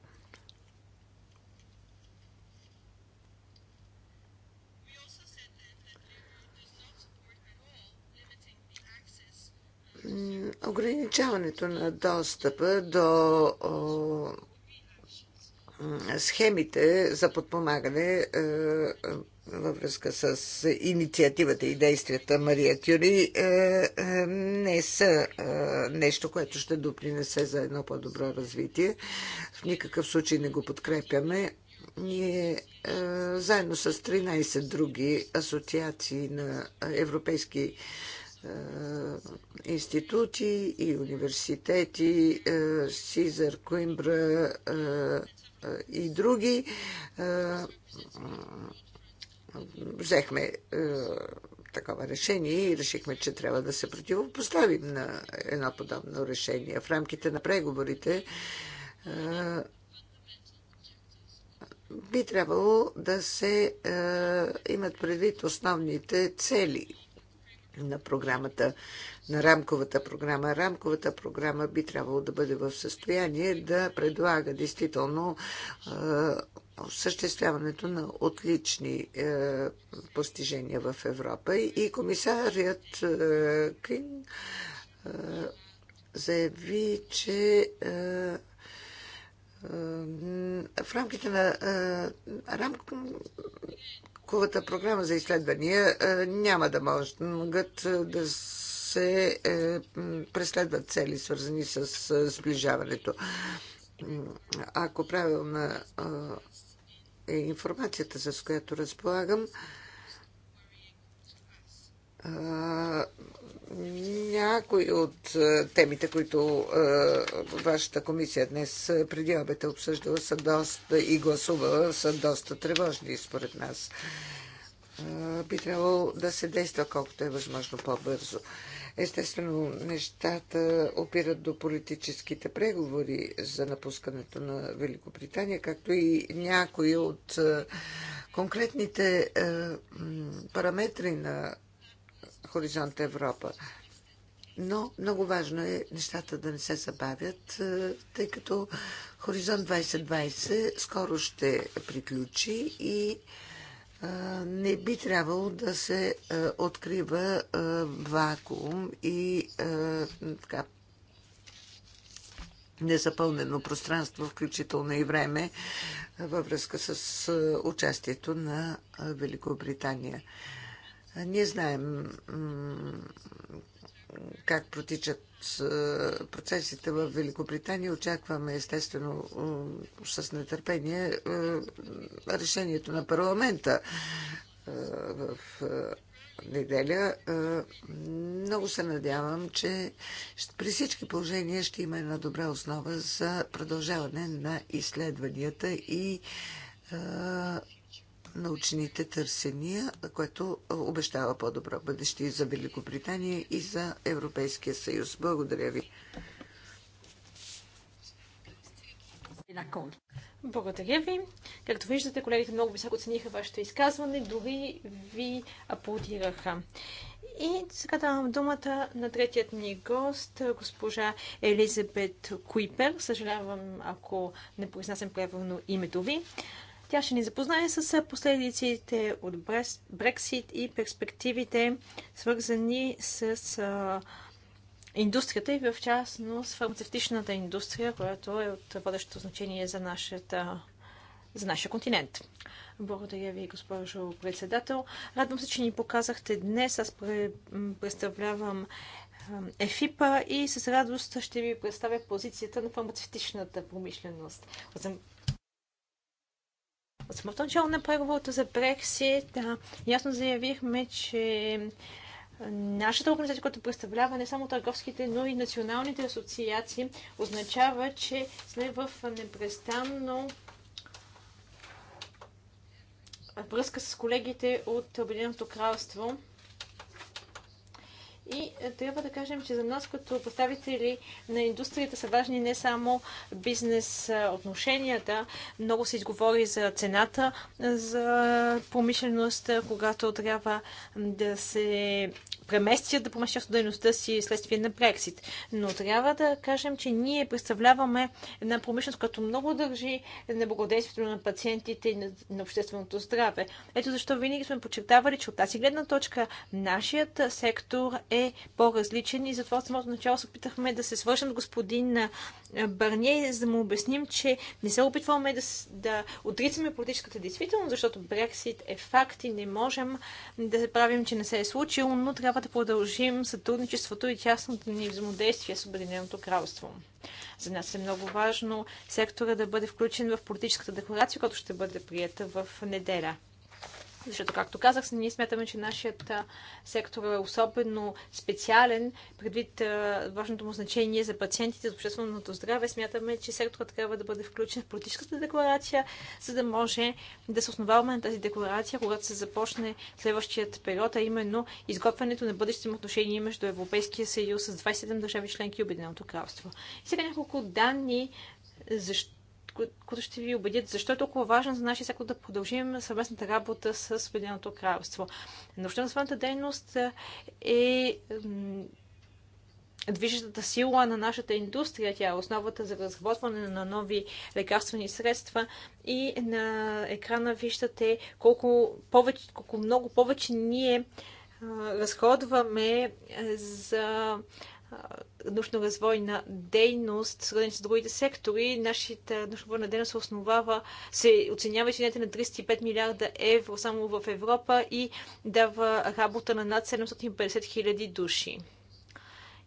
ограничаването на достъпа до схемите за подпомагане е, е, във връзка с инициативата и действията Мария Тюри е, не са нещо, което ще допринесе за едно по-добро развитие. В никакъв случай не го подкрепяме. Ние заедно с 13 други асоциации на европейски институти и университети, Сизър, Коимбра, и други. Е, взехме е, такова решение и решихме, че трябва да се противопоставим на едно подобно решение. В рамките на преговорите е, би трябвало да се имат предвид основните цели на програмата, на рамковата програма. Рамковата програма би трябвало да бъде в състояние да предлага действително е, осъществяването на отлични постижения в Европа. И комисарият е, Кин заяви, че в рамките на рамковата програма за изследвания е, няма да могат е, да се е, преследват цели, свързани с сближаването. Ако правилна е информацията, с която разполагам, някои от е, темите, които е, вашата комисия днес е, преди обед е обсъждала са доста, и гласувала, са доста тревожни според нас. Би трябвало да се действа колкото е възможно по-бързо. Естествено, нещата опират до политическите преговори за напускането на Великобритания, както и някои от конкретните параметри на Хоризонт Европа. Но много важно е нещата да не се забавят, е, тъй като Хоризонт 2020 скоро ще приключи и е, не би трябвало да се е, открива вакуум и така незапълнено пространство, включително и време, във връзка с участието на Великобритания. Ние знаем как протичат процесите в Великобритания. Очакваме, естествено, с нетърпение решението на парламента в неделя. Много се надявам, че при всички положения ще има една добра основа за продължаване на изследванията и научните търсения, което обещава по-добро бъдеще и за Великобритания, и за Европейския съюз. Благодаря ви. Благодаря ви. Както виждате, колегите много високо цениха вашето изказване, дори ви аплодираха. И сега давам думата на третият ни гост, госпожа Елизабет Куипер. Съжалявам, ако не произнасям правилно името ви. Тя ще ни запознае с последиците от Брексит и перспективите, свързани с индустрията и в частност фармацевтичната индустрия, която е от водещо значение за, нашата, за нашия континент. Благодаря ви, госпожо председател. Радвам се, че ни показахте днес. Аз представлявам ЕФИПА и с радост ще ви представя позицията на фармацевтичната промишленост. От самото начало на преговорите за Брексит ясно заявихме, че нашата организация, която представлява не само търговските, но и националните асоциации, означава, че сме в непрестанно връзка с колегите от Обединеното кралство и е, трябва да кажем, че за нас като представители на индустрията са важни не само бизнес е, отношенията. Много се изговори за цената е, за промишленост, когато трябва да се преместят, да помещат дейността си следствие на Брексит. Но трябва да кажем, че ние представляваме една промишленост, която много държи на благодействието на пациентите и на общественото здраве. Ето защо винаги сме подчертавали, че от тази гледна точка нашият сектор е по-различен и затова от самото начало се опитахме да се свържем с господин Барние, за да му обясним, че не се опитваме да, да отрицаме политическата действителност, защото Брексит е факт и не можем да се правим, че не се е случило, но трябва да продължим сътрудничеството и тясното ни взаимодействие с Обединеното кралство. За нас е много важно сектора да бъде включен в политическата декларация, която ще бъде прията в неделя. Защото, както казах, ние смятаме, че нашият сектор е особено специален, предвид важното му значение за пациентите, за общественото здраве. Смятаме, че секторът трябва да бъде включен в политическата декларация, за да може да се основаваме на тази декларация, когато се започне следващият период, а именно изготвянето на бъдещите отношения между Европейския съюз с 27 държави членки и Обединеното кралство. И сега няколко данни защо които ще ви убедят защо е толкова важно за нашия сектор да продължим съвместната работа с Обединеното кралство. Научно-развойната дейност е движещата сила на нашата индустрия. Тя е основата за разработване на нови лекарствени средства и на екрана виждате колко, повече, колко много повече ние разходваме за научно-развойна дейност, сравнени с другите сектори, нашата научно-развойна дейност се основава, се оценява извинете, на 35 милиарда евро само в Европа и дава работа на над 750 хиляди души.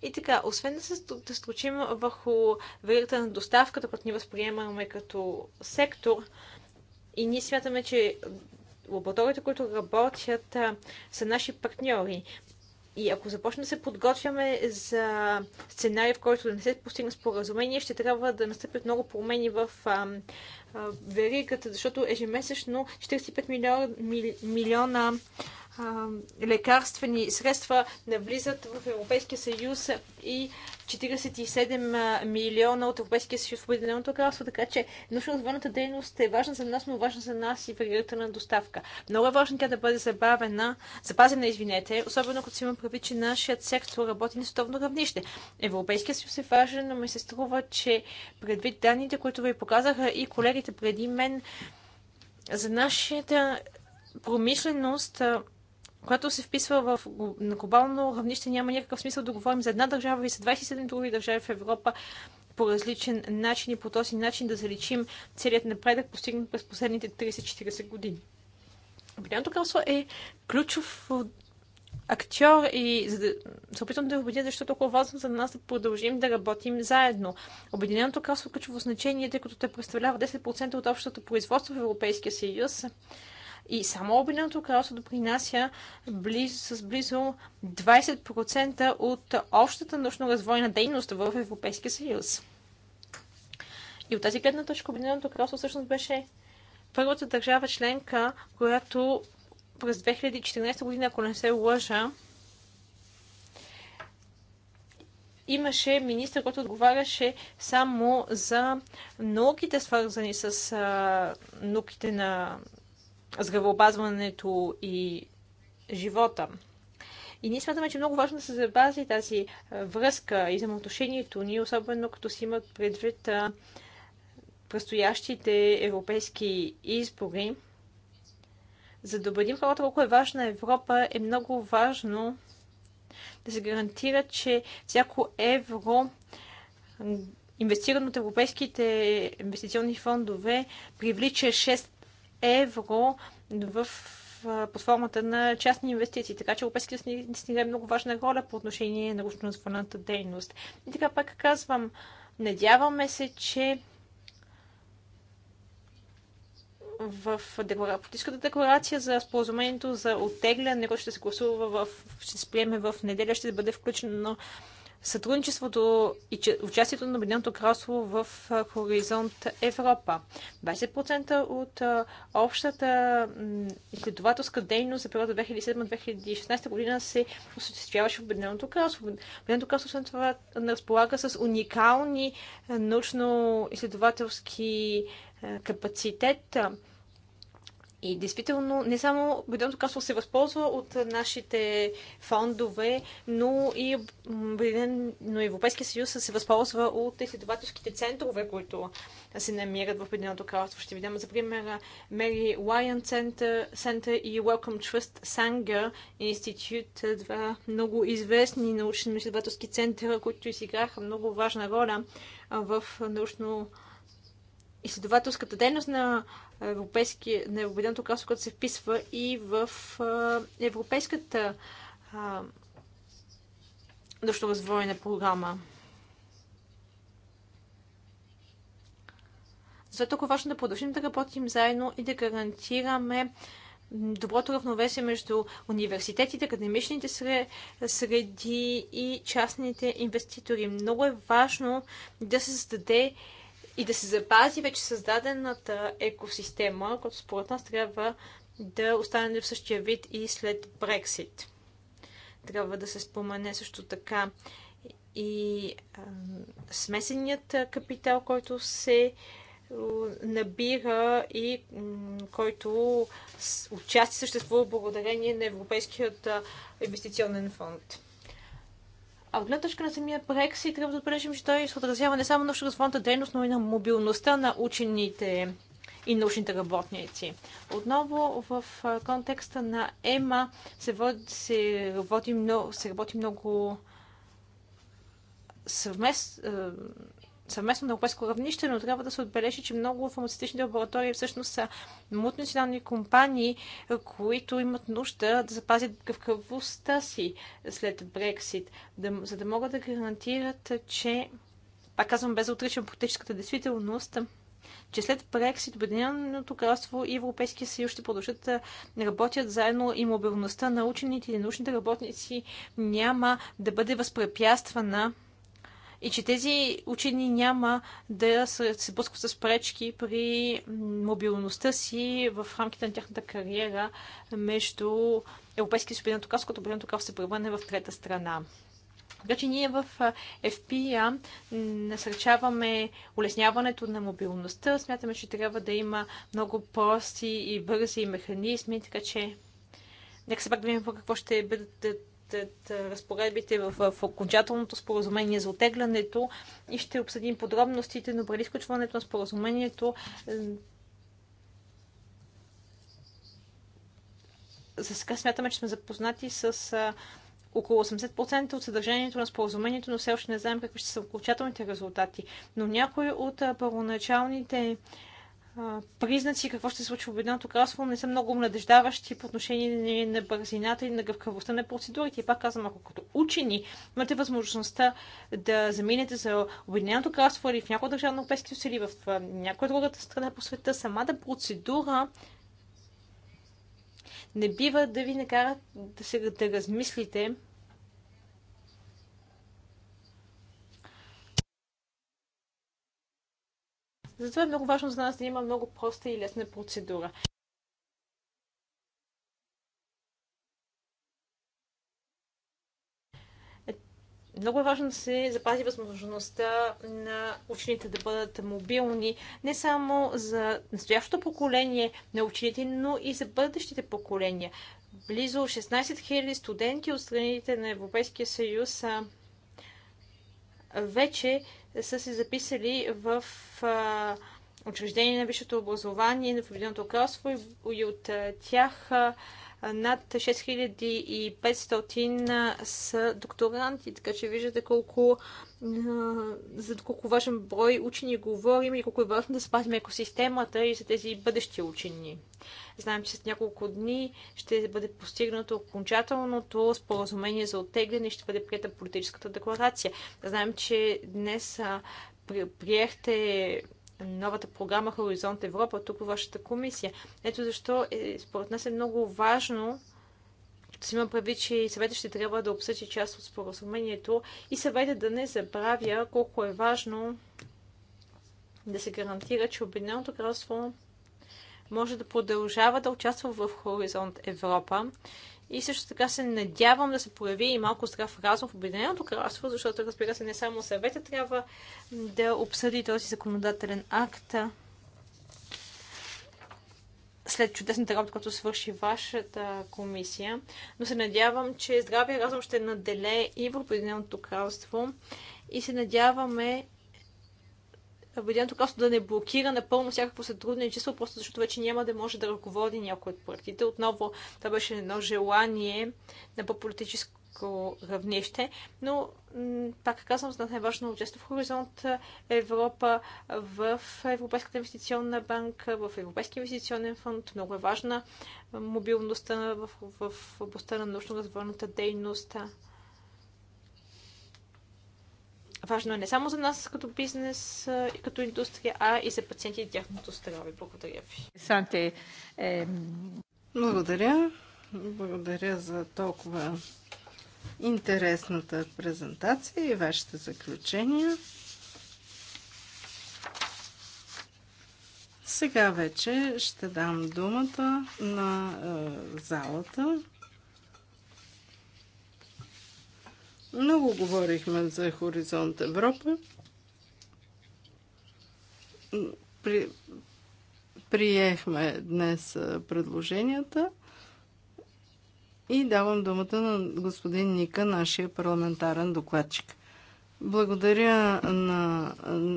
И така, освен да се да случим върху веригата на доставката, която ни възприемаме като сектор, и ние смятаме, че лабораториите, които работят, са наши партньори. И ако започнем да се подготвяме за сценария, в който да не се постигне споразумение, ще трябва да настъпят много промени в а, а, веригата, защото ежемесечно 45 милиона, мили, милиона лекарствени средства навлизат в Европейския съюз и 47 милиона от Европейския съюз в Обединеното кралство, така че научно-развойната дейност е важна за нас, но важна за нас и вариативна доставка. Много е важно тя да бъде забавена, запазена, извинете, особено като си има прави, че нашият сектор работи на световно равнище. Европейския съюз е важен, но ми се струва, че предвид данните, които ви показаха и колегите преди мен, за нашата промишленост когато се вписва в, на глобално равнище, няма никакъв смисъл да говорим за една държава и за 27 други държави в Европа по различен начин и по този начин да заличим целият напредък, постигнат през последните 30-40 години. Обединеното кралство е ключов актьор и за да се опитвам да убедя защото е толкова важно за нас да продължим да работим заедно. Обединеното кралство е ключово значение, тъй като те представлява 10% от общото производство в Европейския съюз и само Обединеното кралство допринася близ, с близо 20% от общата научно-развойна дейност в Европейския съюз. И от тази гледна точка Обединеното кралство всъщност беше първата държава членка, която през 2014 година, ако не се лъжа, имаше министър, който отговаряше само за науките, свързани с а, науките на здравеопазването и живота. И ние смятаме, че е много важно да се запази тази е, връзка и взаимоотношението ни, особено като си имат предвид е, предстоящите европейски избори. За да убедим хората колко е важна Европа, е много важно да се гарантира, че всяко евро инвестирано от европейските инвестиционни фондове привлича 6 евро в под формата на частни инвестиции. Така че Европейския съюз ни е много важна роля по отношение на научно-развойната дейност. И така пак казвам, надяваме се, че в деклара... политическата декларация за споразумението за оттегляне, което ще се гласува в, ще се приеме в неделя, ще бъде включено сътрудничеството и участието на Обединеното кралство в Хоризонт Европа. 20% от общата изследователска дейност за периода 2007-2016 година се осъществяваше в Обединеното кралство. Обединеното кралство, освен това, разполага с уникални научно-изследователски капацитет. И действително, не само Обединеното Касло се възползва от нашите фондове, но и Обединено Европейския съюз се възползва от изследователските центрове, които се намират в Обединеното кралство. Ще видим, за пример Мери Лайон Център и Welcome Trust Sanger Institute, два много известни научно-изследователски центъра, които изиграха много важна роля в научно изследователската дейност на европейски, на Обединеното кралство, което се вписва и в европейската дъщоразвойна програма. Затова е толкова важно да продължим да работим заедно и да гарантираме доброто равновесие между университетите, академичните среди и частните инвеститори. Много е важно да се създаде и да се запази вече създадената екосистема, която според нас трябва да остане в същия вид и след Брексит. Трябва да се спомене също така и а, смесеният капитал, който се набира и който отчасти съществува благодарение на Европейският инвестиционен фонд. А от гледна точка на самия Брексит, трябва да отбележим, че той се отразява не само на общоразвонната дейност, но и на мобилността на учените и научните работници. Отново в контекста на ЕМА се, води, се, работи, много, се работи много съвмест, съвместно на европейско равнище, но трябва да се отбележи, че много фармацевтични лаборатории всъщност са мултинационални компании, които имат нужда да запазят гъвкавостта си след Брексит, да, за да могат да гарантират, че, пак казвам, без да отричам политическата действителност, че след Брексит Обединеното кралство и Европейския съюз ще продължат да работят заедно и мобилността на учените и научните работници няма да бъде възпрепятствана и че тези учени няма да се блъскват с пречки при мобилността си в рамките на тяхната кариера между Европейския съюз и Обединеното кралство, като Обединеното кралство се превърне в трета страна. Така че ние в FPA насърчаваме улесняването на мобилността. Смятаме, че трябва да има много прости и бързи механизми, така че нека се пак да видим какво ще бъдат от разпоредбите в, в окончателното споразумение за отеглянето и ще обсъдим подробностите, но преди изключването на споразумението за сега смятаме, че сме запознати с около 80% от съдържанието на споразумението, но все още не знаем какви ще са окончателните резултати. Но някои от първоначалните признаци какво ще се случи в Обединеното кралство не са много надеждаващи по отношение на бързината и на гъвкавостта на процедурите. И пак казвам, ако като учени имате възможността да заминете за Обединеното кралство или в някоя държава на Европейския съюз или в някоя другата страна по света, самата процедура не бива да ви накара да се да размислите Затова е много важно за нас да има много проста и лесна процедура. Е, много е важно да се запази възможността на учените да бъдат мобилни не само за настоящото поколение на учените, но и за бъдещите поколения. Близо 16 000 студенти от страните на Европейския съюз са вече са се записали в а, учреждение на висшето образование на Обединеното кралство и, и от а, тях а, над 6500 са докторанти, така че виждате колко за колко важен брой учени говорим и колко е важно да спазим екосистемата и за тези бъдещи учени. Знаем, че след няколко дни ще бъде постигнато окончателното споразумение за оттегляне и ще бъде прията политическата декларация. Знаем, че днес приехте новата програма Хоризонт Европа тук в вашата комисия. Ето защо е, според нас е много важно като си има прави, че съветът ще трябва да обсъди част от споразумението и съветът да не забравя колко е важно да се гарантира, че Обединеното кралство може да продължава да участва в Хоризонт Европа и също така се надявам да се появи и малко здрав разум в Обединеното кралство, защото разбира се не само съвета трябва да обсъди този законодателен акт след чудесната работа, която свърши вашата комисия, но се надявам, че здравия разум ще наделе и в Обединеното кралство и се надяваме Обединеното кралство да не блокира напълно всякакво сътрудничество, просто защото вече няма да може да ръководи някой от партиите. Отново това беше едно желание на по-политическо равнище, но пак казвам, за най е важно участие в Хоризонт Европа, в Европейската инвестиционна банка, в Европейския инвестиционен фонд. Много е важна мобилността в, в областта на научно-развойната дейност. Важно е не само за нас като бизнес и като индустрия, а и за пациенти и тяхното здраве. Благодаря ви. Санте, е... Благодаря. Благодаря за толкова интересната презентация и вашите заключения. Сега вече ще дам думата на е, залата. Много говорихме за Хоризонт Европа. При, приехме днес предложенията и давам думата на господин Ника, нашия парламентарен докладчик. Благодаря на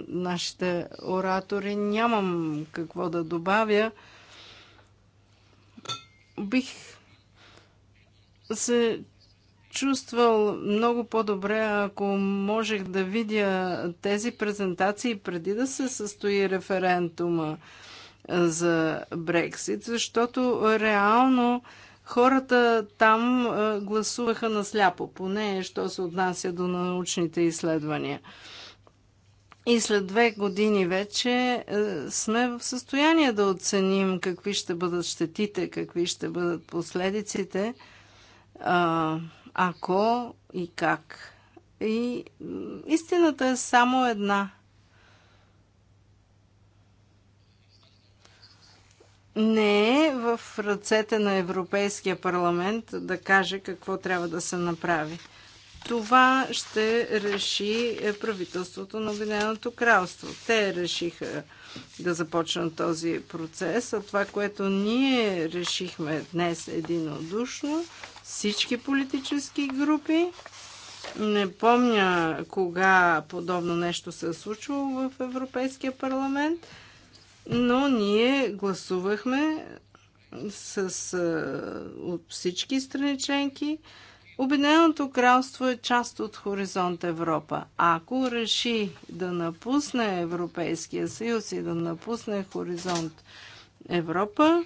нашите оратори. Нямам какво да добавя. Бих се чувствал много по-добре, ако можех да видя тези презентации преди да се състои референдума за Брексит, защото реално хората там гласуваха насляпо, поне що се отнася до научните изследвания. И след две години вече сме в състояние да оценим какви ще бъдат щетите, какви ще бъдат последиците. Ако и как. И истината е само една. Не е в ръцете на Европейския парламент да каже какво трябва да се направи. Това ще реши правителството на Обединеното кралство. Те решиха да започнат този процес, а това, което ние решихме днес единодушно, всички политически групи. Не помня кога подобно нещо се е случвало в Европейския парламент, но ние гласувахме с от всички страни членки. Обединеното кралство е част от Хоризонт Европа. Ако реши да напусне Европейския съюз и да напусне Хоризонт Европа,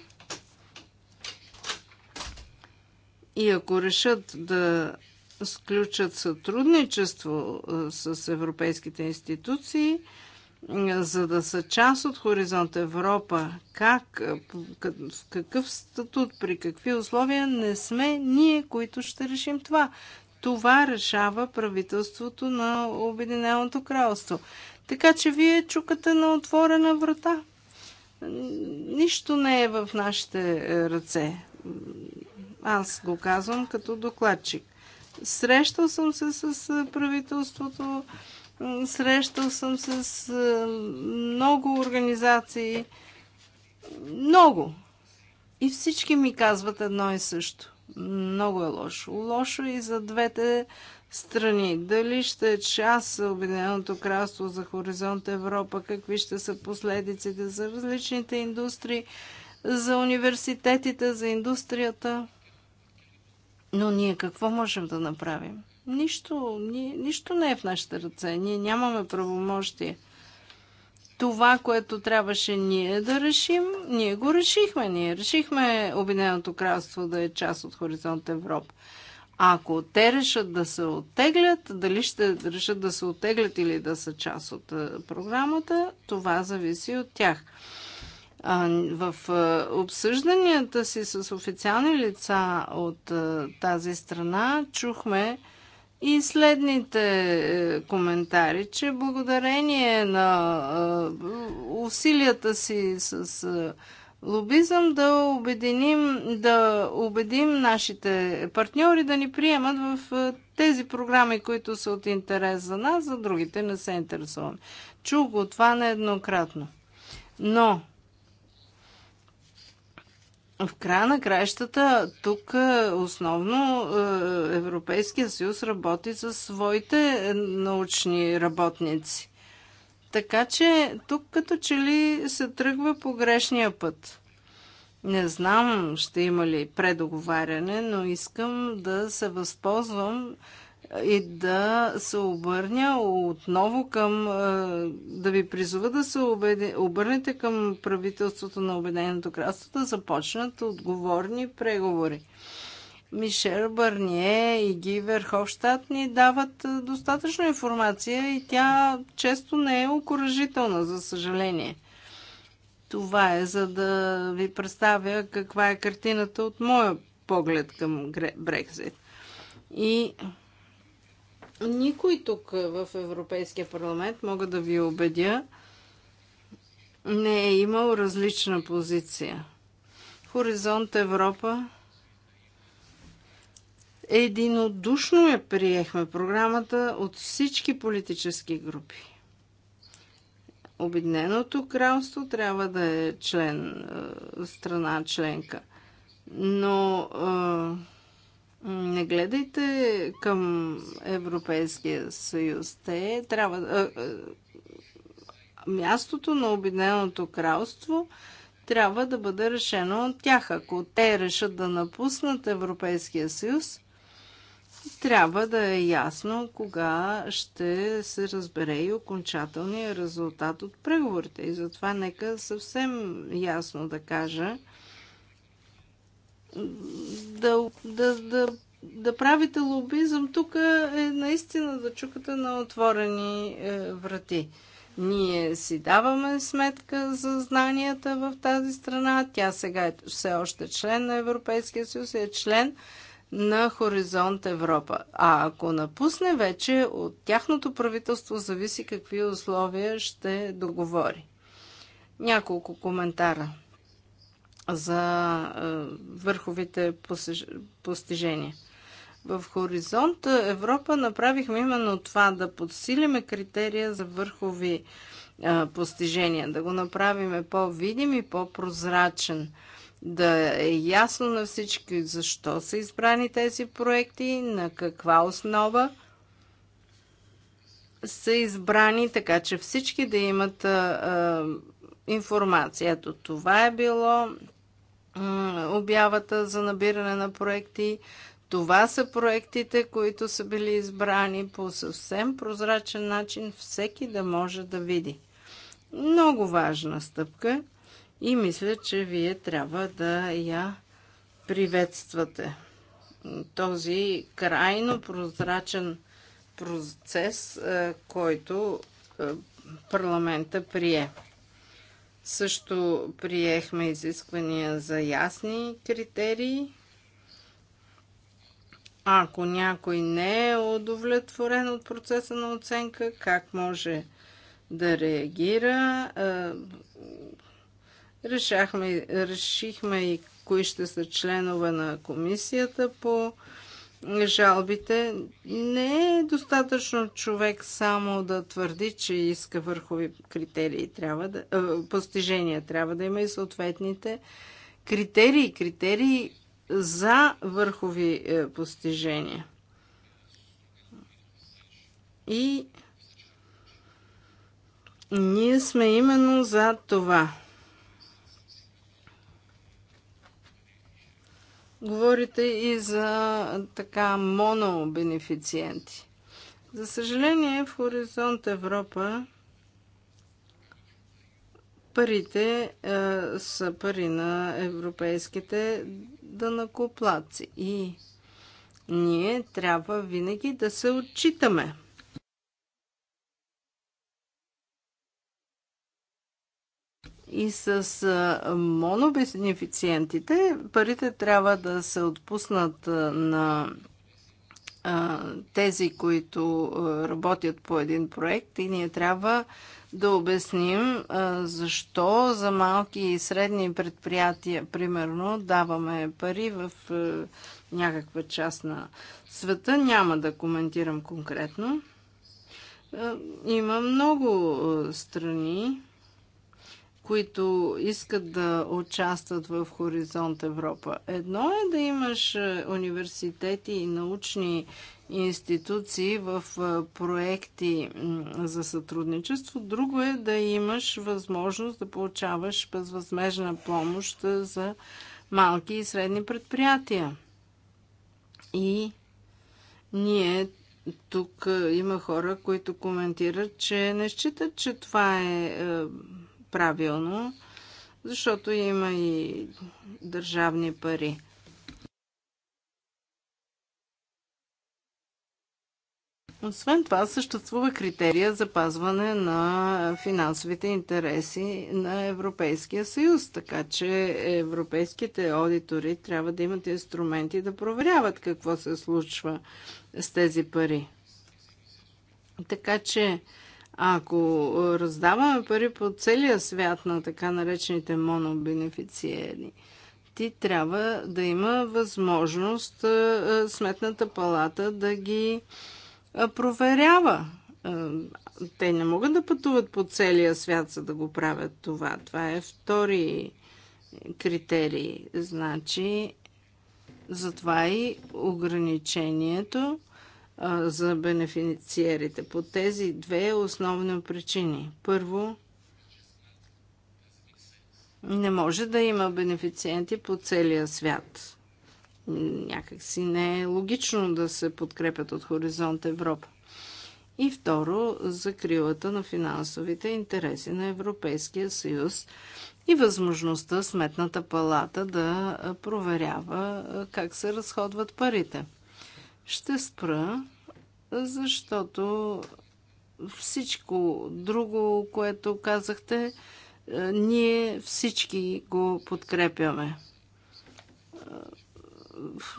И ако решат да сключат сътрудничество с европейските институции, за да са част от Хоризонт Европа, как, в какъв статут, при какви условия не сме ние, които ще решим това. Това решава правителството на Обединеното кралство. Така че вие чукате на отворена врата. Нищо не е в нашите е, ръце. Аз го казвам като докладчик. Срещал съм се с правителството, срещал съм се с много организации, много. И всички ми казват едно и също. Много е лошо. Лошо е и за двете страни. Дали ще е част Обединеното кралство за Хоризонт Европа, какви ще са последиците за различните индустрии, за университетите, за индустрията. Но ние какво можем да направим? Нищо, ни, нищо не е в нашите ръце. Ние нямаме правомощие. Това, което трябваше ние да решим, ние го решихме. Ние решихме Обединеното кралство да е част от Хоризонт Европа. ако те решат да се оттеглят, дали ще решат да се оттеглят или да са част от програмата, това зависи от тях в обсъжданията си с официални лица от тази страна чухме и следните е, коментари, че благодарение на усилията си с лобизъм да убедим, да убедим нашите партньори да ни приемат в тези програми, които са от интерес за нас, за другите не се интересуваме. Чух го това нееднократно. Но в края на краищата, тук е, основно е, Европейския съюз работи за своите научни работници. Така че тук като че ли се тръгва по грешния път. Не знам ще има ли предоговаряне, но искам да се възползвам и да се обърня отново към, е, да ви призова да се обърнете към правителството на Обединеното кралство да започнат отговорни преговори. Мишел Барние и Ги Верховщат ни дават е, достатъчно информация и тя често не е окоръжителна, за съжаление. Това е за да ви представя каква е картината от моя поглед към Брекзит. И никой тук в Европейския парламент, мога да ви убедя, не е имал различна позиция. Хоризонт Европа единодушно я приехме програмата от всички политически групи. Обединеното кралство трябва да е член, е, страна членка. Но е, не гледайте към Европейския съюз. Те трябва. Мястото на Обединеното кралство трябва да бъде решено от тях. Ако те решат да напуснат Европейския съюз, трябва да е ясно кога ще се разбере и окончателният резултат от преговорите. И затова нека съвсем ясно да кажа, да, да, да, да правите лобизъм тук е наистина да чукате на отворени е, врати. Ние си даваме сметка за знанията в тази страна. Тя сега е все още член на Европейския съюз и е член на Хоризонт Европа. А ако напусне вече, от тяхното правителство зависи какви условия ще договори. Няколко коментара за върховите постижения. В Хоризонт Европа направихме именно това да подсилиме критерия за върхови постижения, да го направим по-видим и по-прозрачен, да е ясно на всички защо са избрани тези проекти, на каква основа са избрани, така че всички да имат информация. Ето това е било обявата за набиране на проекти. Това са проектите, които са били избрани по съвсем прозрачен начин, всеки да може да види. Много важна стъпка и мисля, че вие трябва да я приветствате. Този крайно прозрачен процес, е, който е, парламента прие. Също приехме изисквания за ясни критерии. Ако някой не е удовлетворен от процеса на оценка, как може да реагира? Решахме, решихме и кои ще са членове на комисията по жалбите. Не е достатъчно човек само да твърди, че иска върхови критерии, трябва да, постижения. Трябва да има и съответните критерии, критерии за върхови е, постижения. И ние сме именно за това. Говорите и за така монобенефициенти. За съжаление, в Хоризонт Европа парите е, са пари на европейските дънакоплаци. И ние трябва винаги да се отчитаме. и с монобенефициентите парите трябва да се отпуснат на тези, които работят по един проект и ние трябва да обясним защо за малки и средни предприятия, примерно, даваме пари в някаква част на света. Няма да коментирам конкретно. Има много страни, които искат да участват в Хоризонт Европа. Едно е да имаш е, университети и научни институции в е, проекти за сътрудничество, друго е да имаш възможност да получаваш безвъзмежна помощ е, за малки и средни предприятия. И ние тук има хора, които коментират, че не считат, че това е правилно, защото има и държавни пари. Освен това, съществува критерия за пазване на финансовите интереси на Европейския съюз, така че европейските аудитори трябва да имат инструменти да проверяват какво се случва с тези пари. Така че ако раздаваме пари по целия свят на така наречените монобенефициери, ти трябва да има възможност сметната палата да ги проверява. Те не могат да пътуват по целия свят, за да го правят това. Това е втори критерий. Значи, затова и ограничението за бенефициерите по тези две основни причини. Първо, не може да има бенефициенти по целия свят. Някак си не е логично да се подкрепят от Хоризонт Европа. И второ, закрилата на финансовите интереси на Европейския съюз и възможността Сметната палата да проверява как се разходват парите. Ще спра, защото всичко друго, което казахте, е, ние всички го подкрепяме. Е,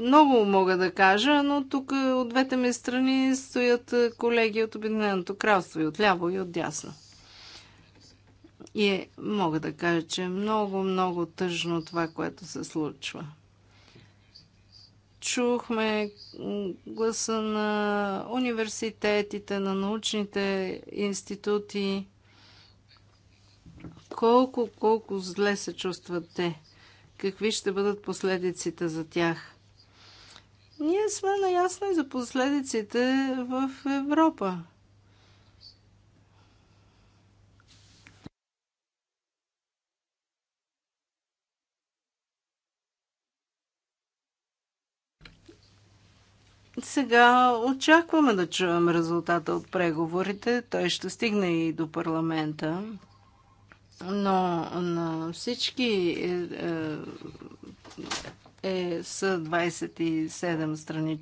много мога да кажа, но тук от двете ми страни стоят колеги от Обединеното кралство и от ляво и от дясно. И е, мога да кажа, че е много, много тъжно това, което се случва. Чухме гласа на университетите, на научните институти. Колко, колко зле се чувстват те. Какви ще бъдат последиците за тях? Ние сме наясно и за последиците в Европа. Сега очакваме да чуем резултата от преговорите. Той ще стигне и до парламента. Но на всички е, е, е са 27 страни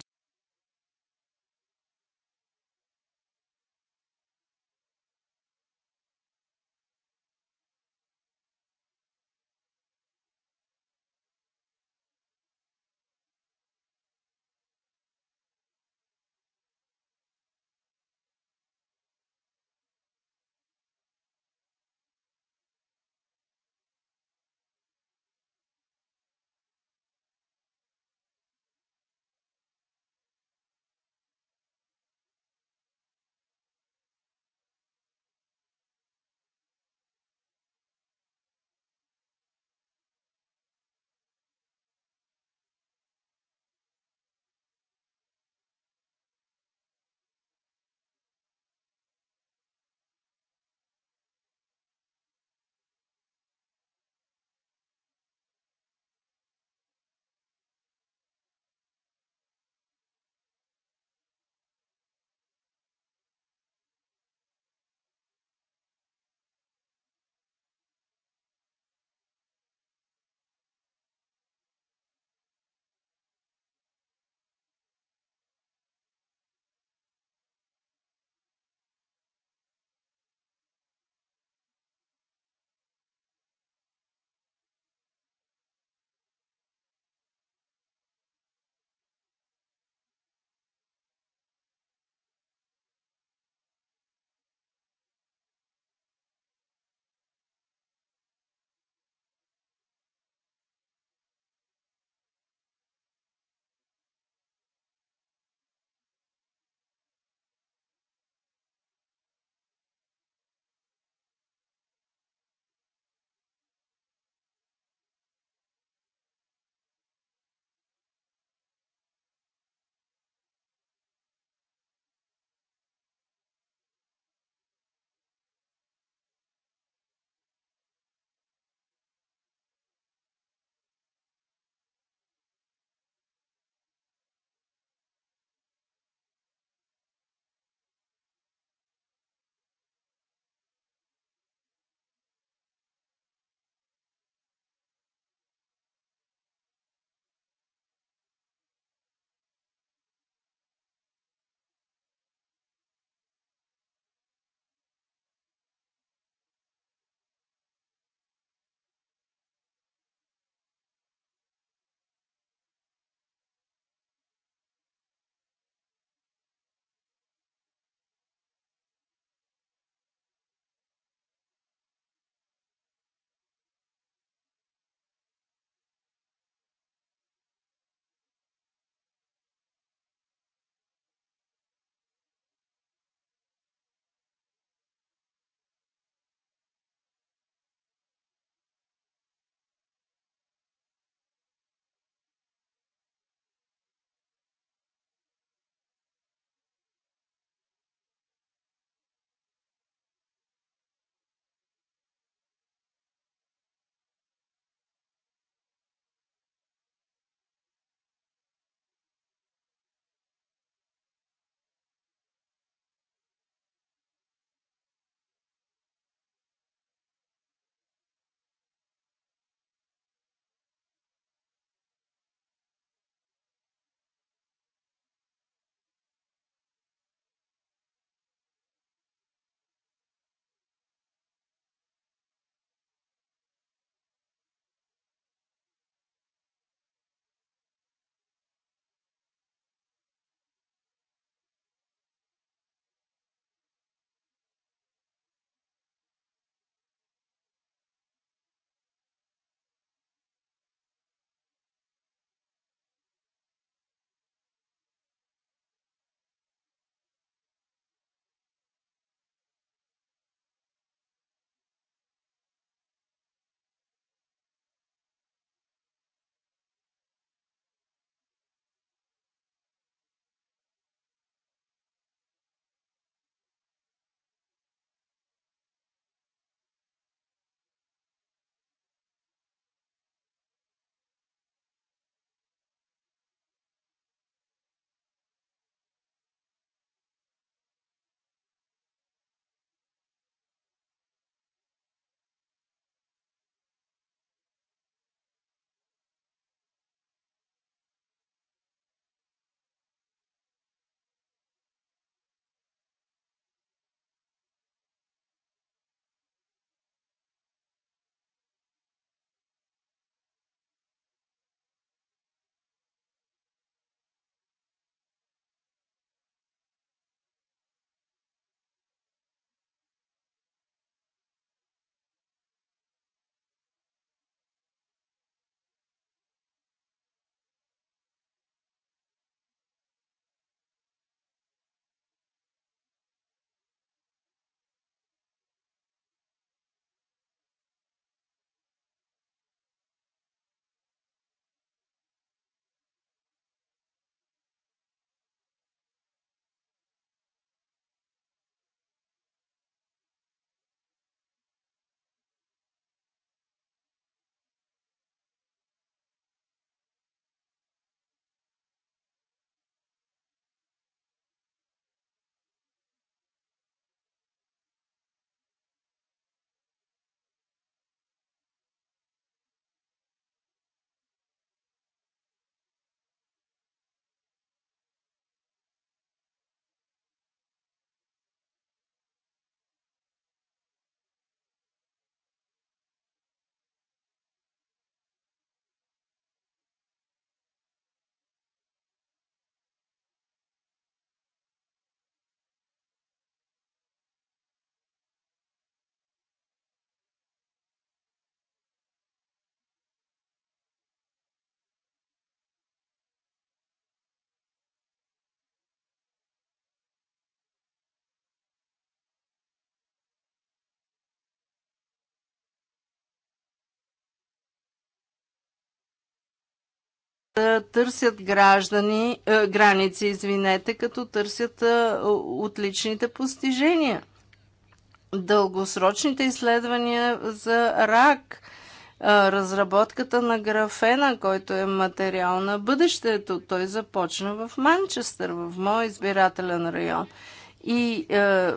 да търсят граждани, е, граници, извинете, като търсят е, отличните постижения. Дългосрочните изследвания за рак, е, разработката на графена, който е материал на бъдещето, той започна в Манчестър, в мой избирателен район. И е,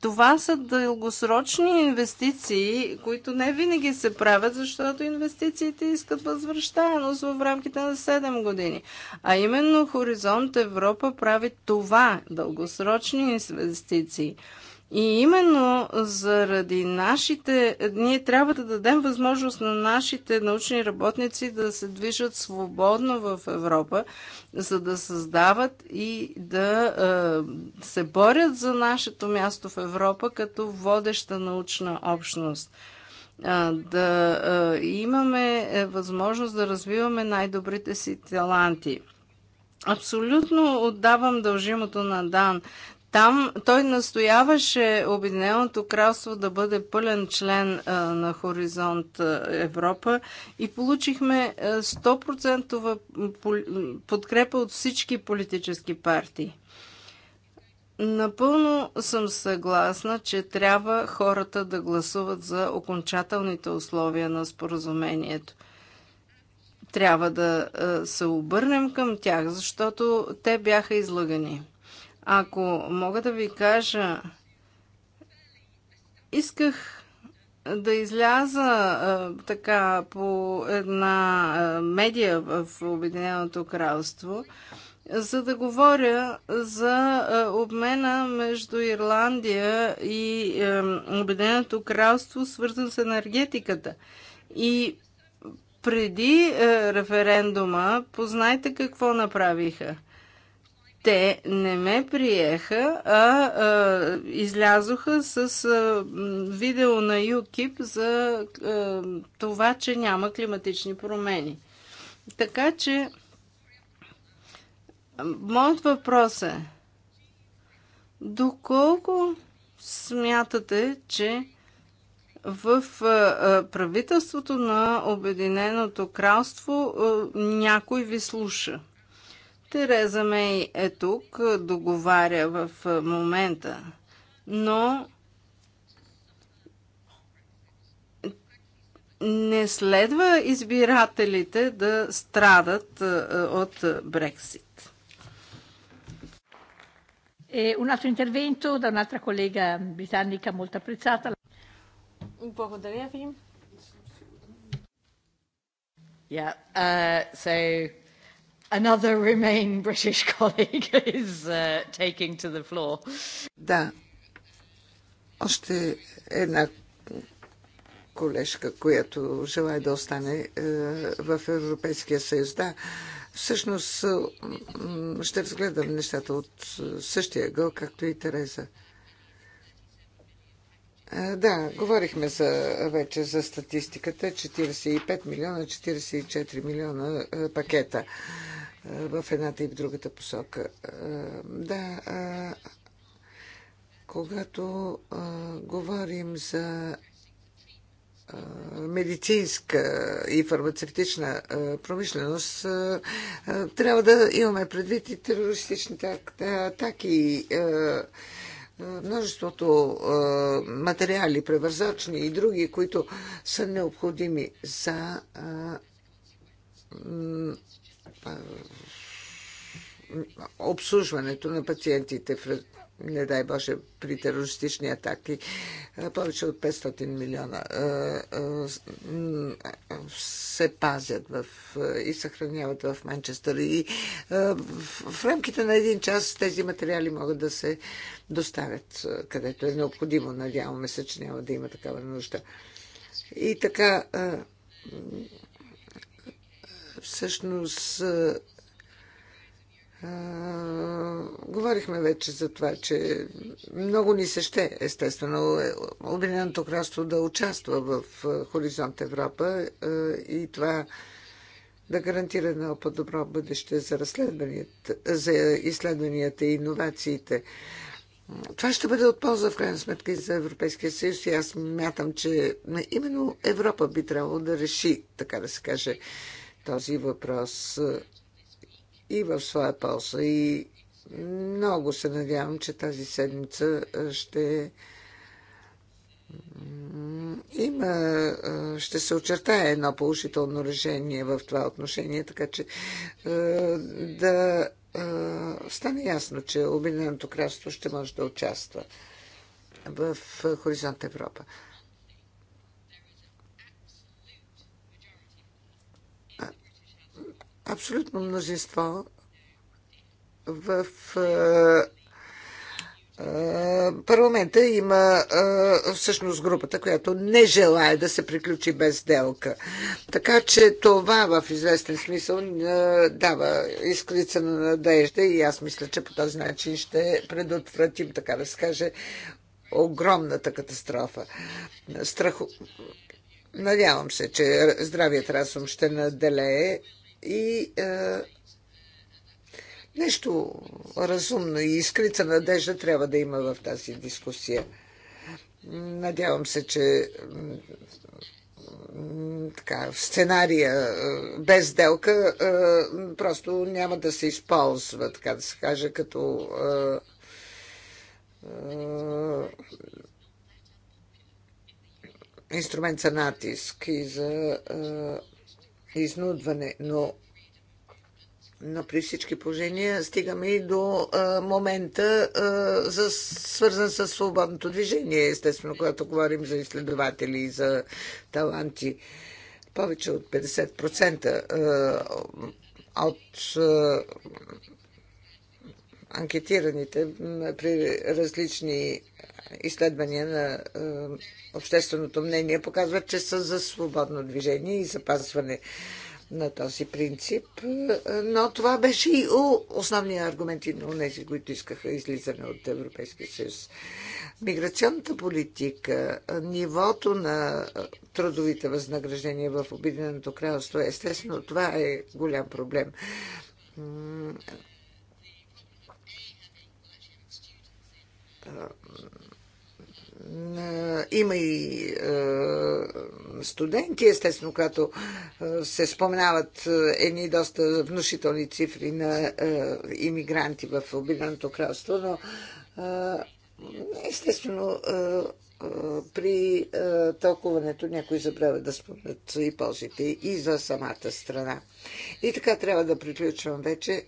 това са дългосрочни инвестиции, които не винаги се правят, защото инвестициите искат възвръщаемост в рамките на 7 години. А именно Хоризонт Европа прави това дългосрочни инвестиции – и именно заради нашите, ние трябва да дадем възможност на нашите научни работници да се движат свободно в Европа, за да създават и да е, се борят за нашето място в Европа като водеща научна общност. Е, да е, имаме възможност да развиваме най-добрите си таланти. Абсолютно отдавам дължимото на Дан. Там той настояваше Обединеното кралство да бъде пълен член на Хоризонт Европа и получихме 100% подкрепа от всички политически партии. Напълно съм съгласна, че трябва хората да гласуват за окончателните условия на споразумението трябва да се обърнем към тях, защото те бяха излъгани. Ако мога да ви кажа, исках да изляза така по една медия в Обединеното кралство, за да говоря за обмена между Ирландия и Обединеното кралство, свързан с енергетиката. И преди референдума, познайте какво направиха – те не ме приеха, а, а излязоха с а, видео на UKIP за а, това, че няма климатични промени. Така че, моят въпрос е, доколко смятате, че в правителството на Обединеното кралство някой ви слуша? Тереза Мей е тук, договаря в момента, но не следва избирателите да страдат е, от Брексит. E Un altro intervento da un'altra collega britannica molto apprezzata. Un po' Благодаря Fim. Yeah, uh, so another Remain British colleague is uh, taking to the floor. Да. Още една колежка, която желая да остане е, в Европейския съюз. Да, всъщност ще разгледам нещата от е, същия гъл, както и Тереза. Да, говорихме за, вече за статистиката. 45 милиона, 44 милиона пакета в едната и в другата посока. Да, когато говорим за медицинска и фармацевтична промишленост, трябва да имаме предвид и терористичните атаки множеството материали, превързачни и други, които са необходими за обслужването на пациентите в не дай Боже, при терористични атаки, повече от 500 милиона се пазят в, и съхраняват в Манчестър. И в рамките на един час тези материали могат да се доставят където е необходимо. Надяваме се, че няма да има такава нужда. И така, всъщност говорихме вече за това, че много ни се ще, естествено, Обединеното кралство да участва в Хоризонт Европа и това да гарантира едно по-добро бъдеще за, разследванията, за изследванията и иновациите. Това ще бъде от полза в крайна сметка и за Европейския съюз и аз мятам, че именно Европа би трябвало да реши, така да се каже, този въпрос и в своя полза. И много се надявам, че тази седмица ще има, ще се очертае едно положително решение в това отношение, така че да стане ясно, че Обединеното кралство ще може да участва в Хоризонт Европа. абсолютно мнозинство в е, е, парламента има е, всъщност групата, която не желая да се приключи без делка. Така че това в известен смисъл дава искрица на надежда и аз мисля, че по този начин ще предотвратим, така да се каже, огромната катастрофа. Страху... Надявам се, че здравият разум ще наделее и е, нещо разумно и искрица надежда трябва да има в тази дискусия. Надявам се, че така, в сценария е, без делка е, просто няма да се използва, така да се каже, като инструмент за натиск и за изнудване, но но при всички положения стигаме и до а, момента, а, за, свързан с свободното движение, естествено, когато говорим за изследователи и за таланти. Повече от 50% а, от а, анкетираните при различни изследвания на е, общественото мнение показват, че са за свободно движение и запазване на този принцип. Е, но това беше и основния аргумент и на тези, които искаха излизане от Европейския съюз. Миграционната политика, нивото на е, трудовите възнаграждения в Обединеното кралство, естествено, това е голям проблем има и студенти, естествено, когато се споменават едни доста внушителни цифри на иммигранти в Обединеното кралство, но естествено при тълкуването някои забравят да спомнят и ползите и за самата страна. И така трябва да приключвам вече.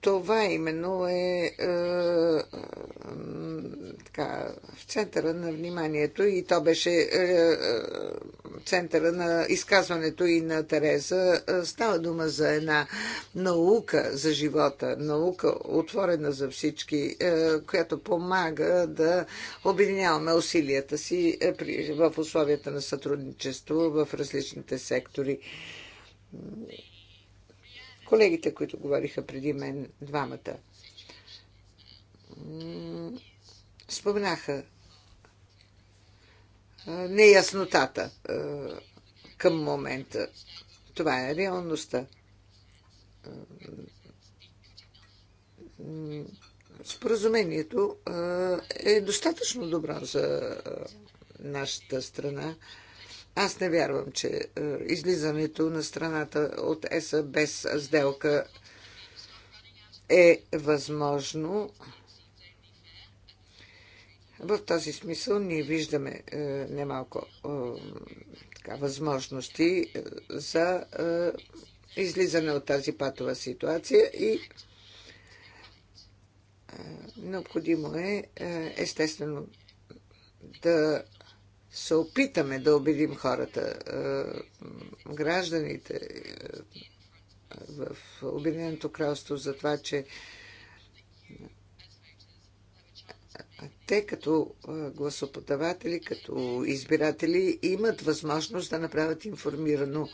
това именно е, е, е така, в центъра на вниманието и то беше е, е, центъра на изказването и на Тереза. Е, става дума за една наука за живота, наука отворена за всички, е, която помага да обединяваме усилията си е, в условията на сътрудничество в различните сектори колегите, които говориха преди мен, двамата, споменаха неяснотата към момента. Това е реалността. Споразумението е достатъчно добро за нашата страна. Аз не вярвам, че е, излизането на страната от ЕСА без сделка е възможно. В този смисъл ние виждаме е, немалко е, така, възможности за излизане от тази патова ситуация и необходимо е естествено да се опитаме да убедим хората, е, гражданите е, в Обединеното кралство за това, че те като е, гласоподаватели, като избиратели имат възможност да направят информирано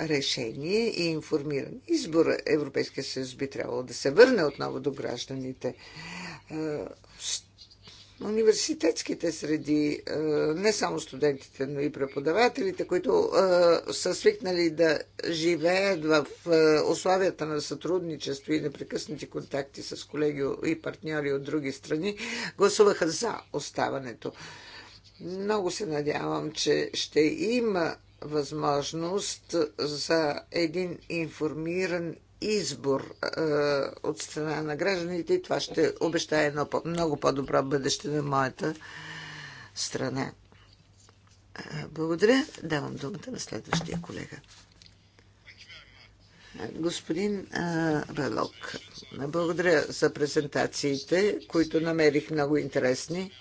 решение и информиран избор. Европейския съюз би трябвало да се върне отново до гражданите университетските среди, не само студентите, но и преподавателите, които са свикнали да живеят в условията на сътрудничество и непрекъснати контакти с колеги и партньори от други страни, гласуваха за оставането. Много се надявам, че ще има възможност за един информиран избор е, от страна на гражданите и това ще обещае едно по- много по-добро бъдеще на моята страна. Благодаря. Давам думата на следващия колега. Господин Белок, благодаря за презентациите, които намерих много интересни.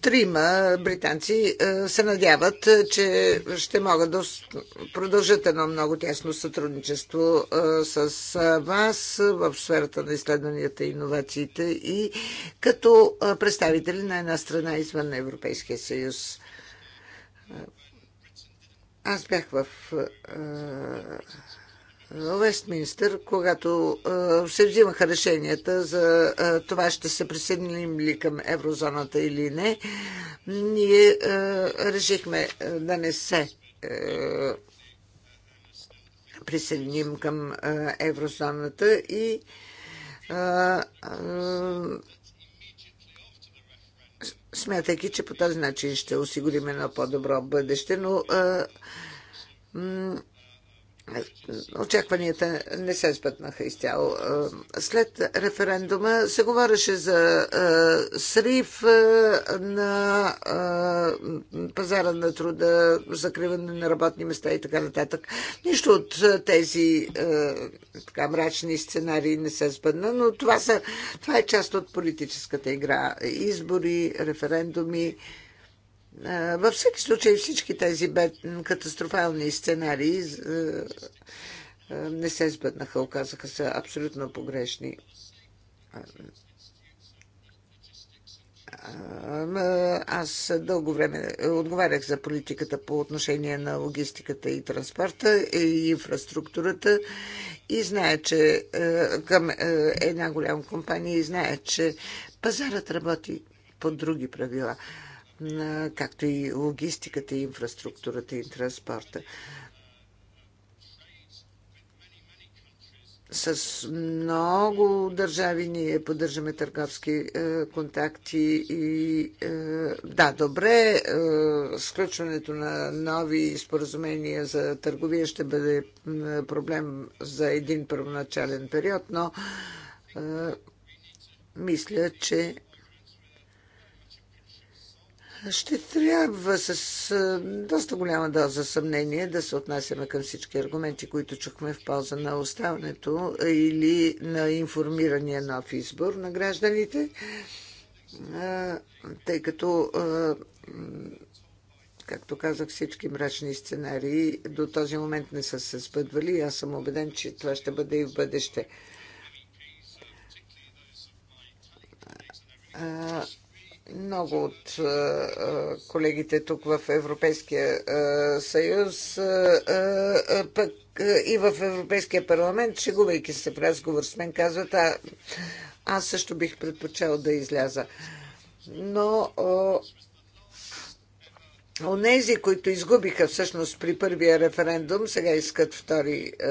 Трима британци е, се надяват, е, че ще могат да продължат едно много тясно сътрудничество е, с вас в сферата на изследванията и иновациите и като представители на една страна извън Европейския съюз. Аз бях в Вестминстър, когато се взимаха решенията за това ще се присъединим ли към еврозоната или не, ние решихме да не се присъединим към еврозоната и смятайки, че по този начин ще осигурим едно по-добро бъдеще, но очакванията не се сбъднаха изцяло. Е, след референдума се говореше за е, срив е, на пазара на труда, закриване на работни места и така нататък. Нищо от тези така, мрачни сценарии не се сбъдна, но това, са, това е част от политическата игра. Избори, референдуми, във всеки случай всички тези катастрофални сценарии е, е, не се сбъднаха, оказаха се абсолютно погрешни. Аз дълго време отговарях за политиката по отношение на логистиката и транспорта и инфраструктурата и знае, че е, към една голяма компания и знае, че пазарът работи по други правила както и логистиката, и инфраструктурата и транспорта. С много държави ние поддържаме търговски е, контакти и е, да, добре, е, сключването на нови споразумения за търговия ще бъде е, проблем за един първоначален период, но е, мисля, че ще трябва с доста голяма доза съмнение да се отнасяме към всички аргументи, които чухме в полза на оставането или на информирания нов избор на гражданите, тъй като, както казах, всички мрачни сценарии до този момент не са се сбъдвали и аз съм убеден, че това ще бъде и в бъдеще много от е, е, колегите тук в Европейския е, съюз, пък и в Европейския парламент, шегувайки се в разговор с мен, казват, а, аз също бих предпочел да изляза. Но Онези, които изгубиха всъщност при първия референдум, сега искат втори е,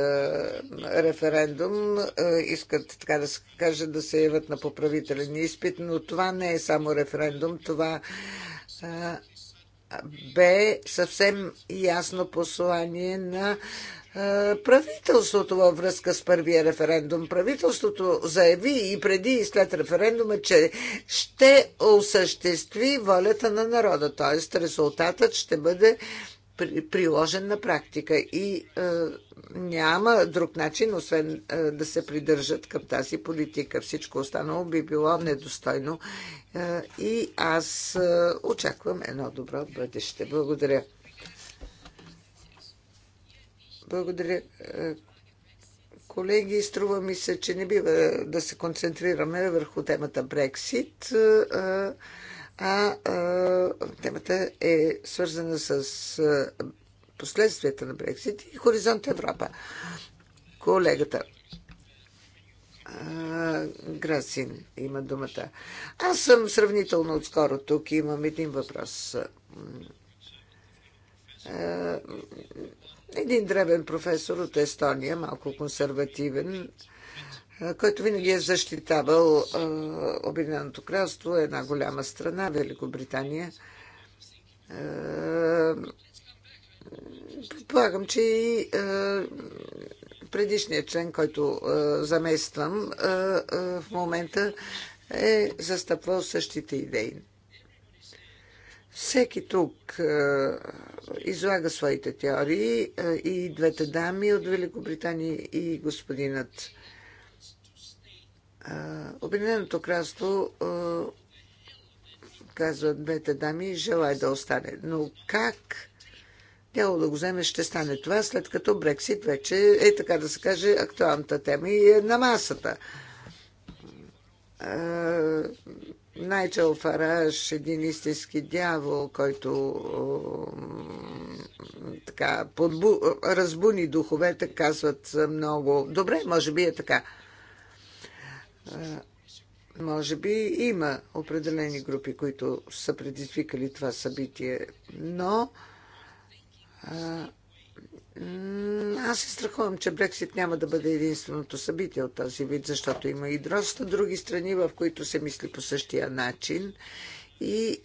референдум, е, искат, така да се каже, да се явят на поправителен изпит, но това не е само референдум, това е, бе съвсем ясно послание на е, правителството във връзка с първия референдум. Правителството заяви и преди и след референдума, че ще осъществи волята на народа, т.е. резултатът ще бъде приложен на практика и е, няма друг начин, освен е, да се придържат към тази политика. Всичко останало би било недостойно е, и аз е, очаквам едно добро бъдеще. Благодаря. Благодаря. Е, колеги, струва ми се, че не бива да се концентрираме върху темата Брексит, е, а, е, темата е свързана с последствията на Брексит и Хоризонт Европа. Колегата Грасин има думата. Аз съм сравнително отскоро тук и имам един въпрос един древен професор от Естония, малко консервативен, който винаги е защитавал Обединеното кралство, една голяма страна, Великобритания. Предполагам, че и предишният член, който замествам в момента, е застъпвал същите идеи. Всеки тук е, излага своите теории е, и двете дами от Великобритания и господинът. Е, Обединеното кралство казват двете дами, желая да остане. Но как дяло да го вземе ще стане това, след като Брексит вече е, така да се каже, актуалната тема и е на масата. Найджел Фараш, един истински дявол, който така, подбу, разбуни духовете, казват много. Добре, може би е така. Може би има определени групи, които са предизвикали това събитие, но аз се страхувам, че Брексит няма да бъде единственото събитие от този вид, защото има и доста други страни, в които се мисли по същия начин. И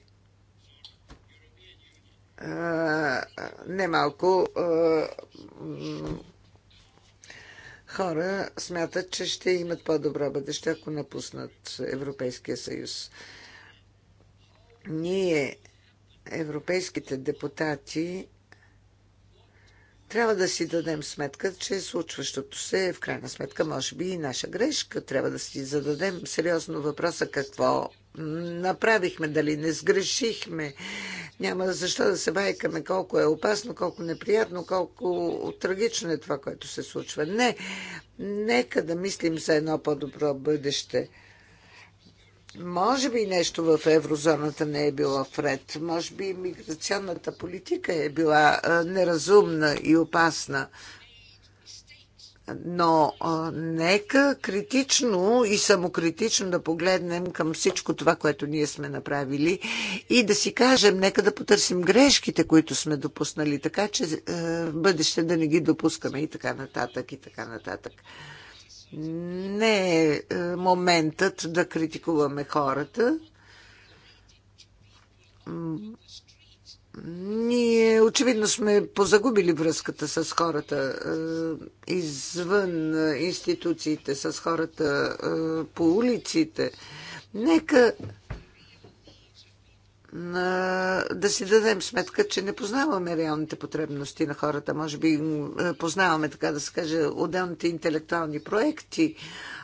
а, немалко а, хора смятат, че ще имат по-добро бъдеще, ако напуснат Европейския съюз. Ние, европейските депутати, трябва да си дадем сметка, че случващото се е в крайна сметка може би и наша грешка. Трябва да си зададем сериозно въпроса какво направихме, дали не сгрешихме. Няма защо да се байкаме колко е опасно, колко неприятно, колко трагично е това, което се случва. Не, нека да мислим за едно по-добро бъдеще. Може би нещо в еврозоната не е било вред. Може би миграционната политика е била неразумна и опасна. Но а, нека критично и самокритично да погледнем към всичко това, което ние сме направили и да си кажем, нека да потърсим грешките, които сме допуснали, така че а, бъдеще да не ги допускаме и така нататък, и така нататък не е, е моментът да критикуваме хората. Ние очевидно сме позагубили връзката с хората е, извън институциите, с хората е, по улиците. Нека да си дадем сметка, че не познаваме реалните потребности на хората. Може би е, познаваме, така да се каже, отделните интелектуални проекти,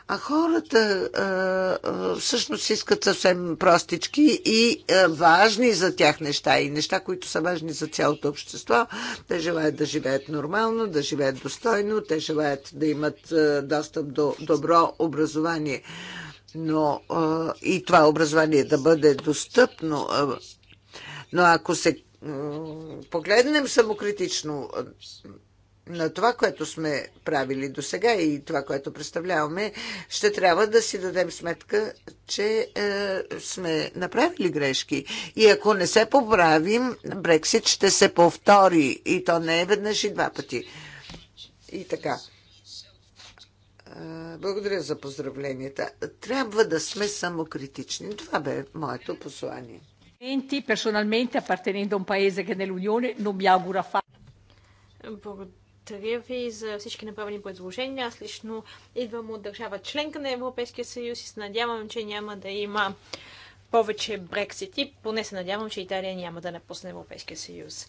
а хората е, е, всъщност искат съвсем простички и важни за тях неща и неща, които са важни за цялото общество. Те желаят да живеят нормално, да живеят достойно, те желаят да имат достъп до добро образование но и това образование да бъде достъпно. Но ако се погледнем самокритично на това, което сме правили до сега и това, което представляваме, ще трябва да си дадем сметка, че е, сме направили грешки. И ако не се поправим, Брексит ще се повтори. И то не е веднъж и два пъти. И така. Благодаря за поздравленията. Трябва да сме самокритични. Това бе моето послание. Благодаря ви за всички направени предложения. Аз лично идвам от държава членка на Европейския съюз и се надявам, че няма да има повече Брексит и поне се надявам, че Италия няма да напусне Европейския съюз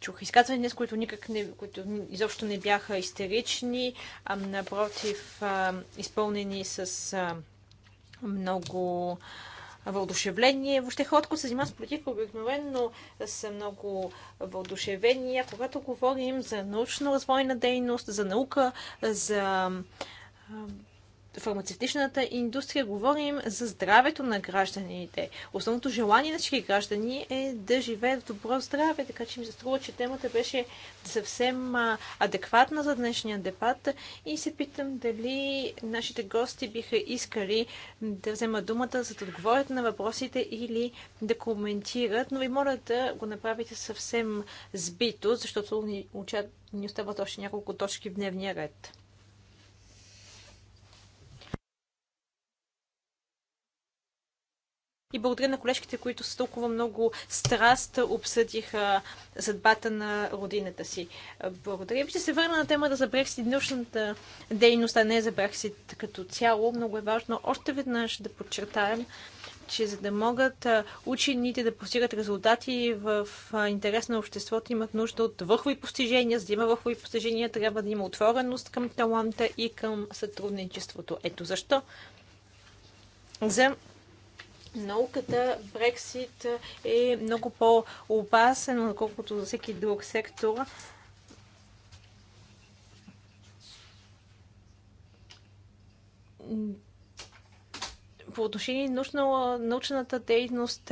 чух изказвания днес, които никак не, които изобщо не бяха истерични, а напротив, а, изпълнени с а, много вълдушевление. Въобще хората, които се занимават с политика, обикновено са много вълдушевени. А когато говорим за научно-развойна дейност, за наука, за фармацевтичната индустрия, говорим за здравето на гражданите. Основното желание на всички граждани е да живеят в добро здраве, така че ми се струва, че темата беше съвсем адекватна за днешния дебат и се питам дали нашите гости биха искали да вземат думата, за да отговорят на въпросите или да коментират, но ви моля да го направите съвсем сбито, защото ни, ни остават още няколко точки в дневния ред. И благодаря на колежките, които с толкова много страст обсъдиха съдбата на родината си. Благодаря ви, ще се върна на темата за Брексит, днешната дейност, а не за Брексит като цяло. Много е важно още веднъж да подчертаем, че за да могат учените да постигат резултати в интерес на обществото, имат нужда от върхови постижения. За да има върхови постижения, трябва да има отвореност към таланта и към сътрудничеството. Ето защо за науката Брексит е много по-опасен, отколкото за всеки друг сектор. По отношение на научната дейност,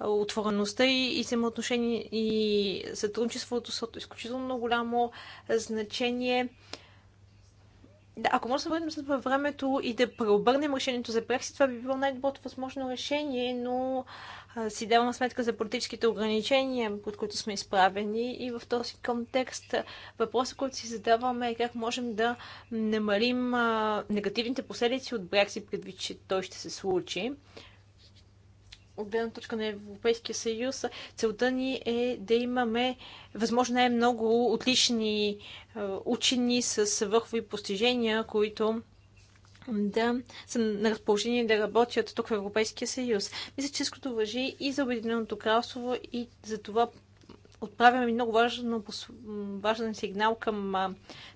отвореността и, и взаимоотношение и сътрудничеството са от изключително голямо значение. Да, ако може да се върнем след във времето и да преобърнем решението за Брексит, това би било най-доброто възможно решение, но а, си давам сметка за политическите ограничения, под които сме изправени и в този контекст въпросът, който си задаваме е как можем да намалим а, негативните последици от Брексит, предвид, че той ще се случи от гледна точка на Европейския съюз, целта ни е да имаме възможно най-много отлични учени с върхови постижения, които да са на разположение да работят тук в Европейския съюз. Мисля, че същото въжи и за Обединеното кралство и за това отправяме много важен, важен сигнал към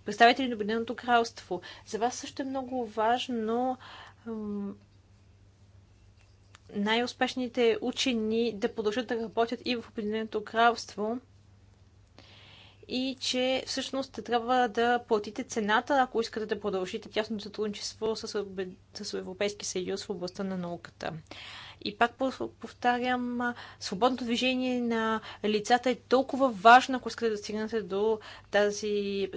представители на Обединеното кралство. За вас също е много важно най-успешните учени да продължат да работят и в Обединеното кралство и че всъщност трябва да платите цената, ако искате да продължите тясното сътрудничество с, Европейския Европейски съюз в областта на науката. И пак повтарям, свободното движение на лицата е толкова важно, ако искате да стигнете до тази,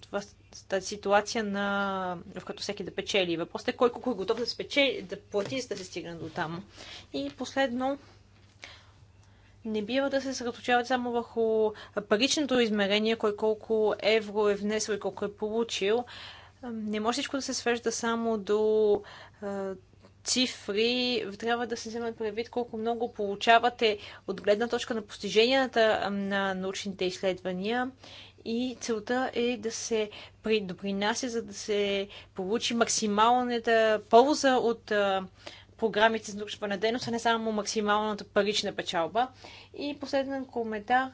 това тази ситуация, на, в като всеки да печели. Въпросът е кой колко е готов да, спечели, да плати, за да се стигне до там. И последно, не бива да се съсредоточават само върху паричното измерение, кой колко евро е внесъл и колко е получил. Не може всичко да се свежда само до цифри, трябва да се вземе предвид колко много получавате от гледна точка на постиженията на научните изследвания и целта е да се допринася, за да се получи максималната полза от програмите за научна дейност, а не само максималната парична печалба. И последен коментар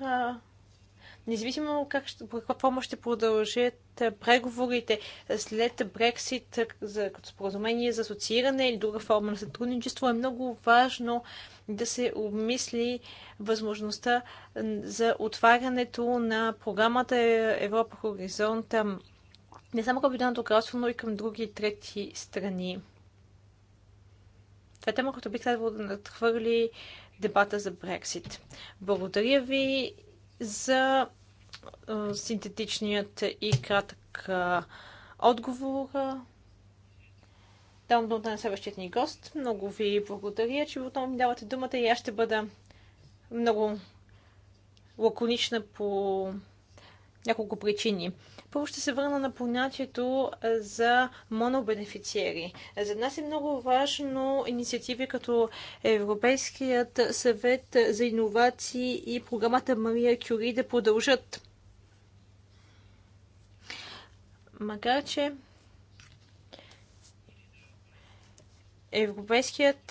Независимо как ще, каква форма ще продължат преговорите след Брексит за, като споразумение за асоцииране или друга форма на сътрудничество, е много важно да се обмисли възможността за отварянето на програмата Европа Хоризонта не само към Обединеното кралство, но и към други трети страни. Това е тема, която би следвало да надхвърли дебата за Брексит. Благодаря ви за синтетичният и кратък отговор. Давам думата на следващият ни гост. Много ви благодаря, че отново ми давате думата и аз ще бъда много лаконична по няколко причини. Първо ще се върна на понятието за монобенефициери. За нас е много важно инициативи като Европейският съвет за иновации и програмата Мария Кюри да продължат Макар, че Европейският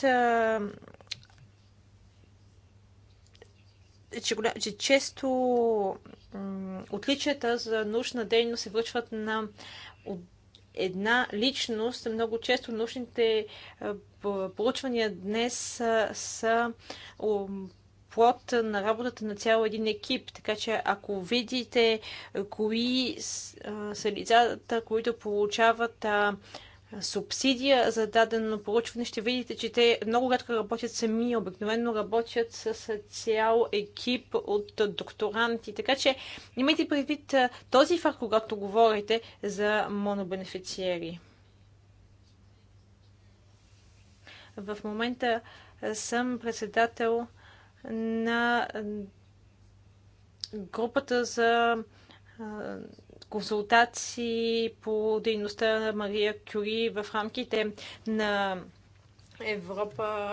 че, че често отличията за научна дейност се връчват на една личност. Много често научните проучвания днес са, са плод на работата на цял един екип. Така че ако видите е, кои са лицата, които получават субсидия за дадено поручване, ще видите, че те много рядко работят сами, обикновено работят с цял екип от докторанти. Така че имайте предвид този факт, когато говорите за монобенефициери. В момента съм председател на групата за консултации по дейността на Мария Кюри в рамките на Европа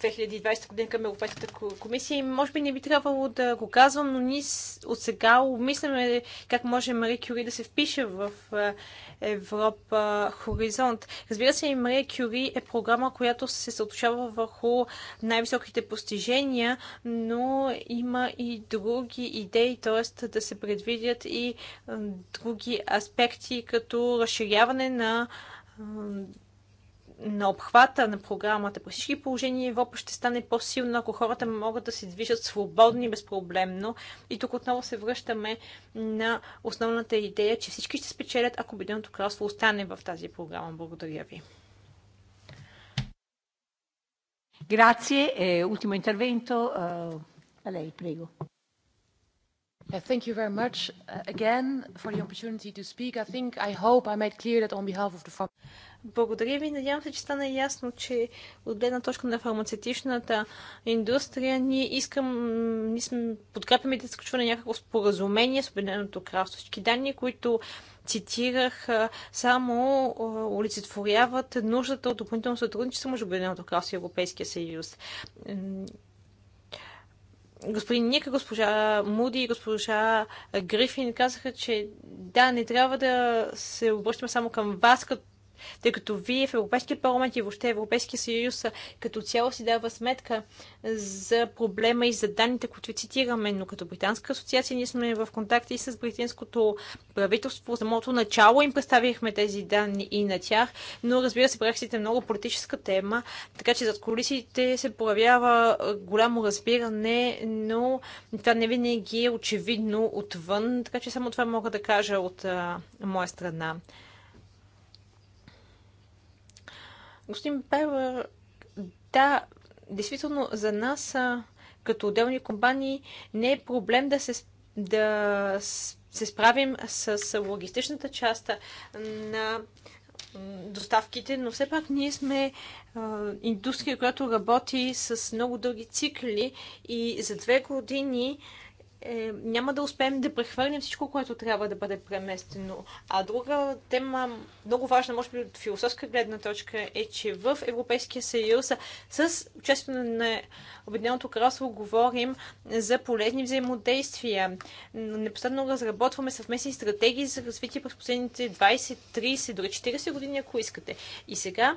2020 година към Европейската комисия и може би не би трябвало да го казвам, но ние от сега обмисляме как може Мари Кюри да се впише в е, Европа Хоризонт. Разбира се, Мария Кюри е програма, която се съотношава върху най-високите постижения, но има и други идеи, т.е. да се предвидят и други аспекти, като разширяване на на обхвата на програмата. При всички положения Европа ще стане по-силна, ако хората могат да се движат свободно и безпроблемно. И тук отново се връщаме на основната идея, че всички ще спечелят, ако Обединеното кралство остане в тази програма. Благодаря ви. Grazie. E ultimo intervento uh, a lei, prego. Yeah, thank you very much uh, again for the opportunity to speak. I think I hope I made clear that on behalf of the благодаря ви. Надявам се, че стана ясно, че от гледна точка на фармацевтичната индустрия ние искам, ние сме, подкрепяме да сключваме някакво споразумение с Обединеното кралство. Всички данни, които цитирах, само олицетворяват нуждата от допълнително сътрудничество между Обединеното кралство и Европейския съюз господин Ника, госпожа Муди и госпожа Грифин казаха, че да, не трябва да се обръщаме само към вас като тъй като вие в Европейския парламент и въобще Европейския съюз като цяло си дава сметка за проблема и за данните, които ви цитираме, но като Британска асоциация ние сме в контакт и с британското правителство. Самото начало им представихме тези данни и на тях, но разбира се, Брексит е много политическа тема, така че зад колисите се проявява голямо разбиране, но това не винаги е очевидно отвън, така че само това мога да кажа от а, моя страна. Господин Певър, да, действително за нас като отделни компании не е проблем да се, да се справим с логистичната част на доставките, но все пак ние сме индустрия, която работи с много дълги цикли и за две години е, няма да успеем да прехвърлим всичко, което трябва да бъде преместено. А друга тема, много важна, може би от философска гледна точка, е, че в Европейския съюз с участието на Обединеното кралство говорим за полезни взаимодействия. Непостатно разработваме съвместни стратегии за развитие през последните 20, 30, дори 40 години, ако искате. И сега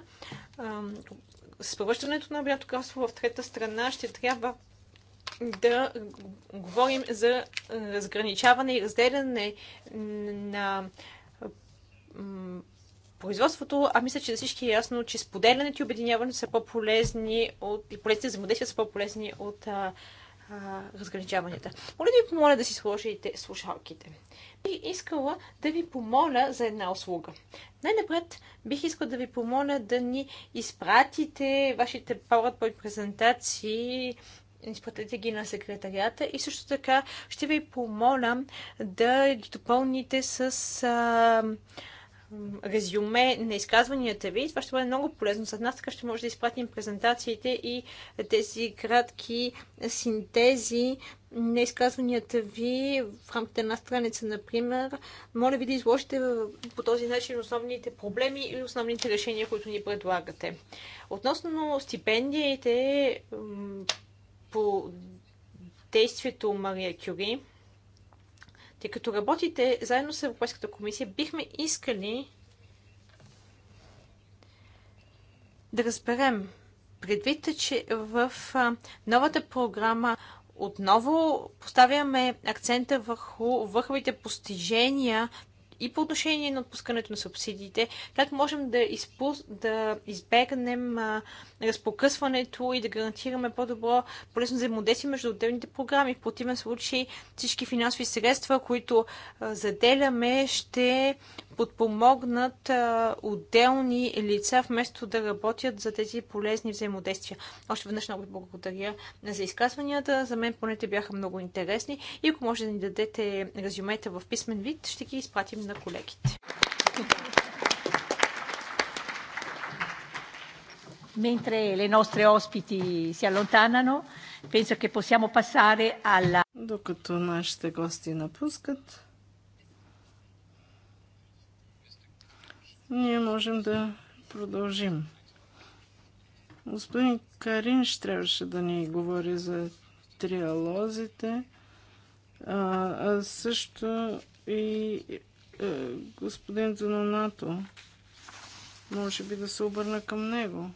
с превръщането на Обединеното кралство в трета страна ще трябва да говорим за разграничаване и разделяне на производството, а мисля, че за всички е ясно, че споделянето и обединяването са по-полезни от, и полезните взаимодействия са по-полезни от а, а, разграничаванията. Моля да ви помоля да си сложите слушалките. Бих искала да ви помоля за една услуга. Най-напред бих искала да ви помоля да ни изпратите вашите PowerPoint презентации изпратете ги на секретарията и също така ще ви помоля да ги допълните с а, резюме на изказванията ви. Това ще бъде много полезно за нас, така ще може да изпратим презентациите и тези кратки синтези на изказванията ви в рамките на страница, например. Моля ви да изложите по този начин основните проблеми и основните решения, които ни предлагате. Относно стипендиите, по действието Мария Кюри. Тъй като работите заедно с Европейската комисия, бихме искали да разберем предвид, че в новата програма отново поставяме акцента върху върховите постижения и по отношение на отпускането на субсидиите, как можем да, изпус... да избегнем а, разпокъсването и да гарантираме по-добро полезно взаимодействие между отделните програми. В противен случай всички финансови средства, които а, заделяме, ще подпомогнат а, отделни лица, вместо да работят за тези полезни взаимодействия. Още веднъж много благодаря за изказванията. За мен поне те бяха много интересни. И ако може да ни дадете резюмета в писмен вид, ще ги изпратим на колегите. Mentre le nostre ospiti si allontanano, penso che possiamo passare alla... Докато нашите гости напускат, ние можем да продължим. Господин Каринш трябваше да ни говори за триалозите, а, а също и а, е, господин Занонато. Може би да се обърна към него.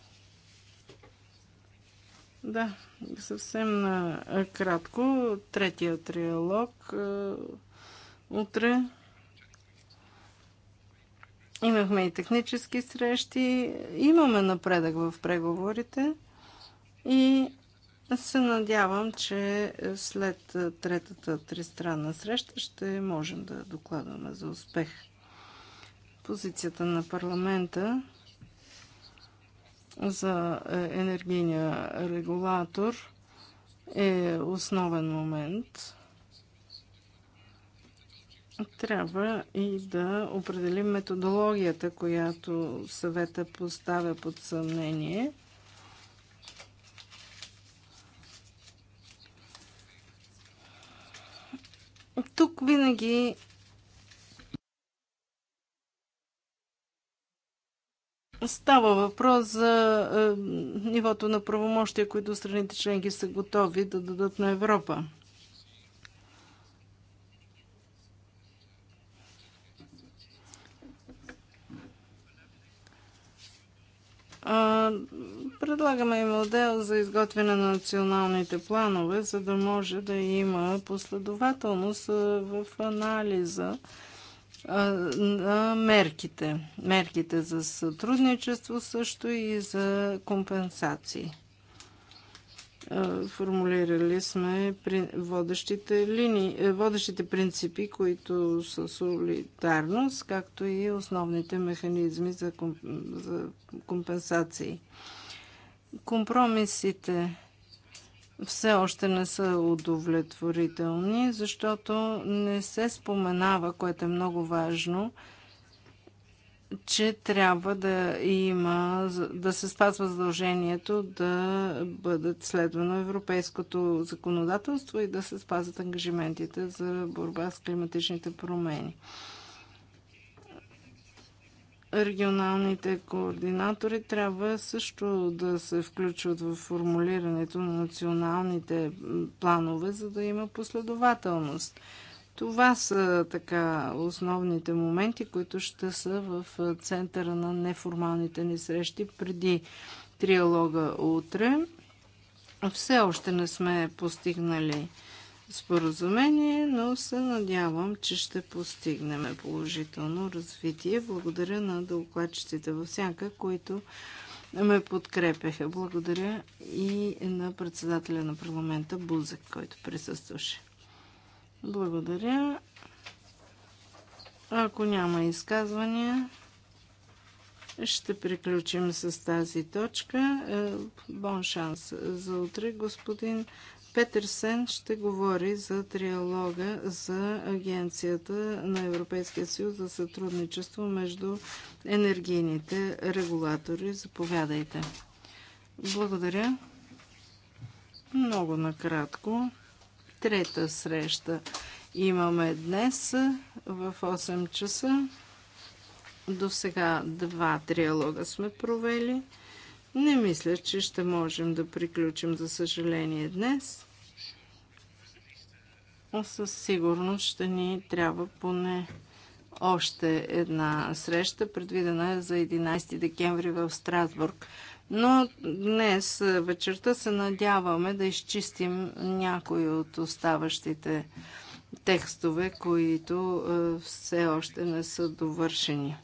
Да, съвсем на е, кратко. Третия триалог. Е, утре Имахме и технически срещи. Имаме напредък в преговорите и се надявам, че след третата тристранна среща ще можем да докладваме за успех. Позицията на парламента за е, енергийния регулатор е основен момент трябва и да определим методологията, която съвета поставя под съмнение. Тук винаги Става въпрос за е, нивото на правомощия, които страните членки са готови да дадат на Европа. Предлагаме и модел за изготвяне на националните планове, за да може да има последователност в анализа на мерките. Мерките за сътрудничество също и за компенсации формулирали сме водещите, линии, е, водещите принципи, които са солидарност, както и основните механизми за, комп, за компенсации. Компромисите все още не са удовлетворителни, защото не се споменава, което е много важно – че трябва да има, да се спазва задължението да бъдат следвано европейското законодателство и да се спазват ангажиментите за борба с климатичните промени. Регионалните координатори трябва също да се включват в формулирането на националните планове, за да има последователност това са така основните моменти, които ще са в центъра на неформалните ни срещи преди триалога утре. Все още не сме постигнали споразумение, но се надявам, че ще постигнем положително развитие. Благодаря на дълкладчиците в сянка, които ме подкрепяха. Благодаря и на председателя на парламента Бузък, който присъстваше. Благодаря. Ако няма изказвания, ще приключим с тази точка. Е, бон шанс за утре. Господин Петерсен ще говори за триалога за Агенцията на Европейския съюз за сътрудничество между енергийните регулатори. Заповядайте. Благодаря. Много накратко трета среща имаме днес в 8 часа. До сега два триалога сме провели. Не мисля, че ще можем да приключим, за съжаление, днес. Но със сигурност ще ни трябва поне още една среща, предвидена е за 11 декември в Страсбург. Но днес вечерта се надяваме да изчистим някои от оставащите текстове, които е, все още не са довършени.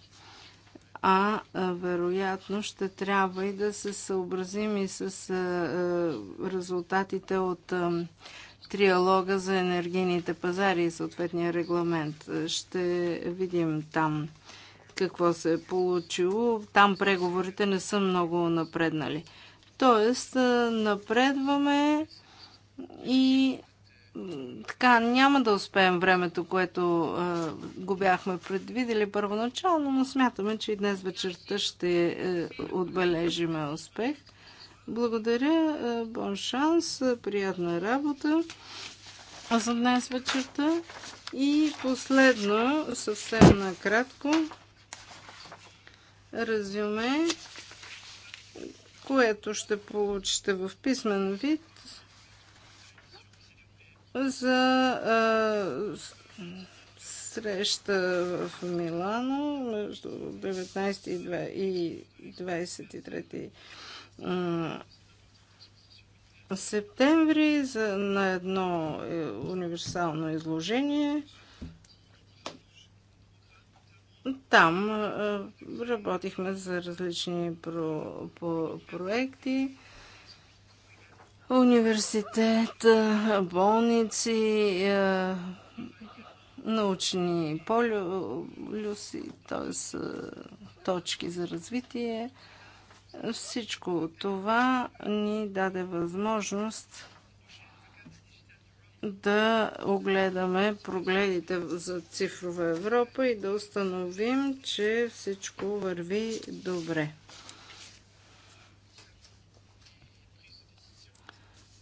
А е, вероятно ще трябва и да се съобразим и с е, резултатите от триалога за енергийните пазари и съответния регламент. Ще видим там какво се е получило. Там преговорите не са много напреднали. Тоест, напредваме и така, няма да успеем времето, което е, го бяхме предвидели първоначално, но смятаме, че и днес вечерта ще е, отбележиме успех. Благодаря, е, бон шанс, е, приятна работа за днес вечерта. И последно, съвсем накратко, резюме, което ще получите в писмен вид за среща в Милано между 19 и 23 септември на едно е, универсално изложение – там работихме за различни про, по, проекти. Университет, болници, научни полюси, т.е. точки за развитие. Всичко това ни даде възможност да огледаме прогледите за цифрова Европа и да установим, че всичко върви добре.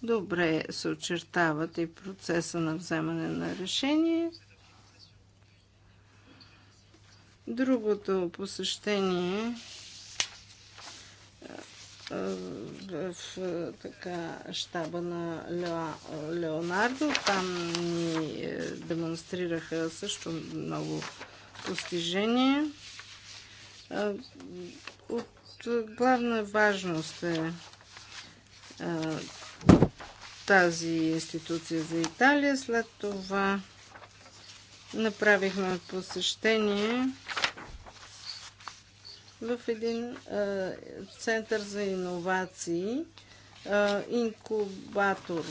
Добре се очертават и процеса на вземане на решение. Другото посещение е, в е, е, така, щаба на Лео, Леонардо. Там ни демонстрираха също много постижения. От главна важност е тази институция за Италия. След това направихме посещение в един център за иновации, инкубатор,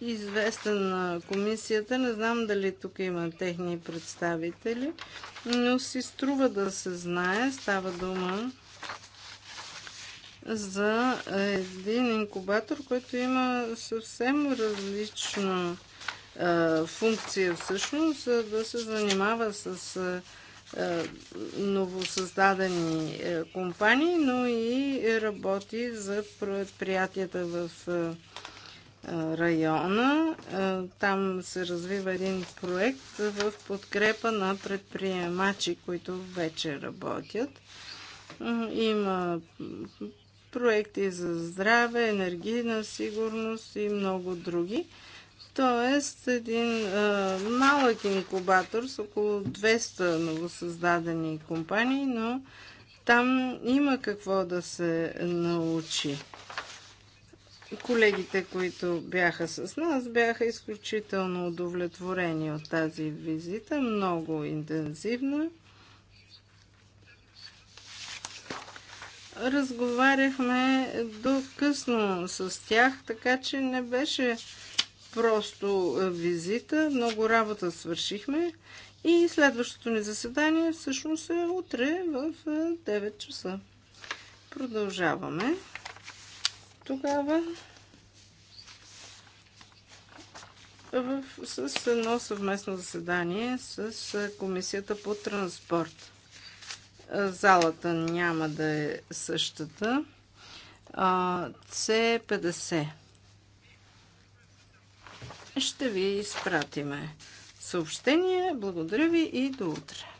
известен на комисията. Не знам дали тук има техни представители, но си струва да се знае. Става дума за един инкубатор, който има съвсем различна функция всъщност, да се занимава с е, новосъздадени е, компании, но и работи за предприятията в е, района. Там се развива един проект в подкрепа на предприемачи, които вече работят. Има проекти за здраве, енергийна сигурност и много други. Тоест, един а, малък инкубатор с около 200 новосъздадени компании, но там има какво да се научи. Колегите, които бяха с нас, бяха изключително удовлетворени от тази визита, много интензивна. Разговаряхме до късно с тях, така че не беше просто визита. Много работа свършихме. И следващото ни заседание всъщност е утре в 9 часа. Продължаваме. Тогава в, с едно съвместно заседание с Комисията по транспорт. Залата няма да е същата. С 50 ще ви изпратиме съобщение. Благодаря ви и до утре.